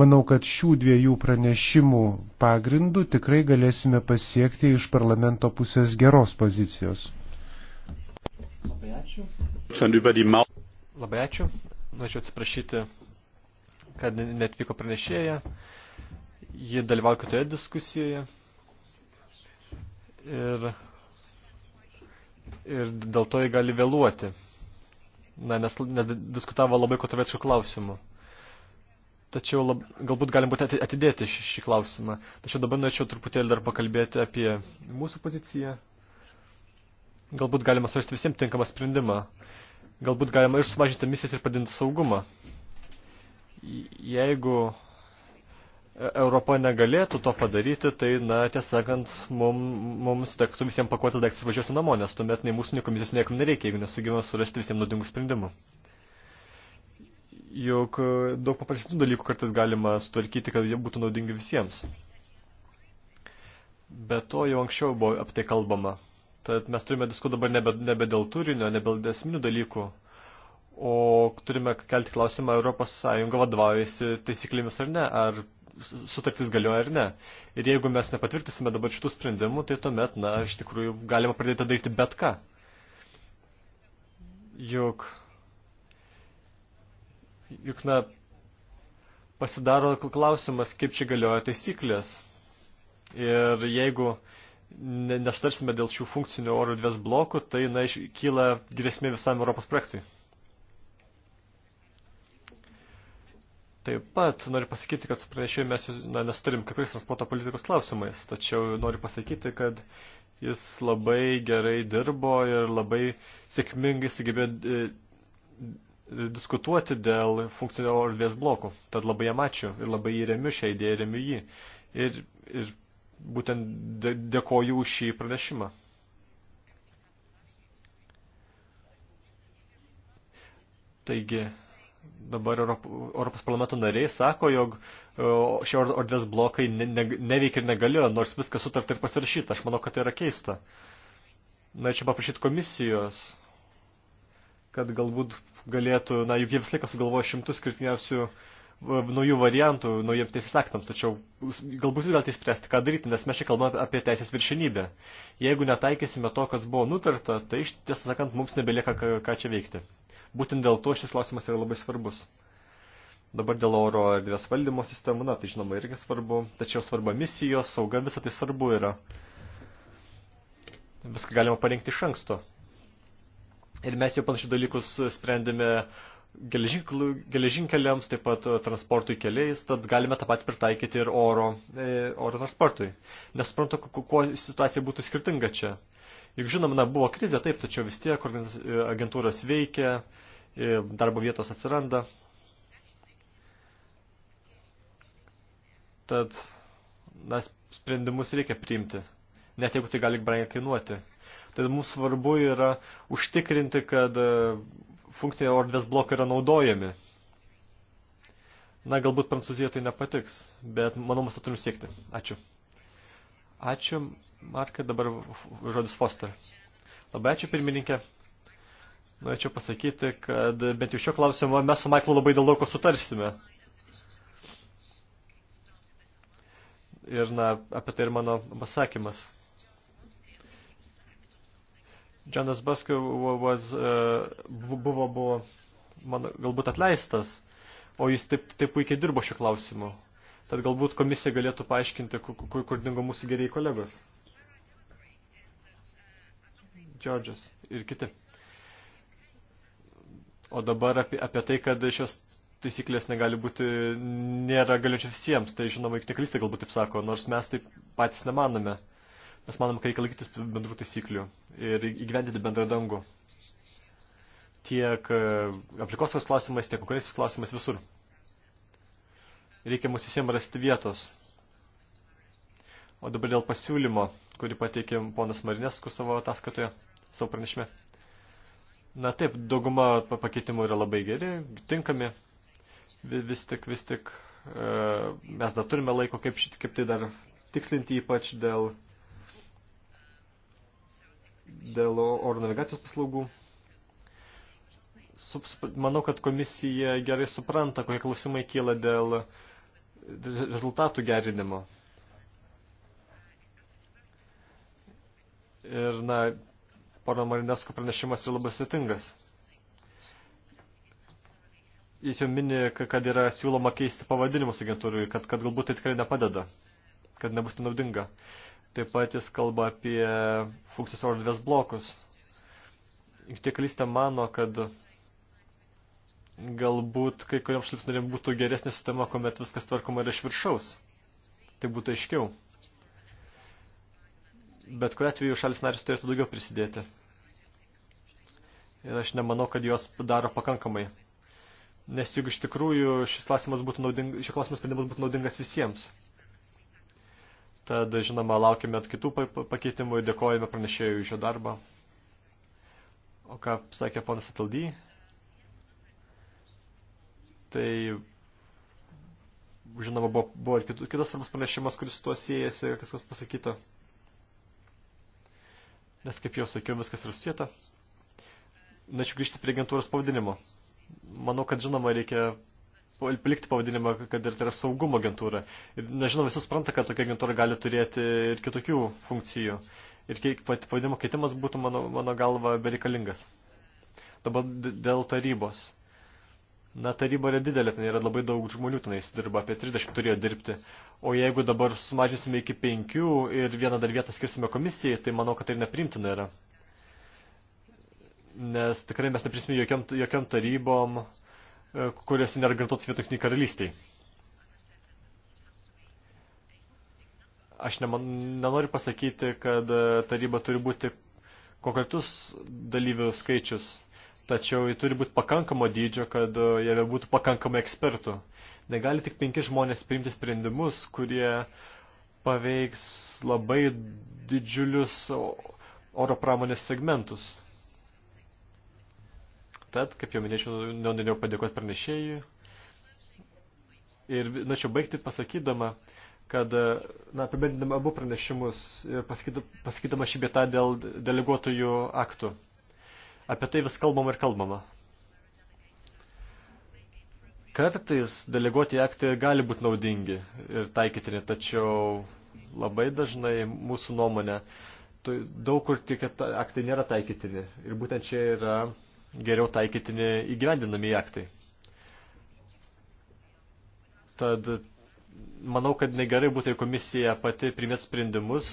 Manau, kad šių dviejų pranešimų pagrindų tikrai galėsime pasiekti iš parlamento pusės geros pozicijos. Labai ačiū. Labai ačiū. Norėčiau atsiprašyti, kad netvyko pranešėja. Ji dalyvauja kitoje diskusijoje. Ir, ir dėl to jį gali vėluoti. Na, nes, nes diskutavo labai kontroversiškų klausimų. Tačiau lab, galbūt galim būti atidėti šį, šį klausimą. Tačiau dabar norėčiau truputėlį dar pakalbėti apie mūsų poziciją Galbūt galima surasti visiems tinkamą sprendimą. Galbūt galima ir sumažinti misijas ir padinti saugumą. Jeigu e, Europa negalėtų to padaryti, tai, na, tiesąkant, mum, mums tektų visiems pakuoti daiktus ir važiuoti namo, nes tuomet nei mūsų, nei komisijos niekam nereikia, jeigu nesugebame surasti visiems naudingų sprendimų. Juk e, daug paprastesnių dalykų kartais galima sutvarkyti, kad jie būtų naudingi visiems. Be to jau anksčiau buvo apie tai kalbama. Tad mes turime diskutuoti dabar nebe, nebe dėl turinio, nebe dėl esminių dalykų, o turime kelti klausimą, Europos Sąjunga vadovaujasi taisyklėmis ar ne, ar sutartis galioja ar ne. Ir jeigu mes nepatvirtisime dabar šitų sprendimų, tai tuomet, na, iš tikrųjų, galima pradėti daryti bet ką. Juk, juk na, pasidaro klausimas, kaip čia galioja taisyklės. Ir jeigu neštarsime dėl šių funkcinių oro erdvės blokų, tai na, kyla grėsmė visam Europos projektui. Taip pat noriu pasakyti, kad su pranešėju mes na, nesurim kai kuriais transporto politikos klausimais, tačiau noriu pasakyti, kad jis labai gerai dirbo ir labai sėkmingai sugebėjo e, diskutuoti dėl funkcinio erdvės blokų. Tad labai jam ačiū ir labai jį remiu šią idėją, remiu jį. Ir, ir būtent dėkoju už šį pranešimą. Taigi, dabar Europos parlamento nariai sako, jog šie erdvės blokai neveikia ir negalėjo, nors viskas sutarta ir pasirašyta. Aš manau, kad tai yra keista. Norėčiau paprašyti komisijos, kad galbūt galėtų, na, juk jie visą laiką sugalvoja šimtus skirtingiausių uh, naujų variantų naujiems teisės aktams, tačiau galbūt jūs galite spręsti, ką daryti, nes mes čia kalbame apie teisės viršinybę. Jeigu netaikysime to, kas buvo nutarta, tai iš tiesą sakant, mums nebelieka ką, ką čia veikti. Būtent dėl to šis klausimas yra labai svarbus. Dabar dėl oro erdvės valdymo sistemų, na, tai žinoma irgi svarbu, tačiau svarba misijos, sauga, visa tai svarbu yra. Viską galima parengti iš anksto. Ir mes jau panašių dalykus sprendėme geležinkeliams, taip pat e, transportui keliais, tad galime tą patį pritaikyti ir oro, e, oro transportui. Nesuprantu, kuo situacija būtų skirtinga čia. Juk žinom, na, buvo krizė, taip, tačiau vis tiek e, agentūros veikia, e, darbo vietos atsiranda. Tad, na, sprendimus reikia priimti, net jeigu tai gali brangiai kainuoti. Tai mums svarbu yra užtikrinti, kad funkcija erdvės blokai yra naudojami. Na, galbūt Prancūzija tai nepatiks, bet manau, mes to turim siekti. Ačiū. Ačiū, Marka, dabar žodis Foster. Labai ačiū, pirmininkė. Norėčiau pasakyti, kad bent jau šio klausimo mes su Maiklu labai dėl lauko sutarsime. Ir, na, apie tai ir mano pasakymas. Džanas Baskai e, buvo, buvo man, galbūt atleistas, o jis taip, taip puikiai dirbo šio klausimu. Tad galbūt komisija galėtų paaiškinti, kur, kur dingo mūsų geriai kolegos. Džordžas ir kiti. O dabar apie, apie tai, kad šios taisyklės negali būti, nėra galiuočia visiems. Tai žinoma, tik neklystai galbūt taip sako, nors mes taip patys nemanome. Mes manom, kad reikia laikytis bendrų taisyklių ir įgyvendinti bendrą dangų. Tiek e, aplikosvos klausimais, tiek konkurencijos klausimais visur. Reikia mums visiems rasti vietos. O dabar dėl pasiūlymo, kurį pateikė ponas Marinesku savo ataskatoje, savo pranešime. Na taip, dauguma pakeitimų yra labai geri, tinkami. Vis tik, vis tik, e, mes dar turime laiko, kaip, šit, kaip tai dar tikslinti, ypač dėl dėl oro navigacijos paslaugų. Manau, kad komisija gerai supranta, kokie klausimai kyla dėl rezultatų gerinimo. Ir, na, pono Marinesko pranešimas yra labai sudėtingas. Jis jau mini, kad yra siūloma keisti pavadinimus agentūrui, kad, kad galbūt tai tikrai nepadeda, kad nebus nenaudinga. naudinga. Taip pat jis kalba apie funkcijos oro erdvės blokus. Jungtinė karalystė mano, kad galbūt kai kuriams šalims narėms būtų geresnė sistema, kuomet viskas tvarkoma yra iš viršaus. Tai būtų aiškiau. Bet kuriuo atveju šalis narės turėtų daugiau prisidėti. Ir aš nemanau, kad jos daro pakankamai. Nes juk iš tikrųjų šis klausimas būtų naudingas, šis klausimas sprendimas būtų naudingas visiems. Tad, žinoma, laukime kitų pakeitimų ir dėkojame pranešėjui už jo darbą. O ką sakė ponas Ataldy? Tai, žinoma, buvo, buvo ir kitas svarbus pranešimas, kuris su tuo siejasi, kas kas pasakyta. Nes, kaip jau sakiau, viskas yra susieta. Norėčiau grįžti prie agentūros pavadinimo. Manau, kad, žinoma, reikia palikti pavadinimą, kad ir tai yra saugumo agentūra. Ir nežinau, visi supranta, kad tokia agentūra gali turėti ir kitokių funkcijų. Ir pavadinimo keitimas būtų, mano, mano galva, berikalingas. Dabar dėl tarybos. Na, taryba yra didelė, ten yra labai daug žmonių tenais dirba, apie 30 turėjo dirbti. O jeigu dabar sumažinsime iki 5 ir vieną dar vietą skirsime komisijai, tai manau, kad tai neprimtina yra. Nes tikrai mes neprisime jokiam, jokiam tarybom, uh, kuriuose nėra garantuotas vietos nei karalystiai. Aš neman, nenoriu pasakyti, kad e, taryba turi būti konkretus dalyvių skaičius, tačiau ji turi būti pakankamo dydžio, kad joje būtų pakankamai ekspertų. Negali tik penki žmonės priimti sprendimus, kurie paveiks labai didžiulius oro pramonės segmentus. Tad, kaip jau minėčiau, norėjau padėkoti pranešėjui. Ir norėčiau nu, baigti pasakydama, kad, na, apibendinama abu pranešimus, pasakydama šį bietą dėl deleguotojų aktų. Apie tai vis kalbama ir kalbama. Kartais deleguoti aktai gali būti naudingi ir taikytini, tačiau labai dažnai mūsų nuomonė tai daug kur tik aktai nėra taikytini. Ir būtent čia yra geriau taikytini įgyvendinami aktai. Tad manau, kad negerai būtų, jei komisija pati primėt sprendimus,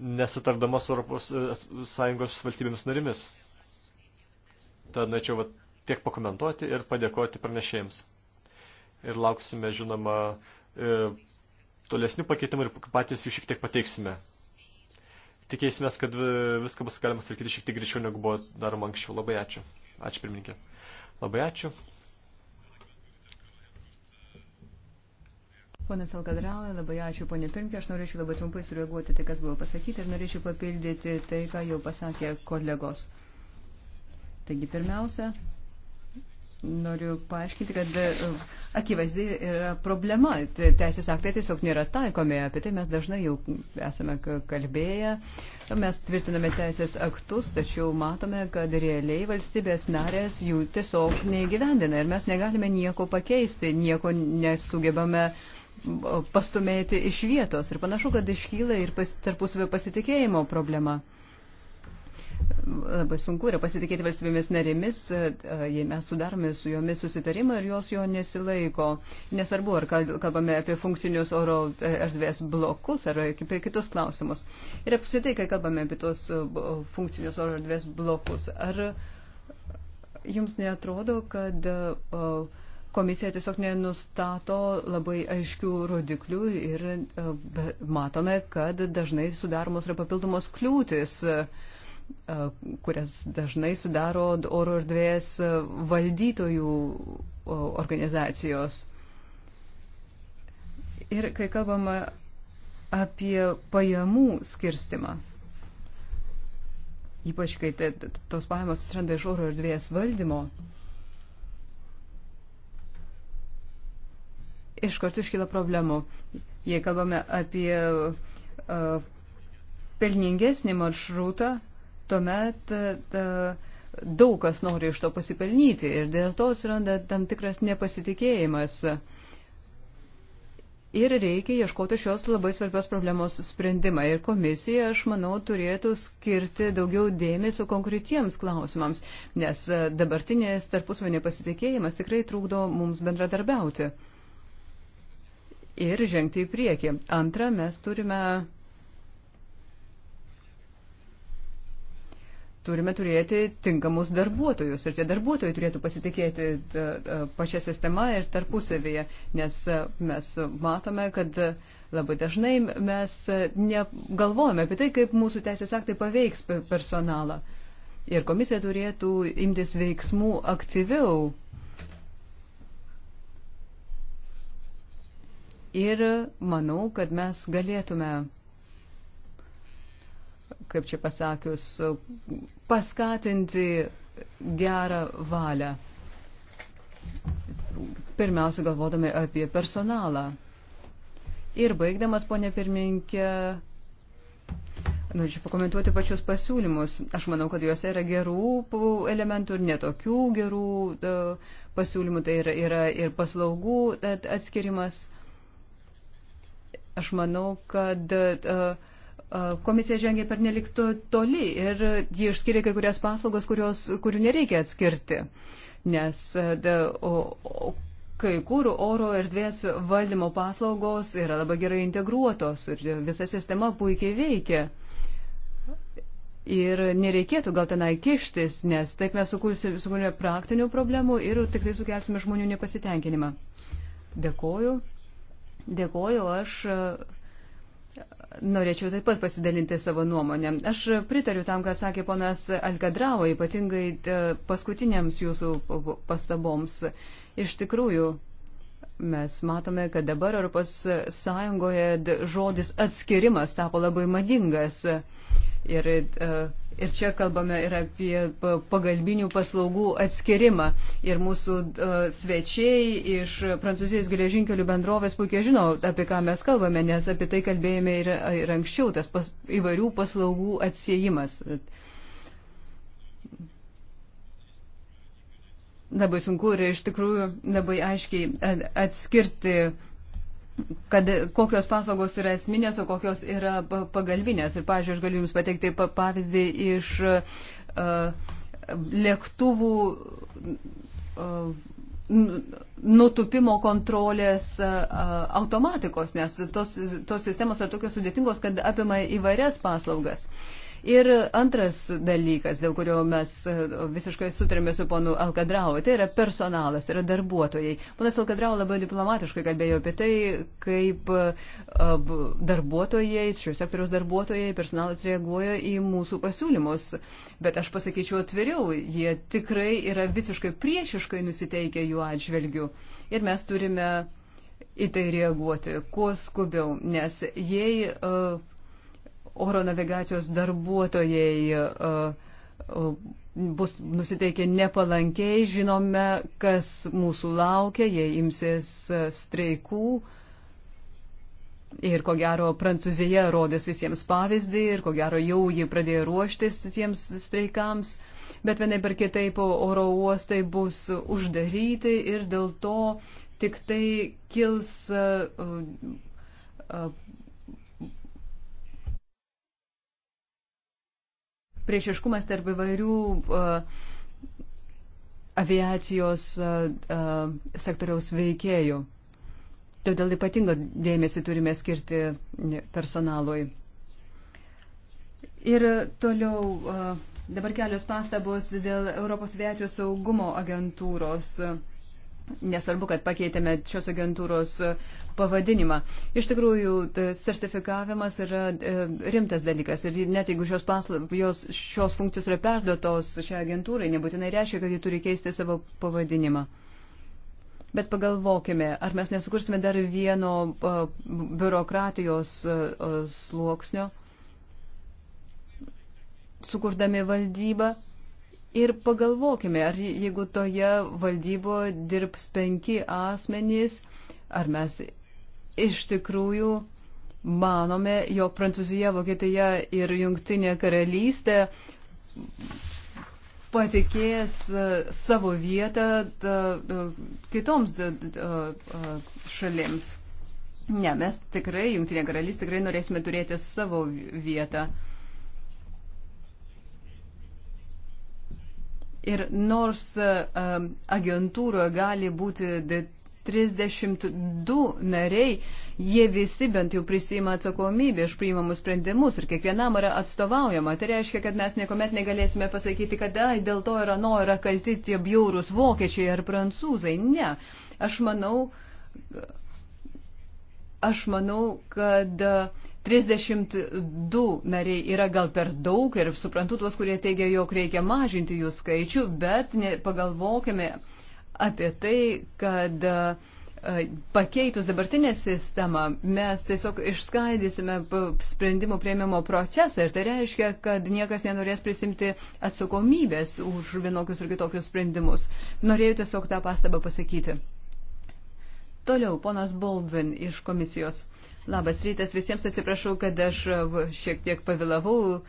nesitardama su Europos e, Sąjungos valstybėmis narimis. Tad norėčiau va, tiek pakomentuoti ir padėkoti pranešėjams. Ir lauksime, žinoma, e, tolesnių pakeitimų ir patys jų šiek tiek pateiksime tikėsime, kad viską bus galima sutvarkyti šiek tiek greičiau, negu buvo daroma anksčiau. Labai ačiū. Ačiū pirmininkė. Labai ačiū. Ponas Alkadrauja, labai ačiū, ponė Pirmke. Aš norėčiau labai trumpai sureaguoti tai, kas buvo pasakyti ir norėčiau papildyti tai, ką jau pasakė kolegos. Taigi, pirmiausia, Noriu paaiškinti, kad e, akivaizdai yra problema. Teisės aktai tiesiog nėra taikomi. Apie tai mes dažnai jau esame kalbėję. Mes tvirtiname teisės aktus, tačiau matome, kad realiai valstybės narės jų tiesiog neįgyvendina. Ir mes negalime nieko pakeisti, nieko nesugebame pastumėti iš vietos. Ir panašu, kad iškyla ir pas, tarpusavio pasitikėjimo problema labai sunku yra pasitikėti valstybėmis narėmis, e, jei mes sudarome su jomis susitarimą ir jos jo nesilaiko. Nesvarbu, ar kalbame apie funkcinius oro e, erdvės blokus ar apie kitus klausimus. Ir apskritai, kai kalbame apie tos e, funkcinius oro erdvės blokus, ar jums neatrodo, kad komisija tiesiog nenustato labai aiškių rodiklių ir matome, kad dažnai sudaromos yra papildomos kliūtis. Uh, kurias dažnai sudaro oro erdvės valdytojų organizacijos. Ir kai kalbama apie pajamų skirstimą, ypač kai tos pajamos atsiranda iš oro erdvės valdymo, iš karto iškyla problemų. Jei kalbame apie uh, pelningesnį maršrutą, tuomet e, daug kas nori iš to pasipelnyti ir dėl to atsiranda tam tikras nepasitikėjimas. Ir reikia ieškoti šios labai svarbios problemos sprendimą. Ir komisija, aš manau, turėtų skirti daugiau dėmesio konkretiems klausimams, nes e, dabartinės tarpusavio nepasitikėjimas tikrai trukdo mums bendradarbiauti ir žengti į priekį. Antra, mes turime turime turėti tinkamus darbuotojus ir tie darbuotojai turėtų pasitikėti e, e, pačią sistemą ir tarpusavėje, nes e, mes matome, kad labai dažnai mes negalvojame apie tai, kaip mūsų teisės aktai paveiks personalą. Ir komisija turėtų imtis veiksmų aktyviau. Ir manau, kad mes galėtume kaip čia pasakius, paskatinti gerą valią. Pirmiausia, galvodami apie personalą. Ir baigdamas, ponė pirmininkė, norėčiau pakomentuoti pačius pasiūlymus. Aš manau, kad juose yra gerų elementų ir netokių gerų e, pasiūlymų. Tai yra, yra ir paslaugų atskirimas. Aš manau, kad uh, komisija žengia per neliktų toli ir ji išskiria kai kurias paslaugas, kurios, kurių nereikia atskirti. Nes e, da, o, o, kai kur oro erdvės valdymo paslaugos yra labai gerai integruotos ir visa sistema puikiai veikia. Ir nereikėtų gal tenai kištis, nes taip mes sukūrėme praktinių problemų ir tik tai sukelsime žmonių nepasitenkinimą. Dėkoju. Dėkoju aš. Uh, Norėčiau taip pat pasidalinti savo nuomonę. Aš pritariu tam, ką sakė ponas Alkadravo, ypatingai e, paskutiniams jūsų pastaboms. Iš tikrųjų, mes matome, kad dabar Europos Sąjungoje žodis atskirimas tapo labai madingas. Ir uh, Ir čia kalbame ir apie pagalbinių paslaugų atskirimą. Ir mūsų e, svečiai iš Prancūzijos geležinkelių bendrovės puikiai žino, apie ką mes kalbame, nes apie tai kalbėjome ir, ir anksčiau, tas pas, įvairių paslaugų atsiejimas. Labai sunku yra iš tikrųjų labai aiškiai atskirti kad kokios paslaugos yra esminės, o kokios yra pagalbinės. Ir, pažiūrėjau, aš galiu Jums pateikti pavyzdį iš uh, lėktuvų uh, nutupimo kontrolės uh, automatikos, nes tos, tos sistemos yra tokios sudėtingos, kad apima įvairias paslaugas. Uh, Ir antras dalykas, dėl kurio mes e, visiškai sutarėme su ponu Alkadrau, tai yra personalas, tai yra darbuotojai. Ponas Alkadrau labai diplomatiškai kalbėjo apie tai, kaip e, darbuotojai, šio sektoriaus darbuotojai, personalas reaguoja į mūsų pasiūlymus. Bet aš pasakyčiau atviriau, jie tikrai yra visiškai priešiškai nusiteikę jų atžvelgių. Ir mes turime į tai reaguoti kuo skubiau, nes jei uh, oro navigacijos darbuotojai e, e, bus nusiteikę nepalankiai, žinome, kas mūsų laukia, jie imsis streikų. Ir ko gero Prancūzija rodės visiems pavyzdį ir ko gero jau jie pradėjo ruoštis tiems streikams, bet vienai per kitaip oro uostai bus uždaryti ir dėl to tik tai kils uh, uh, priešiškumas tarp įvairių e, aviacijos e, e, sektoriaus veikėjų. Todėl ypatingą dėmesį turime skirti personalui. Ir toliau dabar kelios pastabos dėl Europos aviacijos saugumo agentūros. Nesvarbu, kad pakeitėme šios agentūros pavadinimą. Iš tikrųjų, sertifikavimas yra e, rimtas dalykas ir net jeigu šios, pasla, jos, šios funkcijos yra perduotos šią agentūrai, nebūtinai reiškia, kad ji turi keisti savo pavadinimą. Bet pagalvokime, ar mes nesukursime dar vieno e, biurokratijos e, sluoksnio, sukurdami valdybą Ir pagalvokime, ar jeigu toje valdyboje dirbs penki asmenys, ar mes iš tikrųjų manome, jog Prancūzija, Vokietija ir Junktinė karalystė patikės e, savo vietą e, e, kitoms šalims. Ne, mes tikrai, Junktinė karalystė tikrai norėsime turėti savo vietą. Ir nors e, e, agentūroje gali būti 32 nariai, jie visi bent jau prisima atsakomybę iš priimamus sprendimus ir kiekvienam yra atstovaujama. Tai reiškia, kad mes niekuomet negalėsime pasakyti, kad ai, dėl to yra no, yra kalti tie bjaurūs vokiečiai ar prancūzai. Ne. Aš manau, aš manau kad 32 nariai yra gal per daug ir suprantu tuos, kurie teigia, jog reikia mažinti jų skaičių, bet pagalvokime apie tai, kad pakeitus dabartinę sistemą mes tiesiog išskaidysime sprendimų prieimimo procesą ir tai reiškia, kad niekas nenorės prisimti atsakomybės už vienokius ir kitokius sprendimus. Norėjau tiesiog tą pastabą pasakyti. Toliau, ponas Baldwin iš komisijos. Labas rytas visiems, atsiprašau, kad aš šiek tiek pavėlavau.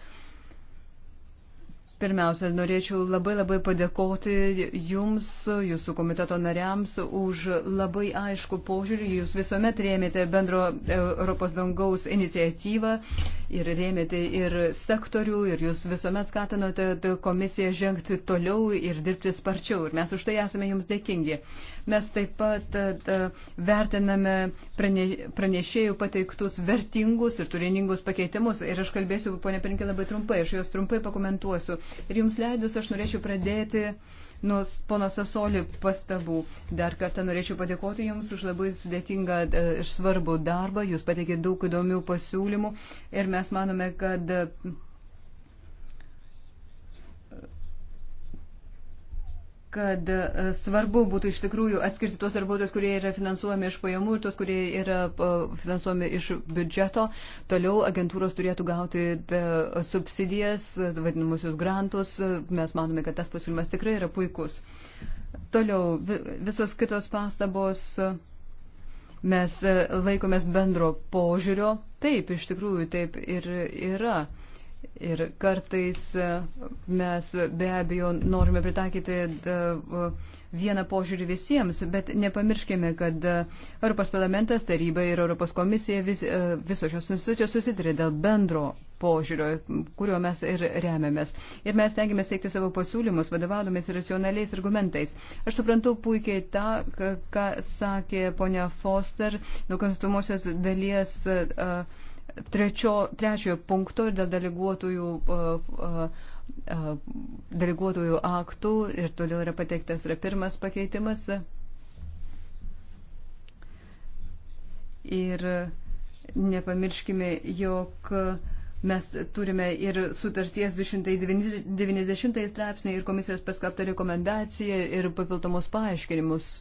Pirmiausia, norėčiau labai labai padėkoti Jums, Jūsų komiteto nariams, už labai aišku požiūrį. Jūs visuomet rėmėte bendro e, Europos dangaus iniciatyvą ir rėmėte ir sektorių, ir Jūs visuomet skatinote komisiją žengti toliau ir dirbti sparčiau. Ir mes už tai esame Jums dėkingi. Mes taip pat e, vertiname pranešėjų pateiktus vertingus ir turiningus pakeitimus. Ir aš kalbėsiu, ponė Pirinkė, labai trumpai. Aš juos trumpai pakomentuosiu. Ir jums leidus, aš norėčiau pradėti nuo pono Sasoli pastabų. Dar kartą norėčiau padėkoti Jums už labai sudėtingą e, ir svarbų darbą. Jūs pateikėte daug įdomių pasiūlymų ir mes manome, kad kad e, svarbu būtų iš tikrųjų atskirti tuos darbuotojus, kurie yra finansuojami iš pajamų ir tuos, kurie yra e, finansuojami iš biudžeto. Toliau agentūros turėtų gauti e, subsidijas, vadinamusius grantus. Mes manome, kad tas pasiūlymas tikrai yra puikus. Toliau visos kitos pastabos. Mes laikomės bendro požiūrio. Taip, iš tikrųjų taip ir yra. Ir kartais e, mes be abejo norime pritaikyti e, vieną požiūrį visiems, bet nepamirškime, kad e, Europos parlamentas, taryba ir Europos komisija vis, visos šios institucijos susitarė dėl bendro požiūrio, kuriuo mes ir remiamės. Ir mes tengiamės teikti savo pasiūlymus, vadovaudomės racionaliais argumentais. Aš suprantu puikiai tą, ką sakė ponia Foster nuo konstitucijos dalies. Uh, trečio, trečiojo punkto ir dėl deleguotojų, deleguotojų aktų ir todėl yra pateiktas yra pirmas pakeitimas. Ir nepamirškime, jog mes turime ir sutarties 290 straipsnį, ir komisijos paskelbtą rekomendaciją, ir papildomus paaiškinimus.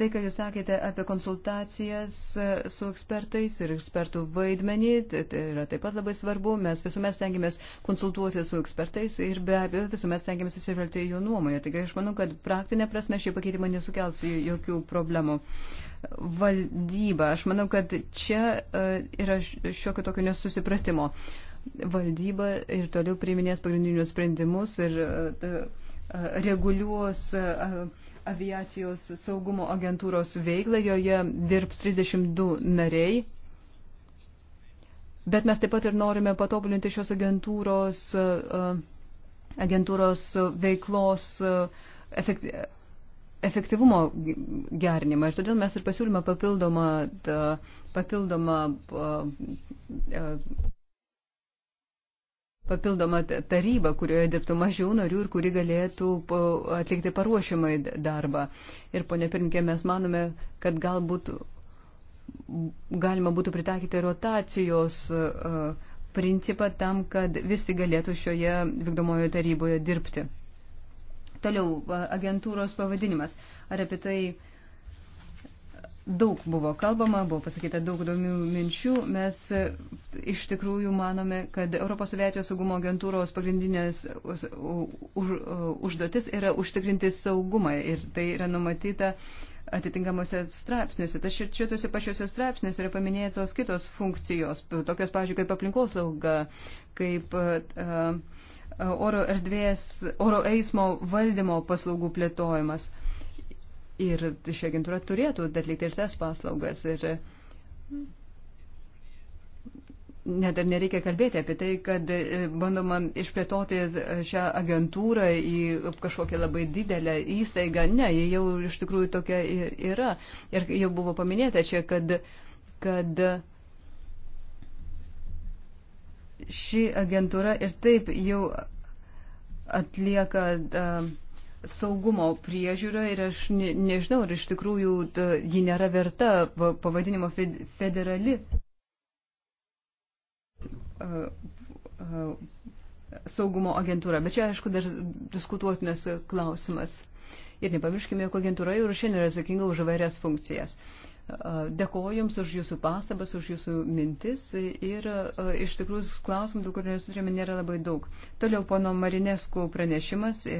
Tai, ką Jūs sakėte apie konsultacijas e, su ekspertais ir ekspertų vaidmenį, tai yra taip pat labai svarbu. Mes visuomet stengiamės konsultuoti su ekspertais ir be abejo visuomet stengiamės įsivelti jų nuomonę. Taigi aš manau, kad praktinė prasme šie pakeitimai nesukels jokių problemų. Valdyba, aš manau, kad čia e, yra šiokio tokio nesusipratimo. Valdyba ir toliau priiminės pagrindinius sprendimus ir e, reguliuos aviacijos saugumo agentūros veiklą, joje dirbs 32 nariai. Bet mes taip pat ir norime patobulinti šios agentūros, uh, agentūros veiklos uh, efektyvumo gerinimą. Ir todėl mes ir pasiūlymą papildomą, uh, papildomą papildomą tarybą, kurioje dirbtų mažiau narių ir kuri galėtų atlikti paruošimai darbą. Ir, ponė Pirinkė, mes manome, kad galbūt galima būtų pritaikyti rotacijos principą tam, kad visi galėtų šioje vykdomojo taryboje dirbti. Toliau agentūros pavadinimas. Ar apie tai uh, daug buvo kalbama, buvo pasakyta daug įdomių minčių. Mes e, iš tikrųjų manome, kad Europos aviacijos saugumo agentūros pagrindinės už, už, e, užduotis yra užtikrinti saugumą ir tai yra numatyta atitinkamuose straipsniuose. Tačiau čia tuose pačiuose straipsniuose yra paminėtos kitos funkcijos, tokios, pažiūrėjau, kaip aplinkosauga, kaip uh, oro erdvės, oro eismo valdymo paslaugų plėtojimas. Uh, Ir ši agentūra turėtų atlikti ir tas paslaugas. Ir mm, net ir nereikia kalbėti apie tai, kad e, bandoma išplėtoti šią agentūrą į kažkokią labai didelę įstaigą. Ne, jie jau iš tikrųjų tokia yra. Ir jau buvo paminėta čia, kad, kad ši agentūra ir taip jau atlieka. Uh, saugumo priežiūra ir aš ne, nežinau, ar iš tikrųjų ta, ji nėra verta pavadinimo federali saugumo agentūra. Bet čia, aišku, dar diskutuotinas klausimas. Ir nepamirškime, jog agentūra jau šiandien yra atsakinga už vairias funkcijas. Dėkuoju Jums už Jūsų pastabas, už Jūsų mintis ir e, iš tikrųjų klausimų, dėl kurių turime, nėra labai daug. Toliau pono Marinesku pranešimas, e,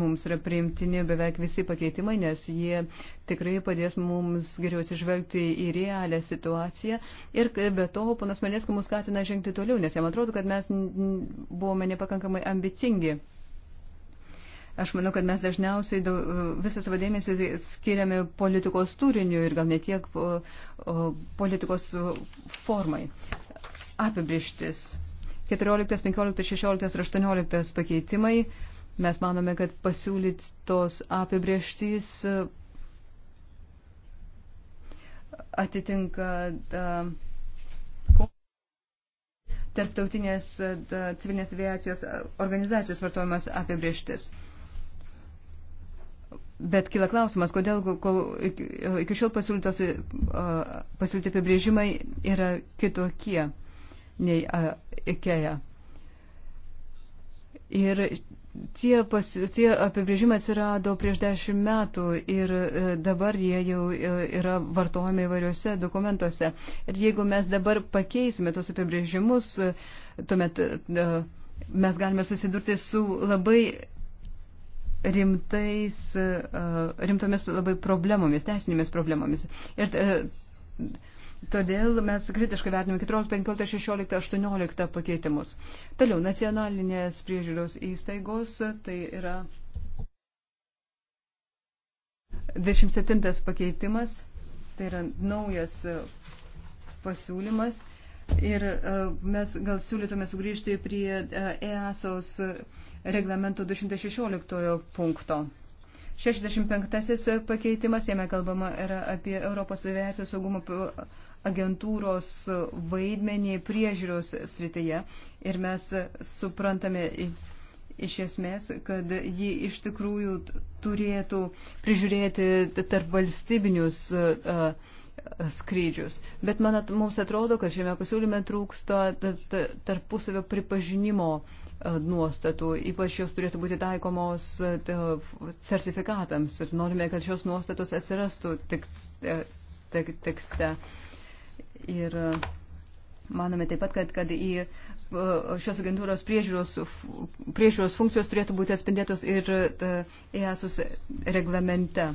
mums yra priimtini beveik visi pakeitimai, nes jie tikrai padės mums geriau atsižvelgti į realią situaciją ir e, be to ponas Marinesku mus skatina žengti toliau, nes jam atrodo, kad mes buvome nepakankamai ambicingi. Aš manau, kad mes dažniausiai daug, visą savo dėmesį skiriame politikos turiniu ir gal netiek politikos formai. Apibrištis. 14, 15, 16 ir 18 pakeitimai. Mes manome, kad pasiūlytos apibrieštys atitinka tarptautinės civilinės aviacijos organizacijos vartojamas apibrieštis. Bet kila klausimas, kodėl kol, iki, iki šiol e, pasiūlyti apibrėžimai yra kitokie nei a, IKEA. Ir tie, pas, tie apibrėžimai atsirado prieš dešimt metų ir e, dabar jie jau e, yra vartojami įvairiuose dokumentuose. Ir jeigu mes dabar pakeisime tos apibrėžimus, tuomet. A, mes galime susidurti su labai rimtais, e, rimtomis labai problemomis, teisinėmis problemomis. Ir e, todėl mes kritiškai vertiname 14, 15, 16, 18 pakeitimus. Toliau, nacionalinės priežiūros įstaigos, tai yra 27 pakeitimas, tai yra naujas pasiūlymas Ir e, mes gal siūlytume sugrįžti prie EASOS e e, reglamento 216 punkto. 65 pakeitimas, jame kalbama yra apie Europos aviacijos saugumo agentūros vaidmenį priežiūros srityje. Ir mes suprantame iš esmės, kad ji iš tikrųjų turėtų prižiūrėti tarp valstybinius uh, skrydžius. Bet man, at, mums atrodo, kad šiame pasiūlyme trūksta tarpusavio pripažinimo e, nuostatų, ypač jos turėtų būti taikomos e, sertifikatams ir norime, kad šios nuostatos atsirastų tik, e, tik, tekste. Ir manome taip pat, kad, kad į šios agentūros priežiūros, priežiūros funkcijos turėtų būti atspindėtos ir EASUS reglamente.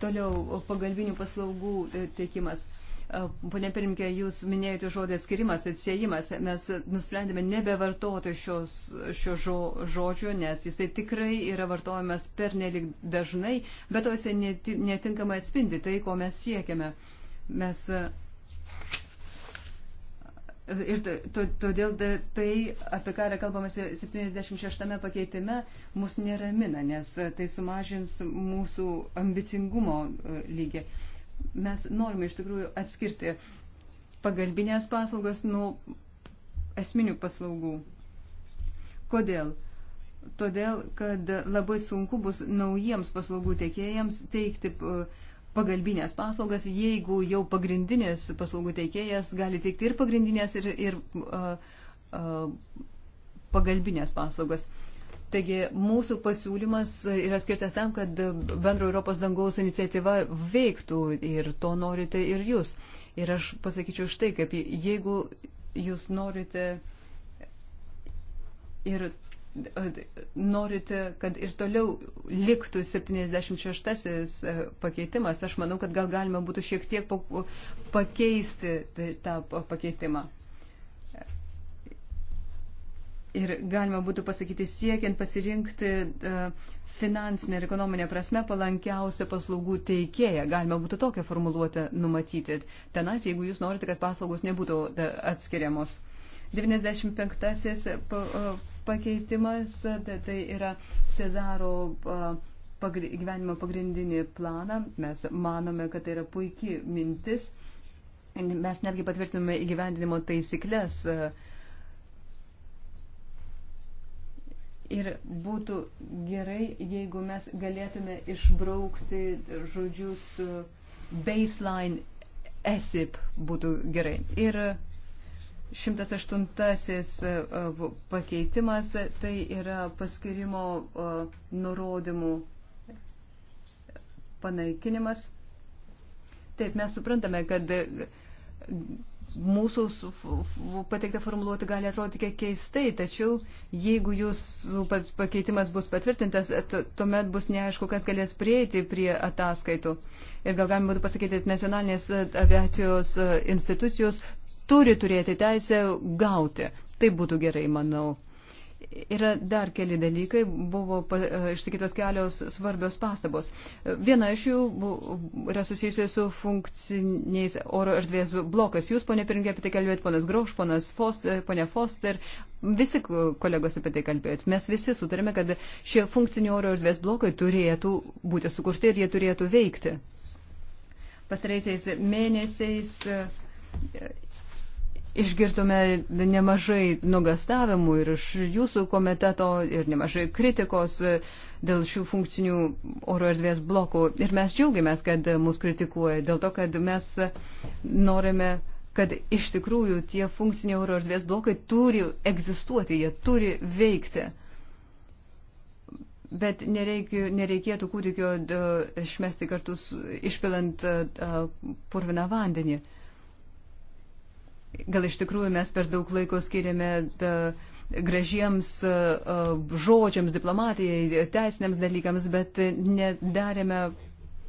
Toliau pagalbinių paslaugų e, teikimas. E, Pone pirmkė, jūs minėjote žodį atskirimas, atsiejimas. Mes nusprendėme nebevartoti šios, šio žo, žodžio, nes jisai tikrai yra vartojamas per nelik dažnai, bet to jisai netinkamai atspindi tai, ko mes siekiame. Mes Ir todėl tai, apie ką yra kalbama 76 pakeitime, mus neramina, nes tai sumažins mūsų ambicingumo e, lygį. Mes norime iš tikrųjų atskirti pagalbinės paslaugas nuo esminių paslaugų. Kodėl? Todėl, kad labai sunku bus naujiems paslaugų tiekėjams teikti uh, pagalbinės paslaugas, jeigu jau pagrindinės paslaugų teikėjas gali teikti ir pagrindinės, ir, ir uh, uh, pagalbinės paslaugas. Taigi mūsų pasiūlymas yra skirtas tam, kad bendro Europos dangaus iniciatyva veiktų ir to norite ir jūs. Ir aš pasakyčiau štai, kaip jeigu jūs norite ir norite, kad ir toliau liktų 76 e, pakeitimas, aš manau, kad gal galima būtų šiek tiek pakeisti tą pakeitimą. Ir galima būtų pasakyti, siekiant pasirinkti e, finansinę ir ekonominę prasme palankiausią paslaugų teikėją. Galima būtų tokią formuluotę numatyti. Tenas, jeigu jūs norite, kad paslaugos nebūtų e, atskiriamos. 95 pakeitimas, tai, tai yra Cezaro pagri, gyvenimo pagrindinį planą. Mes manome, kad tai yra puikiai mintis. Mes netgi patvirtinome įgyvendinimo taisyklės. Ir būtų gerai, jeigu mes galėtume išbraukti žodžius baseline esip būtų gerai. Ir 108 e, e, pakeitimas tai yra paskirimo e, nurodymų panaikinimas. Taip, mes suprantame, kad mūsų pateikta formuluoti gali atrodyti kiek keistai, tačiau jeigu jūsų pakeitimas bus patvirtintas, tuomet bus neaišku, kas galės prieiti prie ataskaitų. Ir gal galima būtų pasakyti, kad nacionalinės aviacijos institucijos turi turėti teisę gauti. Tai būtų gerai, manau. Yra dar keli dalykai, buvo e, išsakytos kelios svarbios pastabos. Viena iš jų yra susijusi su funkciniais oro erdvės blokas. Jūs, ponė Pirinkė, apie tai kalbėjot, ponas Grauš, ponas Foster, ponė Foster, visi kolegos apie tai kalbėjot. Mes visi sutarėme, kad šie funkciniai oro erdvės blokai turėtų būti sukurti ir jie turėtų veikti. Pastaraisiais mėnesiais e, Išgirdome nemažai nugastavimų ir iš jūsų komiteto ir nemažai kritikos e, dėl šių funkcinių oro erdvės blokų. Ir mes džiaugiamės, kad mus kritikuoja dėl to, kad mes norime, kad iš tikrųjų tie funkciniai oro erdvės blokai turi egzistuoti, jie turi veikti. Bet nereikiu, nereikėtų kūdikio e, išmesti kartu, išpilant e, purviną vandenį. Uh, Gal iš tikrųjų mes per daug laiko skiriame da, gražiems žodžiams, diplomatijai, teisiniams dalykams, bet nedarėme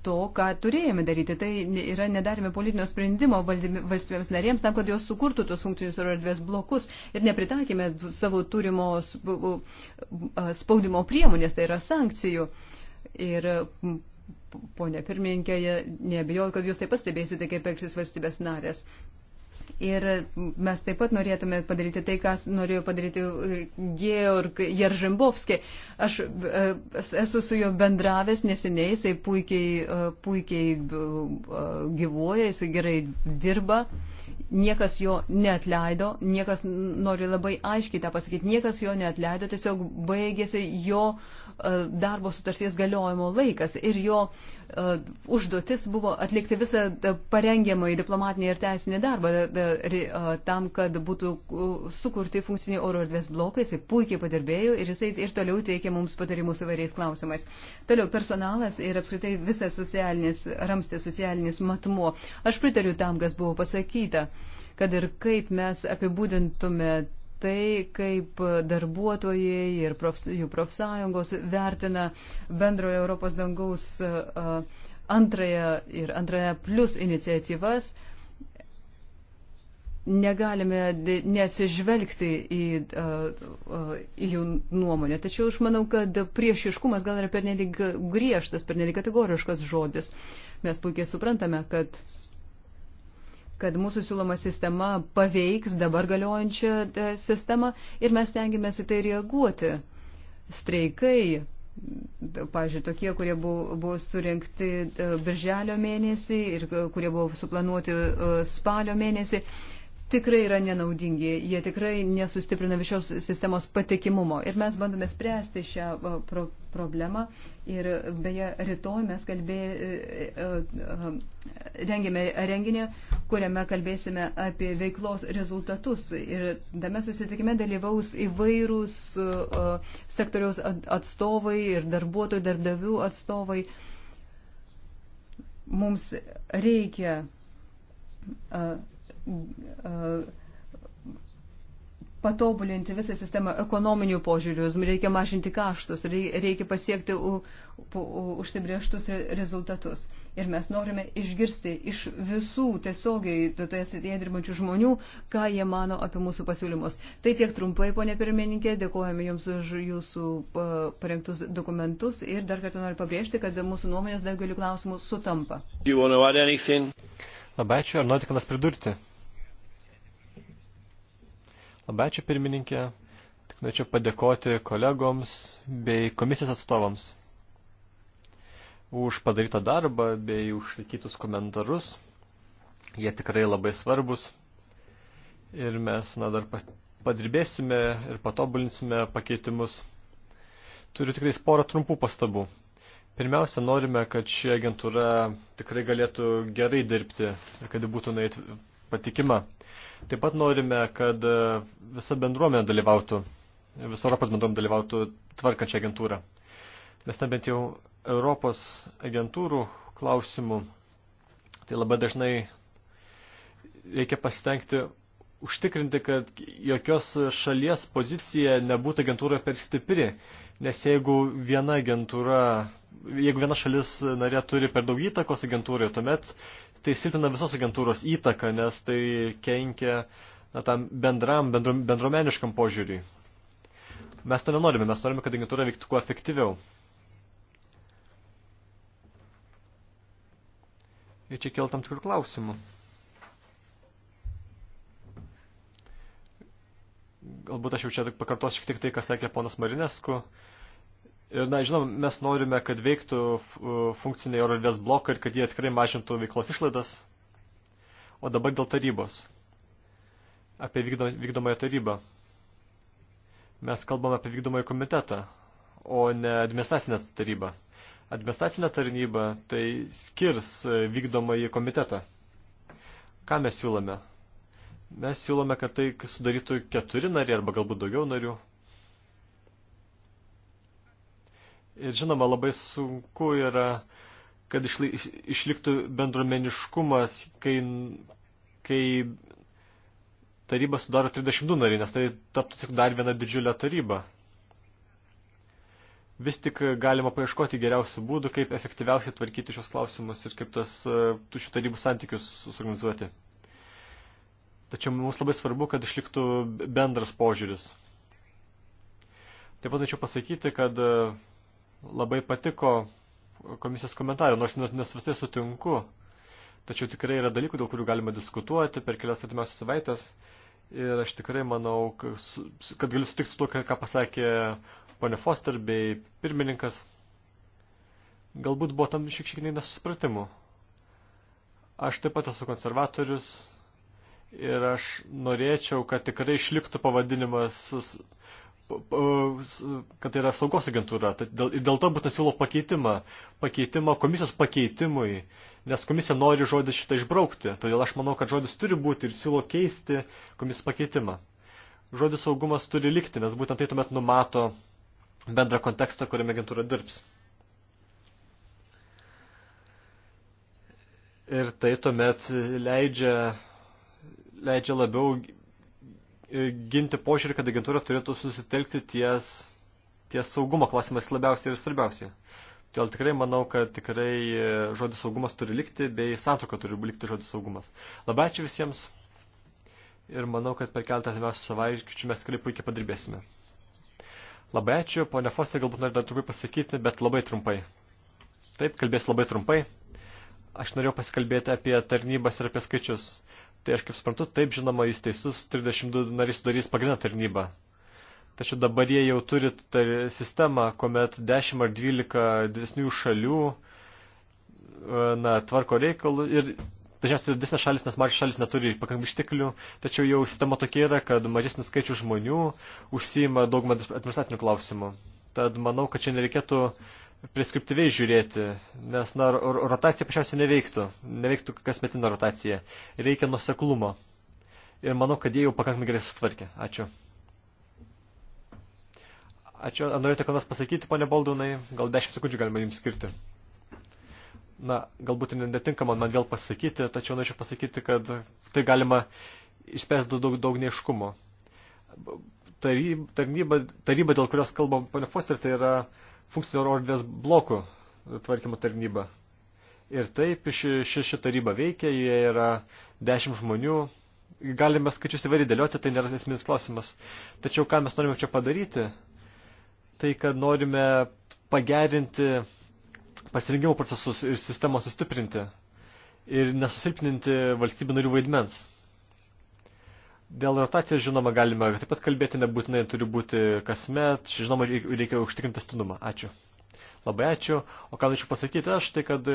to, ką turėjome daryti. Tai yra nedarėme politinio sprendimo valstybėms narėms tam, kad jos sukurtų tos funkcinius oro erdvės blokus ir nepritaikėme savo turimo spaudimo priemonės, tai yra sankcijų. Ir ponė pirmininkė, nebejoju, kad jūs tai pastebėsite, kaip elgsis valstybės narės. Ir mes taip pat norėtume padaryti tai, kas norėjo padaryti e, Georg Jeržimbovski. Aš e, esu su juo bendravęs neseniai, jisai puikiai, e, puikiai gyvuoja, jisai gerai dirba. Niekas jo neatleido, niekas nori labai aiškiai tą pasakyti, niekas jo neatleido, tiesiog baigėsi jo e, darbo sutarties galiojimo laikas ir jo e, užduotis buvo atlikti visą e, parengiamą į diplomatinį ir teisinį darbą tam, kad būtų sukurti funkciniai oro erdvės blokai, jisai puikiai padirbėjo ir jisai ir toliau teikia mums patarimus įvairiais klausimais. Toliau personalas ir apskritai visas socialinis ramstis, socialinis matmuo. Aš pritariu tam, kas buvo pasakyta numatyta, kad ir kaip mes apibūdintume tai, kaip darbuotojai ir profs, jų profsąjungos vertina bendrojo Europos dangaus antrąją ir antrąją plus iniciatyvas, negalime nesižvelgti į, į jų nuomonę. Tačiau aš manau, kad priešiškumas gal yra pernelyg griežtas, pernelyg kategoriškas žodis. Mes puikiai suprantame, kad kad mūsų siūloma sistema paveiks dabar galiojančią e, sistemą ir mes tengiamės į tai reaguoti. Streikai, pažiūrėjau, tokie, kurie buvo, buvo surinkti e, birželio mėnesį ir e, kurie buvo suplanuoti spalio mėnesį, tikrai yra nenaudingi, jie tikrai nesustiprina visos sistemos patikimumo ir mes bandome spręsti šią problemą problemą. Ir beje, rytoj mes kalbė, e, e, e, rengėme renginį, kuriame kalbėsime apie veiklos rezultatus. Ir tame susitikime dalyvaus įvairūs sektoriaus atstovai ir darbuotojų, darbdavių atstovai. Mums reikia. Uh, uh, patobulinti visą sistemą ekonominių požiūrius, reikia mažinti kaštus, reikia pasiekti užsibrieštus rezultatus. Ir mes norime išgirsti iš visų tiesiogiai toje srityje dirbančių žmonių, ką jie mano apie mūsų pasiūlymus. Tai tiek trumpai, ponė pirmininkė, dėkojame Jums už Jūsų parengtus dokumentus ir dar kartą noriu pabrėžti, kad mūsų nuomonės daugeliu klausimų sutampa. Labai ačiū, ar norite ką nors pridurti? Labai ačiū pirmininkė. Tik norėčiau padėkoti kolegoms bei komisijos atstovams už padarytą darbą bei užsakytus komentarus. Jie tikrai labai svarbus. Ir mes na, dar padirbėsime ir patobulinsime pakeitimus. Turiu tikrai porą trumpų pastabų. Pirmiausia, norime, kad ši agentūra tikrai galėtų gerai dirbti ir kad būtų nueit patikima. Taip pat norime, kad e, visa bendruomenė dalyvautų, visa Europos bendruomenė dalyvautų tvarkančią agentūrą. Nes ten bent jau Europos agentūrų klausimų, tai labai dažnai reikia pasitengti užtikrinti, kad jokios šalies pozicija nebūtų agentūroje per stipri. Nes jeigu viena agentūra, jeigu viena šalis narė turi per daug įtakos agentūroje, tuomet tai silpina visos agentūros įtaką, nes tai kenkia na, tam bendram, bendrom, bendromeniškam požiūriui. Mes to nenorime, mes norime, kad agentūra veiktų kuo efektyviau. Ir čia kėl tam tikrų klausimų. Galbūt aš jau čia pakartosiu šiek tiek tai, ką sakė ponas Marinesku. Uh, Ir, na, žinom, mes norime, kad veiktų e, funkciniai oro erdvės blokai ir kad jie tikrai mažintų veiklos išlaidas. O dabar dėl tarybos. Apie vykdomąją tarybą. Mes kalbame apie vykdomąją komitetą, o ne administracinę tarybą. Administracinė tarnyba tai skirs e, vykdomąjį komitetą. Ką mes siūlome? Mes siūlome, kad tai sudarytų keturi nariai arba galbūt daugiau narių. Ir žinoma, labai sunku yra, kad išliktų bendruomeniškumas, kai, kai taryba sudaro 32 nariai, nes tai taptų tik dar viena didžiulė taryba. Vis tik galima paieškoti geriausių būdų, kaip efektyviausiai tvarkyti šios klausimus ir kaip tas e, tušių tarybų santykius suorganizuoti. Tačiau mums labai svarbu, kad išliktų bendras požiūris. Taip pat norėčiau pasakyti, kad e, labai patiko komisijos komentarų, nors nes visai sutinku. Tačiau tikrai yra dalykų, dėl kurių galima diskutuoti per kelias atimiausias savaitės. Ir aš tikrai manau, kad galiu sutikti su to, ką pasakė ponė Foster bei pirmininkas. Galbūt buvo tam šiek tiek nesusipratimų. Aš taip pat esu konservatorius ir aš norėčiau, kad tikrai išliktų pavadinimas kad tai yra saugos agentūra. Dėl, ir dėl to būtent siūlo pakeitimą, pakeitimą komisijos pakeitimui, nes komisija nori žodį šitą išbraukti. Todėl aš manau, kad žodis turi būti ir siūlo keisti komisijos pakeitimą. Žodis saugumas turi likti, nes būtent tai tuomet numato bendrą kontekstą, kuriame agentūra dirbs. Ir tai tuomet leidžia, leidžia labiau E, ginti požiūrį, kad agentūra turėtų susitelkti ties, ties saugumo klausimais labiausiai ir svarbiausiai. Todėl tikrai manau, kad tikrai e, žodis saugumas turi likti, bei santrauka turi likti žodis saugumas. Labai ačiū visiems ir manau, kad per keletą atimiausių savaičių mes tikrai puikiai padirbėsime. Labai ačiū, ponia Fosė, galbūt noriu dar trumpai pasakyti, bet labai trumpai. Taip, kalbės labai trumpai. Aš norėjau pasikalbėti apie tarnybas ir apie skaičius. Tai aš kaip suprantu, taip žinoma, jūs teisus, 32 narys darys pagrindinę tarnybą. Tačiau dabar jie jau turi sistemą, kuomet 10 ar 12 didesnių šalių e, na, tvarko reikalų ir dažniausiai didesnės šalis, nes mažas šalis neturi pakankamai išteklių, tačiau jau sistema tokia yra, kad mažesnis skaičius žmonių užsijima daugumą administracinių klausimų. Tad manau, kad čia nereikėtų preskriptyviai žiūrėti, nes na, rotacija pašiausiai neveiktų, neveiktų kasmetinė rotacija. Reikia nuseklumo. Ir manau, kad jie jau pakankamai gerai sustvarkė. Ačiū. Ačiū. Ar norite ką nors pasakyti, ponė Baldūnai? Gal 10 sekundžių galima jums skirti. Na, galbūt netinkama man vėl pasakyti, tačiau norėčiau pasakyti, kad tai galima išspręsti daug, daug neiškumo. Taryba, taryba, dėl kurios kalba ponė Foster, tai yra uh, funkcinio oro erdvės blokų tvarkymo tarnybą. Ir taip ši, ši, ši taryba veikia, jie yra dešimt žmonių, galime skaičius įvairiai dėlioti, tai nėra esminis klausimas. Tačiau ką mes norime čia padaryti, tai kad norime pagerinti pasirinkimo procesus ir sistemą sustiprinti ir nesusilpninti valstybių narių vaidmens. Dėl rotacijos, žinoma, galime taip pat kalbėti, nebūtinai turi būti kasmet, žinoma, reikia užtikrinti stinumą. Ačiū. Labai ačiū. O ką norėčiau pasakyti aš, tai kad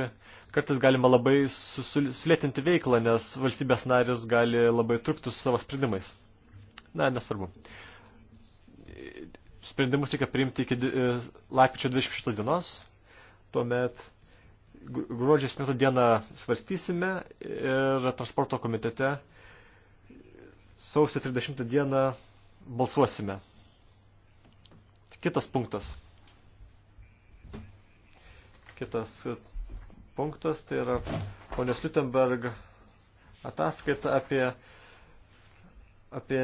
kartais galima labai sulėtinti veiklą, nes valstybės narės gali labai trukti su savo sprendimais. Na, nesvarbu. Sprendimus reikia priimti iki e, lapkričio 26 dienos, tuomet gruodžio 7 dieną svarstysime ir transporto komitete sausio 30 dieną balsuosime. Kitas punktas. Kitas e, punktas tai yra ponios Liutenberg ataskaita apie, apie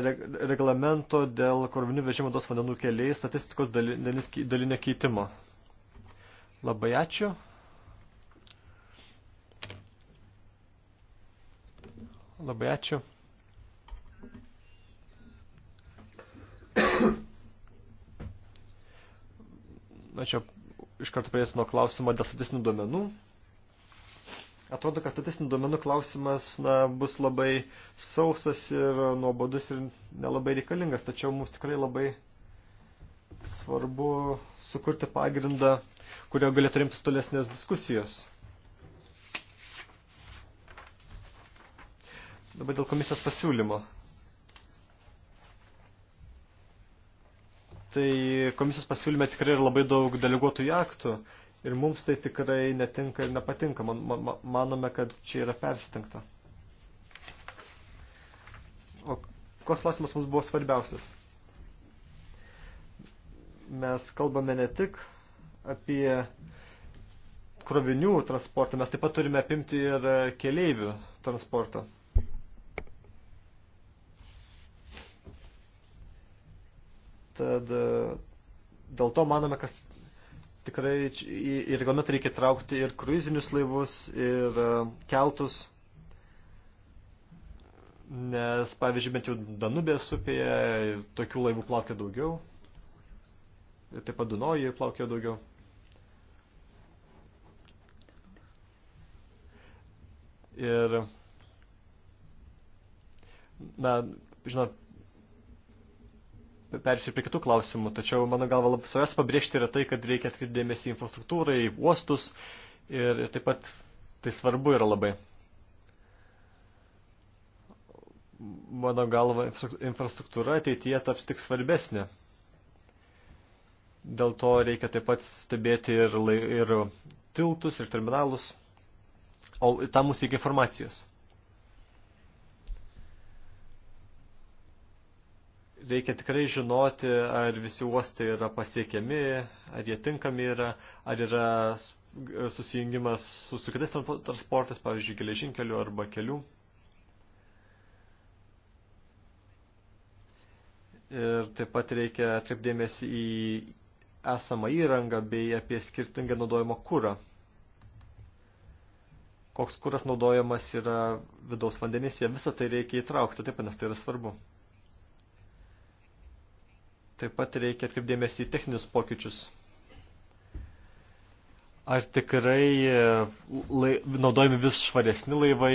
reglamento dėl korvinių vežimo dos vandenų keliai statistikos dalinio keitimo. Labai ačiū. Labai ačiū. Na čia iš karto pradėsiu nuo klausimo dėl statistinių duomenų. Atrodo, kad statistinių duomenų klausimas na, bus labai sausas ir nuobodus ir nelabai reikalingas, tačiau mums tikrai labai svarbu sukurti pagrindą, kurio galėtų rimtis tolesnės diskusijos. Dabar dėl komisijos pasiūlymo. tai komisijos pasiūlyme tikrai yra labai daug deleguotųjų aktų ir mums tai tikrai netinka ir nepatinka. Man, man, manome, kad čia yra persitengta. O koks klausimas mums buvo svarbiausias? Mes kalbame ne tik apie krovinių transportą, mes taip pat turime apimti ir keleivių transportą. Tad e, dėl to manome, kad tikrai į reglamentą reikia traukti ir kruizinius laivus, ir e, keltus. Nes, pavyzdžiui, bent jau Danubės upėje tokių laivų plaukia daugiau. Ir taip pat Dunoji plaukia daugiau. Ir, na, žinot, persiu prie kitų klausimų, tačiau mano galva labai savęs pabrėžti yra tai, kad reikia atkreipti dėmesį į infrastruktūrą, į uostus ir, ir taip pat tai svarbu yra labai. Mano galva, infrastruktūra ateityje taps tik svarbesnė. Dėl to reikia taip pat stebėti ir, ir tiltus, ir terminalus, o tam mums reikia informacijos. reikia tikrai žinoti, ar visi uostai yra pasiekiami, ar jie tinkami yra, ar yra susijungimas su, su kitais transportais, pavyzdžiui, geležinkeliu arba keliu. Ir taip pat reikia atkreipdėmėsi į esamą įrangą bei apie skirtingą naudojimo kūrą. Koks kūras naudojamas yra vidaus vandenyse, visą tai reikia įtraukti, taip, nes tai yra svarbu. Taip pat reikia atkreipdėmėsi į techninius pokyčius. Ar tikrai e, lai, naudojami vis švaresni laivai,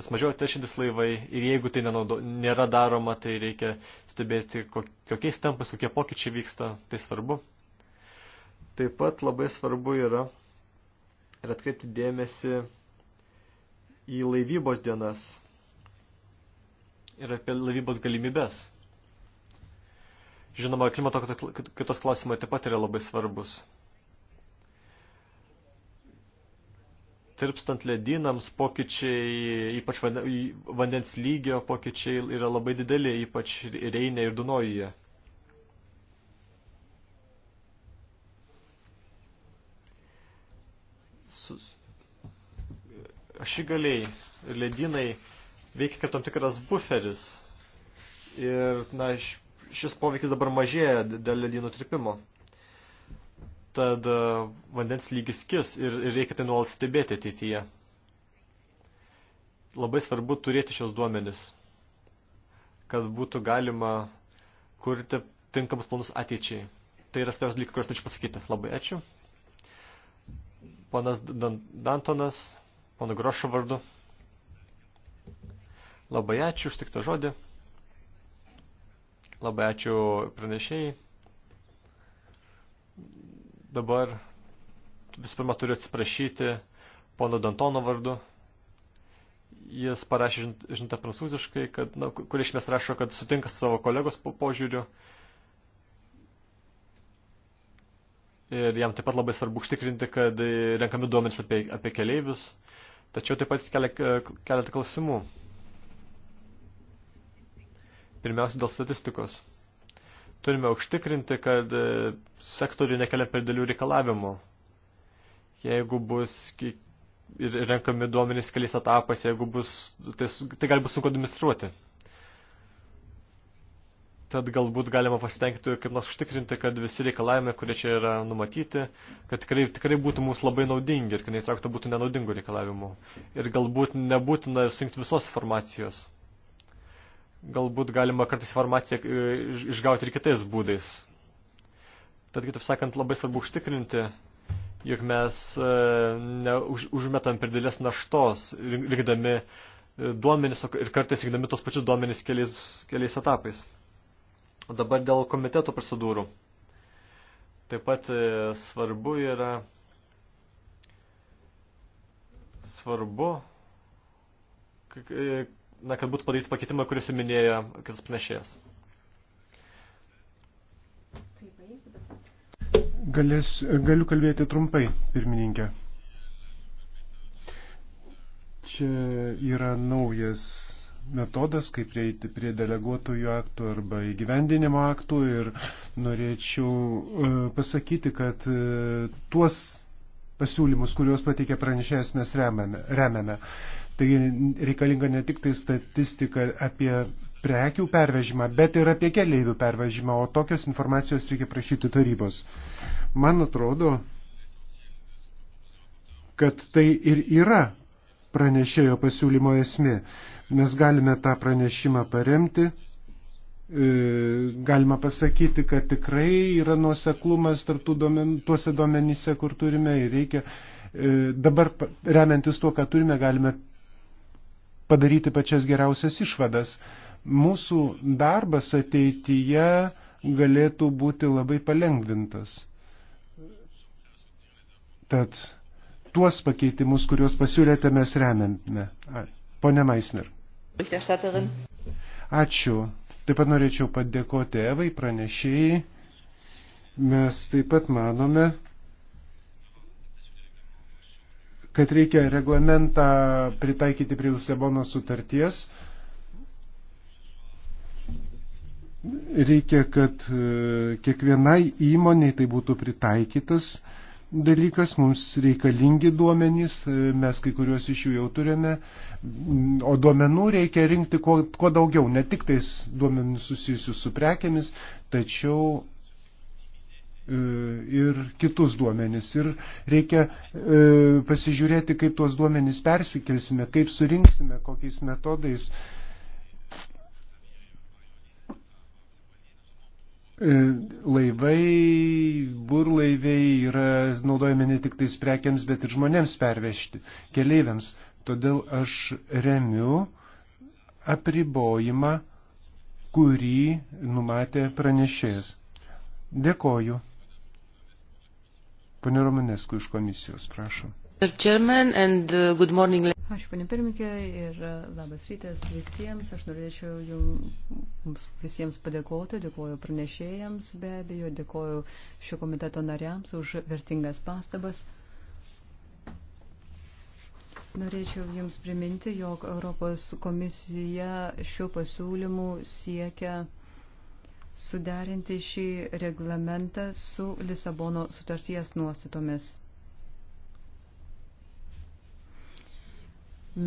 vis mažiau teršintis laivai ir jeigu tai nenaudo, nėra daroma, tai reikia stebėti, kokiais tempais, kokie pokyčiai vyksta, tai svarbu. Taip pat labai svarbu yra ir atkreipti dėmesį į laivybos dienas ir apie laivybos galimybės. Žinoma, klimato kitos klausimai taip pat yra labai svarbus. Tirpstant ledynams pokyčiai, ypač vandens lygio pokyčiai yra labai dideli, ypač Reinė ir Dunojuje. Ašigaliai ir ledynai veikia kaip tam tikras buferis. Ir, na, aš šis poveikis dabar mažėja dėl ledynų tripimo. Tad e, vandens lygis kis ir, ir reikia tai nuolat stebėti ateityje. Labai svarbu turėti šios duomenis, kad būtų galima kurti tinkamus planus ateičiai. Tai yra svarbus dalykas, kuriuos norėčiau pasakyti. Labai ačiū. Panas Dantonas, pono Grošo vardu. Labai ačiū už tiktą žodį. Labai ačiū pranešėjai. Dabar visų pirma turiu atsiprašyti pono Dantono vardu. Jis parašė žinutę prancūziškai, kad, na, kur iš mes rašo, kad sutinka savo kolegos po požiūriu. Ir jam taip pat labai svarbu užtikrinti, kad renkami duomenys apie, apie keleivius. Tačiau taip pat kelia keletą klausimų. Pirmiausia, dėl statistikos. Turime užtikrinti, kad e, sektorių nekelia per dėlių reikalavimų. Jeigu bus ir renkami duomenys keliais etapais, jeigu bus, tai, tai gali bus sunku administruoti. Tad galbūt galima pasitenkti, kaip nors užtikrinti, kad visi reikalavimai, kurie čia yra numatyti, kad tikrai, tikrai būtų mums labai naudingi ir kad neįtraukta būtų nenaudingų reikalavimų. Ir galbūt nebūtina surinkti visos informacijos galbūt galima kartais informaciją e, išgauti ir kitais būdais. Tad, kitaip sakant, labai svarbu užtikrinti, jog mes e, ne, už, užmetam per dėlės naštos, rinkdami e, duomenis ir kartais rinkdami tos pačius duomenis keliais, keliais etapais. O dabar dėl komiteto procedūrų. Taip pat svarbu yra svarbu na, kad būtų padaryti pakeitimą, kuris jau minėjo kitas pranešėjas. Galės, galiu kalbėti trumpai, pirmininkė. Čia yra naujas metodas, kaip prieiti prie deleguotojų aktų arba įgyvendinimo aktų ir norėčiau e, pasakyti, kad e, tuos pasiūlymus, kuriuos pateikė pranešėjas, mes remiame. remiame. Taigi reikalinga ne tik tai statistika apie prekių pervežimą, bet ir apie keleivių pervežimą, o tokios informacijos reikia prašyti tarybos. Man atrodo, kad tai ir yra pranešėjo pasiūlymo esmė. Mes galime tą pranešimą paremti, e, galima pasakyti, kad tikrai yra nuoseklumas domen, tuose duomenyse, kur turime ir reikia. E, dabar remiantis tuo, ką turime, galime padaryti pačias geriausias išvadas. Mūsų darbas ateityje galėtų būti labai palengvintas. Tad tuos pakeitimus, kuriuos pasiūlėte, mes remiame. Pone Maisner. Ačiū. Taip pat norėčiau padėkoti Evai pranešėjai. Mes taip pat manome, kad reikia reglamentą pritaikyti prie Lisabonos sutarties. Reikia, kad e, kiekvienai įmoniai tai būtų pritaikytas dalykas, mums reikalingi duomenys, e, mes kai kuriuos iš jų jau turime, o duomenų reikia rinkti kuo, kuo daugiau, ne tik tais duomenys susijusius su prekėmis, tačiau E, ir kitus duomenis. Ir reikia e, pasižiūrėti, kaip tuos duomenis persikelsime, kaip surinksime, kokiais metodais. E, laivai, burlaiviai yra naudojami ne tik tais prekiams, bet ir žmonėms pervežti, keleiviams. Todėl aš remiu apribojimą, kurį numatė pranešėjas. Dėkoju. Pane Romanesku iš komisijos, prašom. Uh, Ačiū, panė pirmikė, ir uh, labas rytas visiems. Aš norėčiau jums visiems padėkoti. Dėkuoju pranešėjams, be abejo, dėkuoju šio komiteto nariams už vertingas pastabas. Norėčiau jums priminti, jog Europos komisija šiuo pasiūlymu siekia suderinti šį reglamentą su Lisabono sutarties nuostatomis.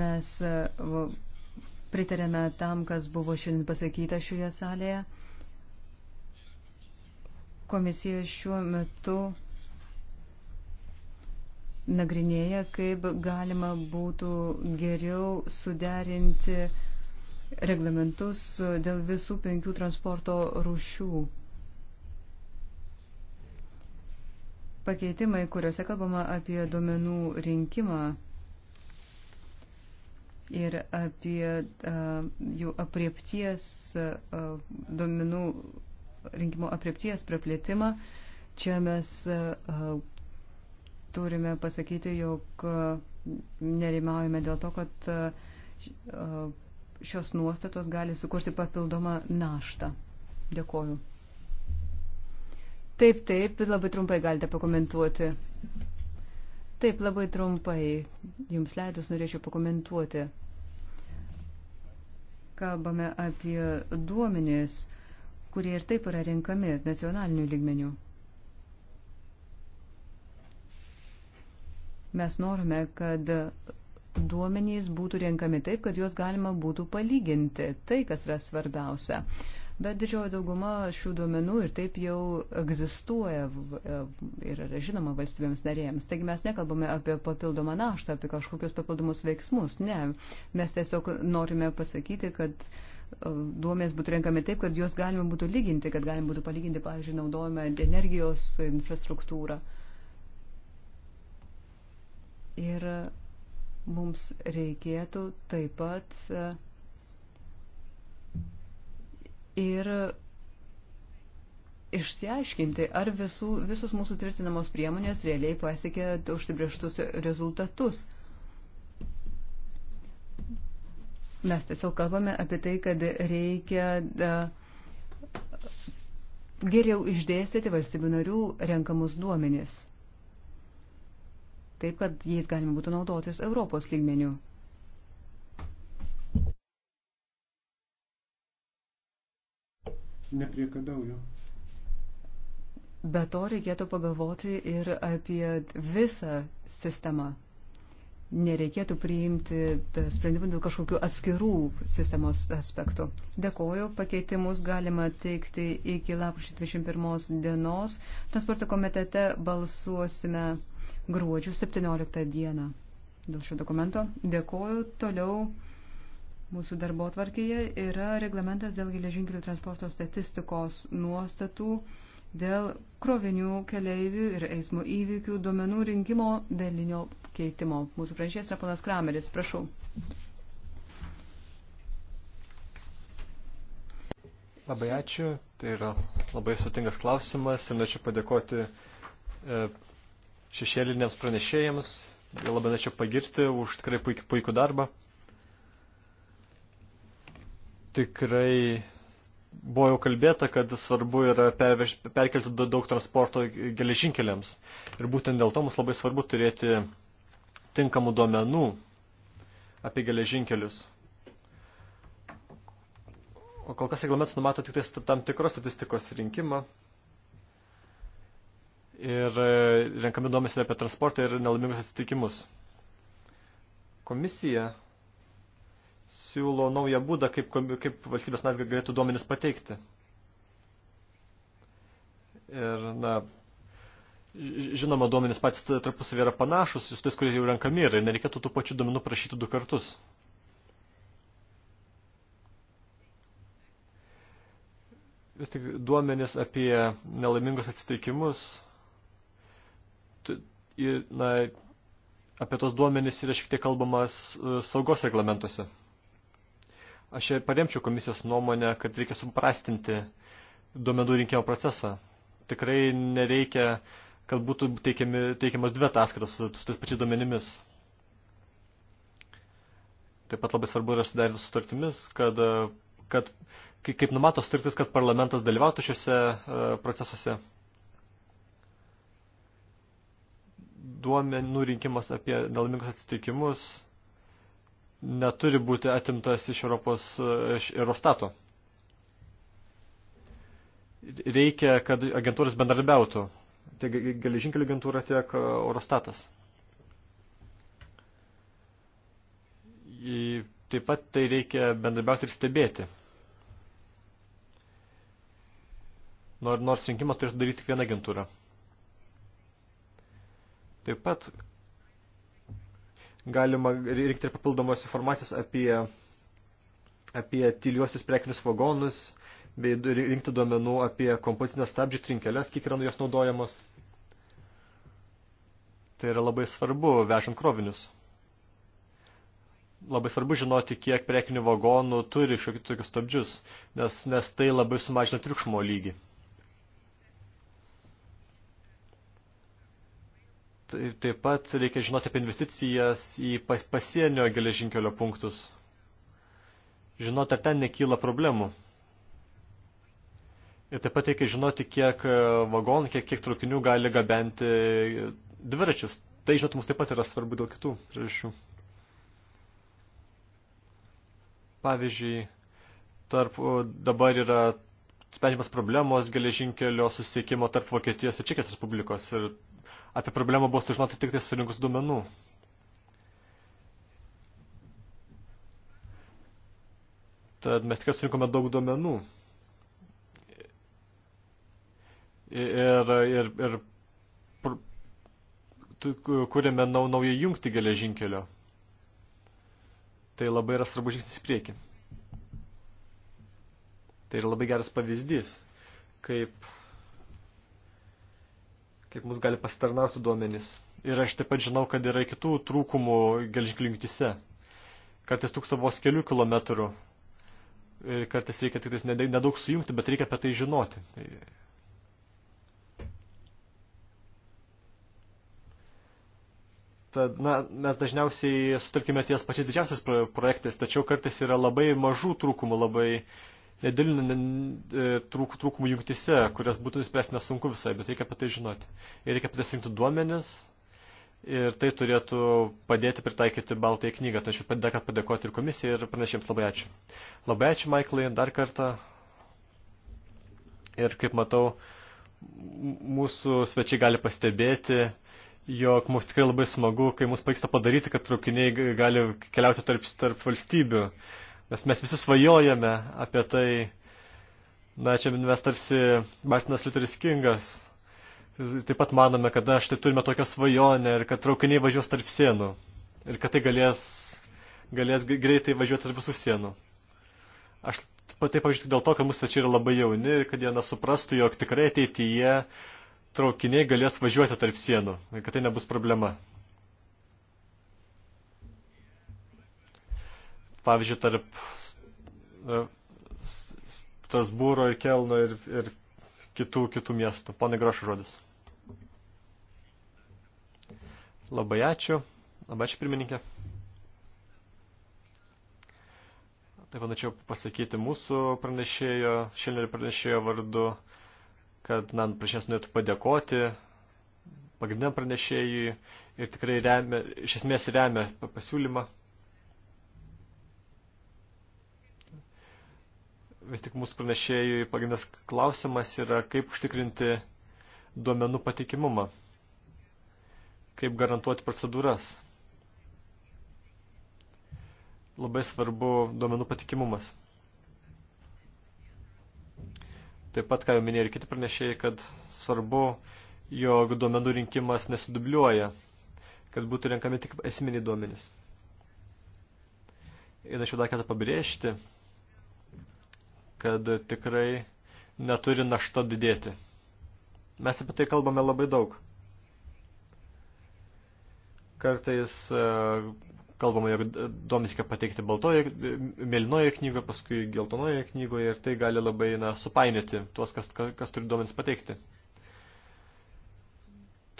Mes e, pritarėme tam, kas buvo šiandien pasakyta šioje salėje. Komisija šiuo metu nagrinėja, kaip galima būtų geriau suderinti reglamentus dėl visų penkių transporto rūšių. Pakeitimai, kuriuose kalbama apie duomenų rinkimą ir apie uh, jų apriepties, uh, duomenų rinkimo apriepties praplėtimą, čia mes uh, turime pasakyti, jog uh, nerimaujame dėl to, kad uh, šios nuostatos gali sukurti papildomą naštą. Dėkoju. Taip, taip, labai trumpai galite pakomentuoti. Taip, labai trumpai. Jums leidus norėčiau pakomentuoti. Kalbame apie duomenys, kurie ir taip yra renkami nacionalinių lygmenių. Mes norime, kad duomenys būtų renkami taip, kad juos galima būtų palyginti. Tai, kas yra svarbiausia. Bet didžioji dauguma šių duomenų ir taip jau egzistuoja e, ir yra žinoma valstybėms narėjams. Taigi mes nekalbame apie papildomą naštą, apie kažkokius papildomus veiksmus. Ne, mes tiesiog norime pasakyti, kad e, duomenys būtų renkami taip, kad juos galima būtų lyginti, kad galima būtų palyginti, pavyzdžiui, naudojame energijos infrastruktūrą. Ir mums reikėtų taip pat e, ir išsiaiškinti, ar visų, visus mūsų tvirtinamos priemonės realiai pasiekė užsibrieštus rezultatus. Mes tiesiog kalbame apie tai, kad reikia da, e, geriau išdėstyti valstybių narių renkamus duomenis taip kad jais galima būtų naudotis Europos lygmenių. Nepriekadauju. Be to reikėtų pagalvoti ir apie visą sistemą. Nereikėtų priimti sprendimų dėl kažkokių atskirų sistemos aspektų. Dėkoju, pakeitimus galima teikti iki lapkričio 21 dienos. Transporto komitete balsuosime gruodžio 17 dieną. Dėl šio dokumento dėkoju. Toliau mūsų darbo tvarkėje yra reglamentas dėl geležinkelių transporto statistikos nuostatų dėl krovinių keleivių ir eismo įvykių duomenų rinkimo dalinio keitimo. Mūsų pranešėjas yra ponas Krameris, prašau. Labai ačiū, tai yra labai sutingas klausimas ir norėčiau padėkoti e, šešėliniams pranešėjams. Jie labai norėčiau pagirti už tikrai puikų, puikų darbą. Tikrai buvo jau kalbėta, kad svarbu yra perveš, perkelti daug transporto geležinkeliams. Ir būtent dėl to mums labai svarbu turėti tinkamų duomenų apie geležinkelius. O kol kas reglamentas numato tik tam tikros statistikos rinkimą, ir e, renkami duomenys apie transportą ir nelaimingus atsitikimus. Komisija siūlo naują būdą, kaip, kaip valstybės narės galėtų duomenys pateikti. Ir, na, žinoma, duomenys patys tarpusavį yra panašus, jūs tais, kurie jau renkami yra, ir nereikėtų tų pačių duomenų prašyti du kartus. Vis tik duomenys apie nelaimingus atsitikimus ir, na, apie tos duomenys yra šiek tiek kalbamas e, saugos reglamentuose. Aš paremčiau komisijos nuomonę, kad reikia suprastinti duomenų rinkimo procesą. Tikrai nereikia, kad būtų teikiami, teikiamas dvi ataskaitos su, su tais pačiais duomenimis. Taip pat labai svarbu yra suderinti sutartimis, kad, kad kaip numato sutartis, kad parlamentas dalyvautų šiuose e, procesuose. duomenų rinkimas apie nelaimingus atsitikimus neturi būti atimtas iš Europos iš Eurostato. Reikia, kad agentūros bendradarbiautų. Tiek geležinkelių agentūra, tiek Eurostatas. Taip pat tai reikia bendradarbiauti ir stebėti. Nors rinkimą turėtų daryti tik viena agentūra. Taip pat galima reikti ir papildomos informacijos apie, apie tyliuosius prekinius vagonus, bei rinkti duomenų apie kompozicinės stabdžių trinkelės, kiek yra jos naudojamos. Tai yra labai svarbu vežant krovinius. Labai svarbu žinoti, kiek prekinių vagonų turi šiokius tokius stabdžius, nes, nes tai labai sumažina triukšmo lygį. Taip pat reikia žinoti apie investicijas į pasienio geležinkelio punktus. Žinoti, ar ten nekyla problemų. Ir taip pat reikia žinoti, kiek e, vagonų, kiek, kiek traukinių gali gabenti dviračius. Tai, žinot, mums taip pat yra svarbu dėl kitų priežasčių. Pavyzdžiui, tarp, dabar yra sprendžiamas problemos geležinkelio susiekimo tarp Vokietijos ir Čekijos Respublikos. Ir apie problemą buvo sužinoti tik tai surinkus duomenų. Tad mes tikrai surinkome daug duomenų. Ir, ir, ir kūrėme nau, naują jungtį geležinkelio. Tai labai yra svarbu žingsnis prieki. Tai yra labai geras pavyzdys, kaip kaip mus gali pasitarnauti duomenys. Ir aš taip pat žinau, kad yra kitų trūkumų geležinkelių jungtise. Kartais tūksta vos kelių kilometrų. Ir kartais reikia tik nedaug sujungti, bet reikia apie tai žinoti. Tad, na, mes dažniausiai sutarkime ties pačiais didžiausias projektais, tačiau kartais yra labai mažų trūkumų, labai uh, nedėlina e, trūk, trūkumų jungtise, kurias būtų spręsti nesunku visai, bet reikia apie tai žinoti. Ir reikia apie tai surinkti duomenis ir tai turėtų padėti pritaikyti baltąją knygą. Tačiau dar kartą padėkoti ir komisijai ir pranešėjams labai ačiū. Labai ačiū, Maiklai, dar kartą. Ir kaip matau, mūsų svečiai gali pastebėti, jog mums tikrai labai smagu, kai mums pavyksta padaryti, kad traukiniai gali keliauti tarp, tarp valstybių. Nes mes visi svajojame apie tai, na, čia mes tarsi Martinas Lutheris Kingas. Taip pat manome, kad na, štai turime tokią svajonę ir kad traukiniai važiuos tarp sienų. Ir kad tai galės, galės greitai važiuoti tarp visų sienų. Aš taip pavyzdžiui tik dėl to, kad mūsų svečiai yra labai jauni ir kad jie na, suprastų, jog tikrai ateityje traukiniai galės važiuoti tarp sienų ir kad tai nebus problema. pavyzdžiui, tarp e, Strasbūro ir Kelno ir, ir kitų, kitų miestų. Pone Grošų žodis. Labai ačiū. Labai ačiū, pirmininkė. Taip panačiau pasakyti mūsų pranešėjo, šiandien pranešėjo vardu, kad, na, pranešės norėtų padėkoti pagrindiniam pranešėjui ir tikrai remia, iš esmės remia pasiūlymą. vis tik mūsų pranešėjui pagrindas klausimas yra, kaip užtikrinti duomenų patikimumą, kaip garantuoti procedūras. Labai svarbu duomenų patikimumas. Taip pat, ką jau minėjo ir kiti pranešėjai, kad svarbu, jog duomenų rinkimas nesidubliuoja, kad būtų renkami tik esminiai duomenys. Ir aš jau dar kartą pabrėžti, kad tikrai neturi našta didėti. Mes apie tai kalbame labai daug. Kartais e, kalbama, jog duomenys reikia pateikti baltoje, mėlynoje knygoje, paskui geltonoje knygoje ir tai gali labai na, supainioti tuos, kas, kas turi duomenys pateikti.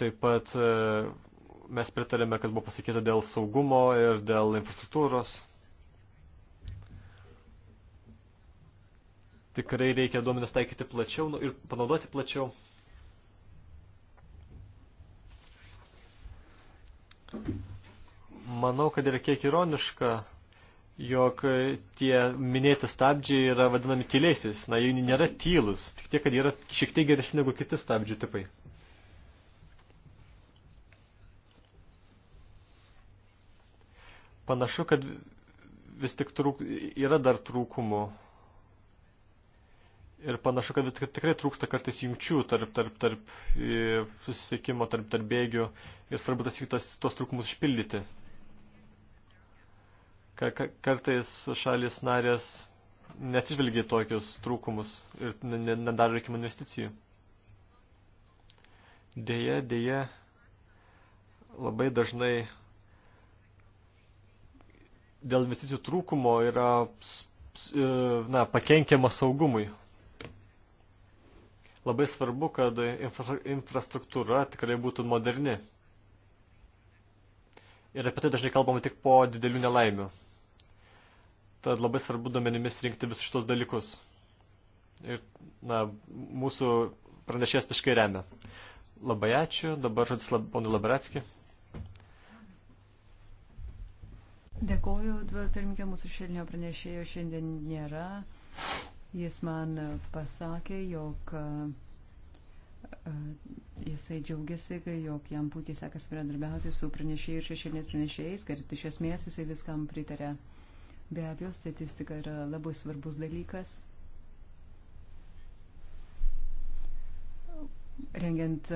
Taip pat e, mes pritarėme, kad buvo pasakyta dėl saugumo ir dėl infrastruktūros. Tikrai reikia duomenis taikyti plačiau nu, ir panaudoti plačiau. Manau, kad yra kiek ironiška, jog tie minėti stabdžiai yra vadinami tyliaisiais. Na, jie nėra tylus, tik tiek, kad jie yra šiek tiek geresni negu kiti stabdžių tipai. Panašu, kad vis tik trūk, yra dar trūkumų Ir panašu, kad tikrai trūksta kartais jungčių tarp, tarp, tarp e, susisiekimo, tarp, tarp bėgių ir svarbu tas, tas, tuos trūkumus išpildyti. Ka, ka, kartais šalis narės neatsižvelgia tokius trūkumus ir nedaro reikimų investicijų. Deja, deja, labai dažnai dėl investicijų trūkumo yra e, na, pakenkiama saugumui. Labai svarbu, kad infrastruktūra tikrai būtų moderni. Ir apie tai dažnai kalbama tik po didelių nelaimių. Tad labai svarbu duomenimis rinkti visus šitos dalykus. Ir na, mūsų pranešėjas taškai remia. Labai ačiū. Dabar žodis lab, ponui Laberatski. Dėkoju, pirmininkė, mūsų šilinio pranešėjo šiandien nėra. Jis man e, pasakė, jog e, e, jisai džiaugiasi, jog jam puikiai sekasi bendradarbiauti su pranešėjais ir šešėlės pranešėjais, kad iš esmės jisai viskam pritarė. Be abejo, statistika yra labai svarbus dalykas. Rengiant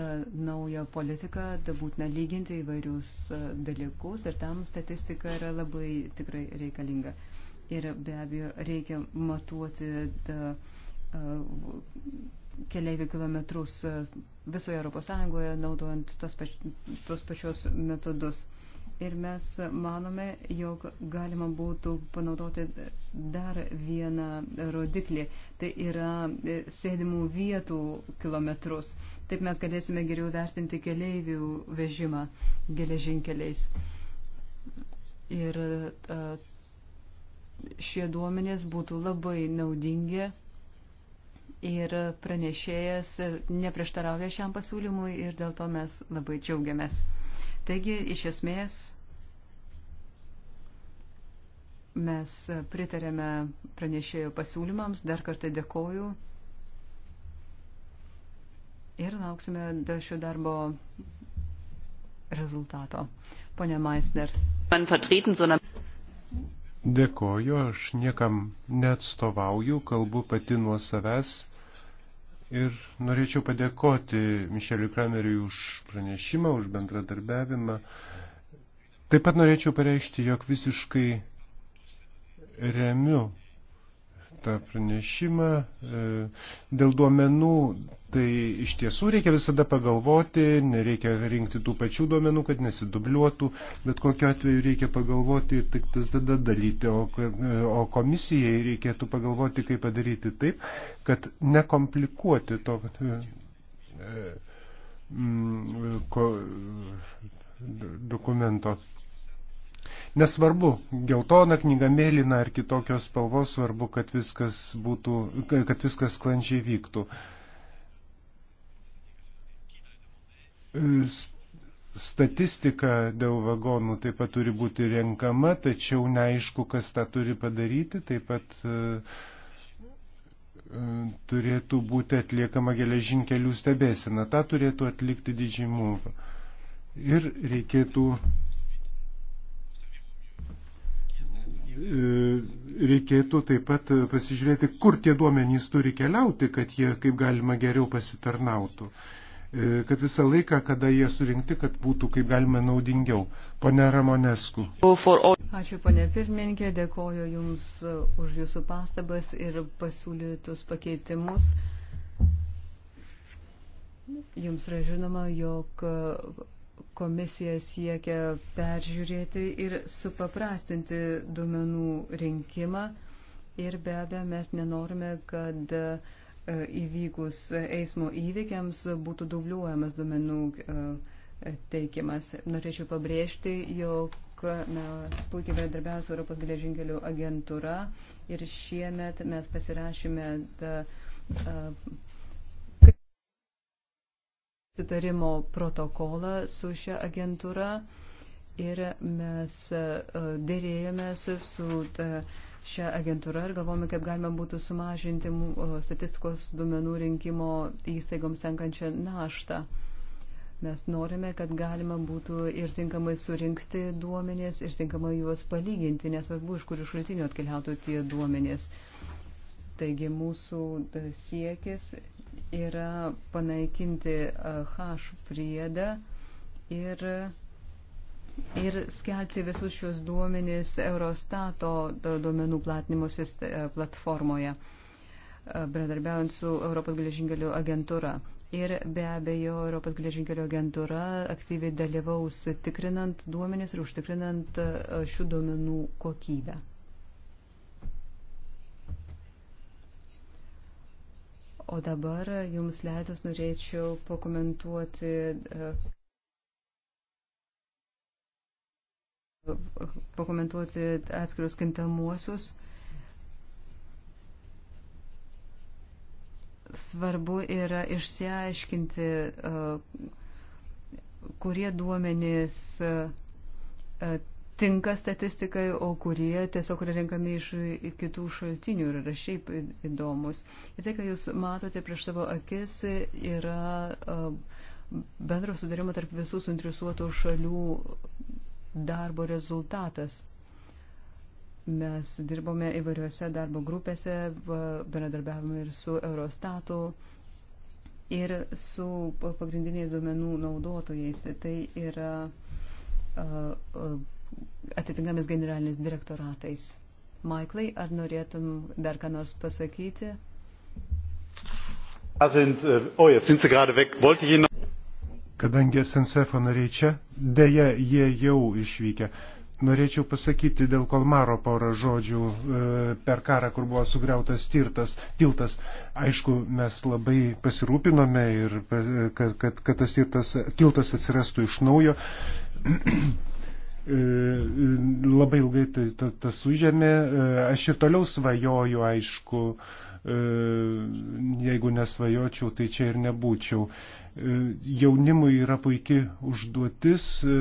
naują politiką, būtina lyginti įvairius dalykus ir tam statistika yra labai tikrai reikalinga ir be abejo reikia matuoti da, keliaivių kilometrus visoje Europos Sąjungoje, naudojant tos, pač, tos pačios metodus. Ir mes manome, jog galima būtų panaudoti dar vieną rodiklį, tai yra e, sėdimų vietų kilometrus. Taip mes galėsime geriau vertinti keleivių vežimą geležinkeliais. Ir uh, šie duomenės būtų labai naudingi ir pranešėjas neprieštarauja šiam pasiūlymui ir dėl to mes labai džiaugiamės. Taigi, iš esmės, mes pritarėme pranešėjo pasiūlymams, dar kartą dėkoju ir lauksime dėl šio darbo rezultato. Pone Meisner. Man vertreten, sondern Dėkoju, aš niekam neatstovauju, kalbu pati nuo savęs ir norėčiau padėkoti Mišeliu Krameriui už pranešimą, už bendradarbiavimą. Taip pat norėčiau pareikšti, jog visiškai remiu tą pranešimą. E, dėl duomenų Tai iš tiesų reikia visada pagalvoti, nereikia rinkti tų pačių duomenų, kad nesidubliuotų, bet kokiu atveju reikia pagalvoti ir tik tas tada daryti. O, o komisijai reikėtų pagalvoti, kaip padaryti taip, kad nekomplikuoti to e, mm, ko, dokumento. Nesvarbu, geltona knyga, mėlyna ar kitokios spalvos, svarbu, kad viskas, būtų, kad viskas sklandžiai vyktų. Uh, Statistika dėl vagonų taip pat turi būti renkama, tačiau neaišku, kas tą turi padaryti. Taip pat e, e, turėtų būti atliekama geležinkelių stebėsena. Ta turėtų atlikti Digimove. Ir reikėtų e, reikėtų taip pat pasižiūrėti, kur tie duomenys turi keliauti, kad jie kaip galima geriau pasitarnautų. E, kad visą laiką, kada jie surinkti, kad būtų kaip galima naudingiau. Pone Ramonesku. Ačiū, ponė pirmininkė, dėkoju Jums e, už Jūsų pastabas ir pasiūlytus pakeitimus. Jums yra žinoma, jog komisija siekia peržiūrėti ir supaprastinti duomenų rinkimą ir be abejo mes nenorime, kad uh, E, įvykus eismo įvykiams būtų dubliuojamas duomenų e, teikimas. Norėčiau pabrėžti, jog mes puikiai bendradarbiavome su Europos geležinkelių agentūra ir šiemet mes pasirašėme da, a, sutarimo protokolą su šia agentūra ir mes e, dėrėjomės su ta, a, šią agentūrą ir galvojame, kaip galima būtų sumažinti statistikos duomenų rinkimo įstaigoms tenkančią naštą. Mes norime, kad galima būtų ir tinkamai surinkti duomenės, ir tinkamai juos palyginti, nesvarbu, iš kurių šaltinių atkeliautų tie duomenės. Taigi mūsų e, siekis yra panaikinti e, H priedą ir ir skelbti visus šios duomenys Eurostato duomenų platinimo e, platformoje, e, bendradarbiaujant su Europos geležinkelių agentūra. Ir be abejo, Europos geležinkelio agentūra aktyviai dalyvaus tikrinant duomenis ir užtikrinant e, šių duomenų kokybę. O dabar jums leidus norėčiau pakomentuoti. pakomentuoti atskirius kintamuosius. Svarbu yra išsiaiškinti, uh, kurie duomenys uh, tinka statistikai, o kurie tiesiog yra renkami iš kitų šaltinių ir yra šiaip įdomus. Ir tai, ką jūs matote prieš savo akis, yra uh, bendro sudarimo tarp visų suinteresuotų šalių darbo rezultatas. Mes dirbome įvairiuose darbo grupėse, bendradarbiavome ir su Eurostatu, ir su pagrindiniais duomenų naudotojais. Tai yra atitinkamis generaliniais direktoratais. Maiklai, ar norėtum dar ką nors pasakyti? Sind, äh, oh, jetzt sind Sie gerade weg. Wollte ich Ihnen kadangi Sensefo nariai čia, dėja jie jau išvykę. Norėčiau pasakyti dėl Kolmaro porą žodžių e, per karą, kur buvo sugriautas tirtas, tiltas. Aišku, mes labai pasirūpinome ir e, kad, kad, kad tas tirtas, tiltas atsirastų iš naujo. E, labai ilgai tai tas užėmė. Aš ir toliau svajoju, aišku, E, jeigu nesvajočiau, tai čia ir nebūčiau. E, jaunimui yra puikia užduotis, e,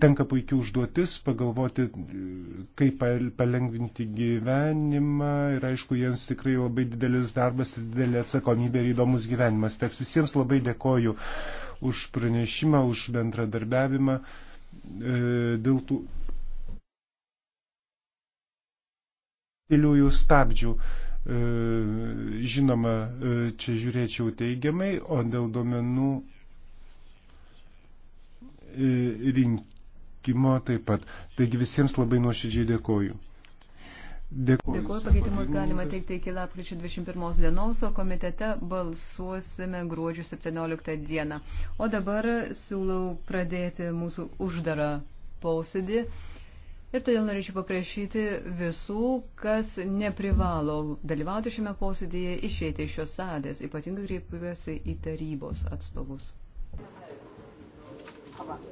tenka puikia užduotis pagalvoti, kaip palengvinti gyvenimą ir aišku, jiems tikrai labai didelis darbas ir didelė atsakomybė ir įdomus gyvenimas. Teks visiems labai dėkoju už pranešimą, už bendradarbiavimą. Dėl tų tyliųjų stabdžių. E, žinoma, e, čia žiūrėčiau teigiamai, o dėl duomenų e, rinkimo taip pat. Taigi visiems labai nuoširdžiai dėkoju. Dėkuoju. Dėkuoju, pakeitimus galima teikti iki lapkričio 21 dienos, o komitete balsuosime gruodžio 17 dieną. O dabar siūlau pradėti mūsų uždarą posėdį. Ir todėl norėčiau paprašyti visų, kas neprivalo dalyvauti šiame posėdėje, išėti iš šios sadės. Ypatingai kreipiuosi į tarybos atstovus. Hava.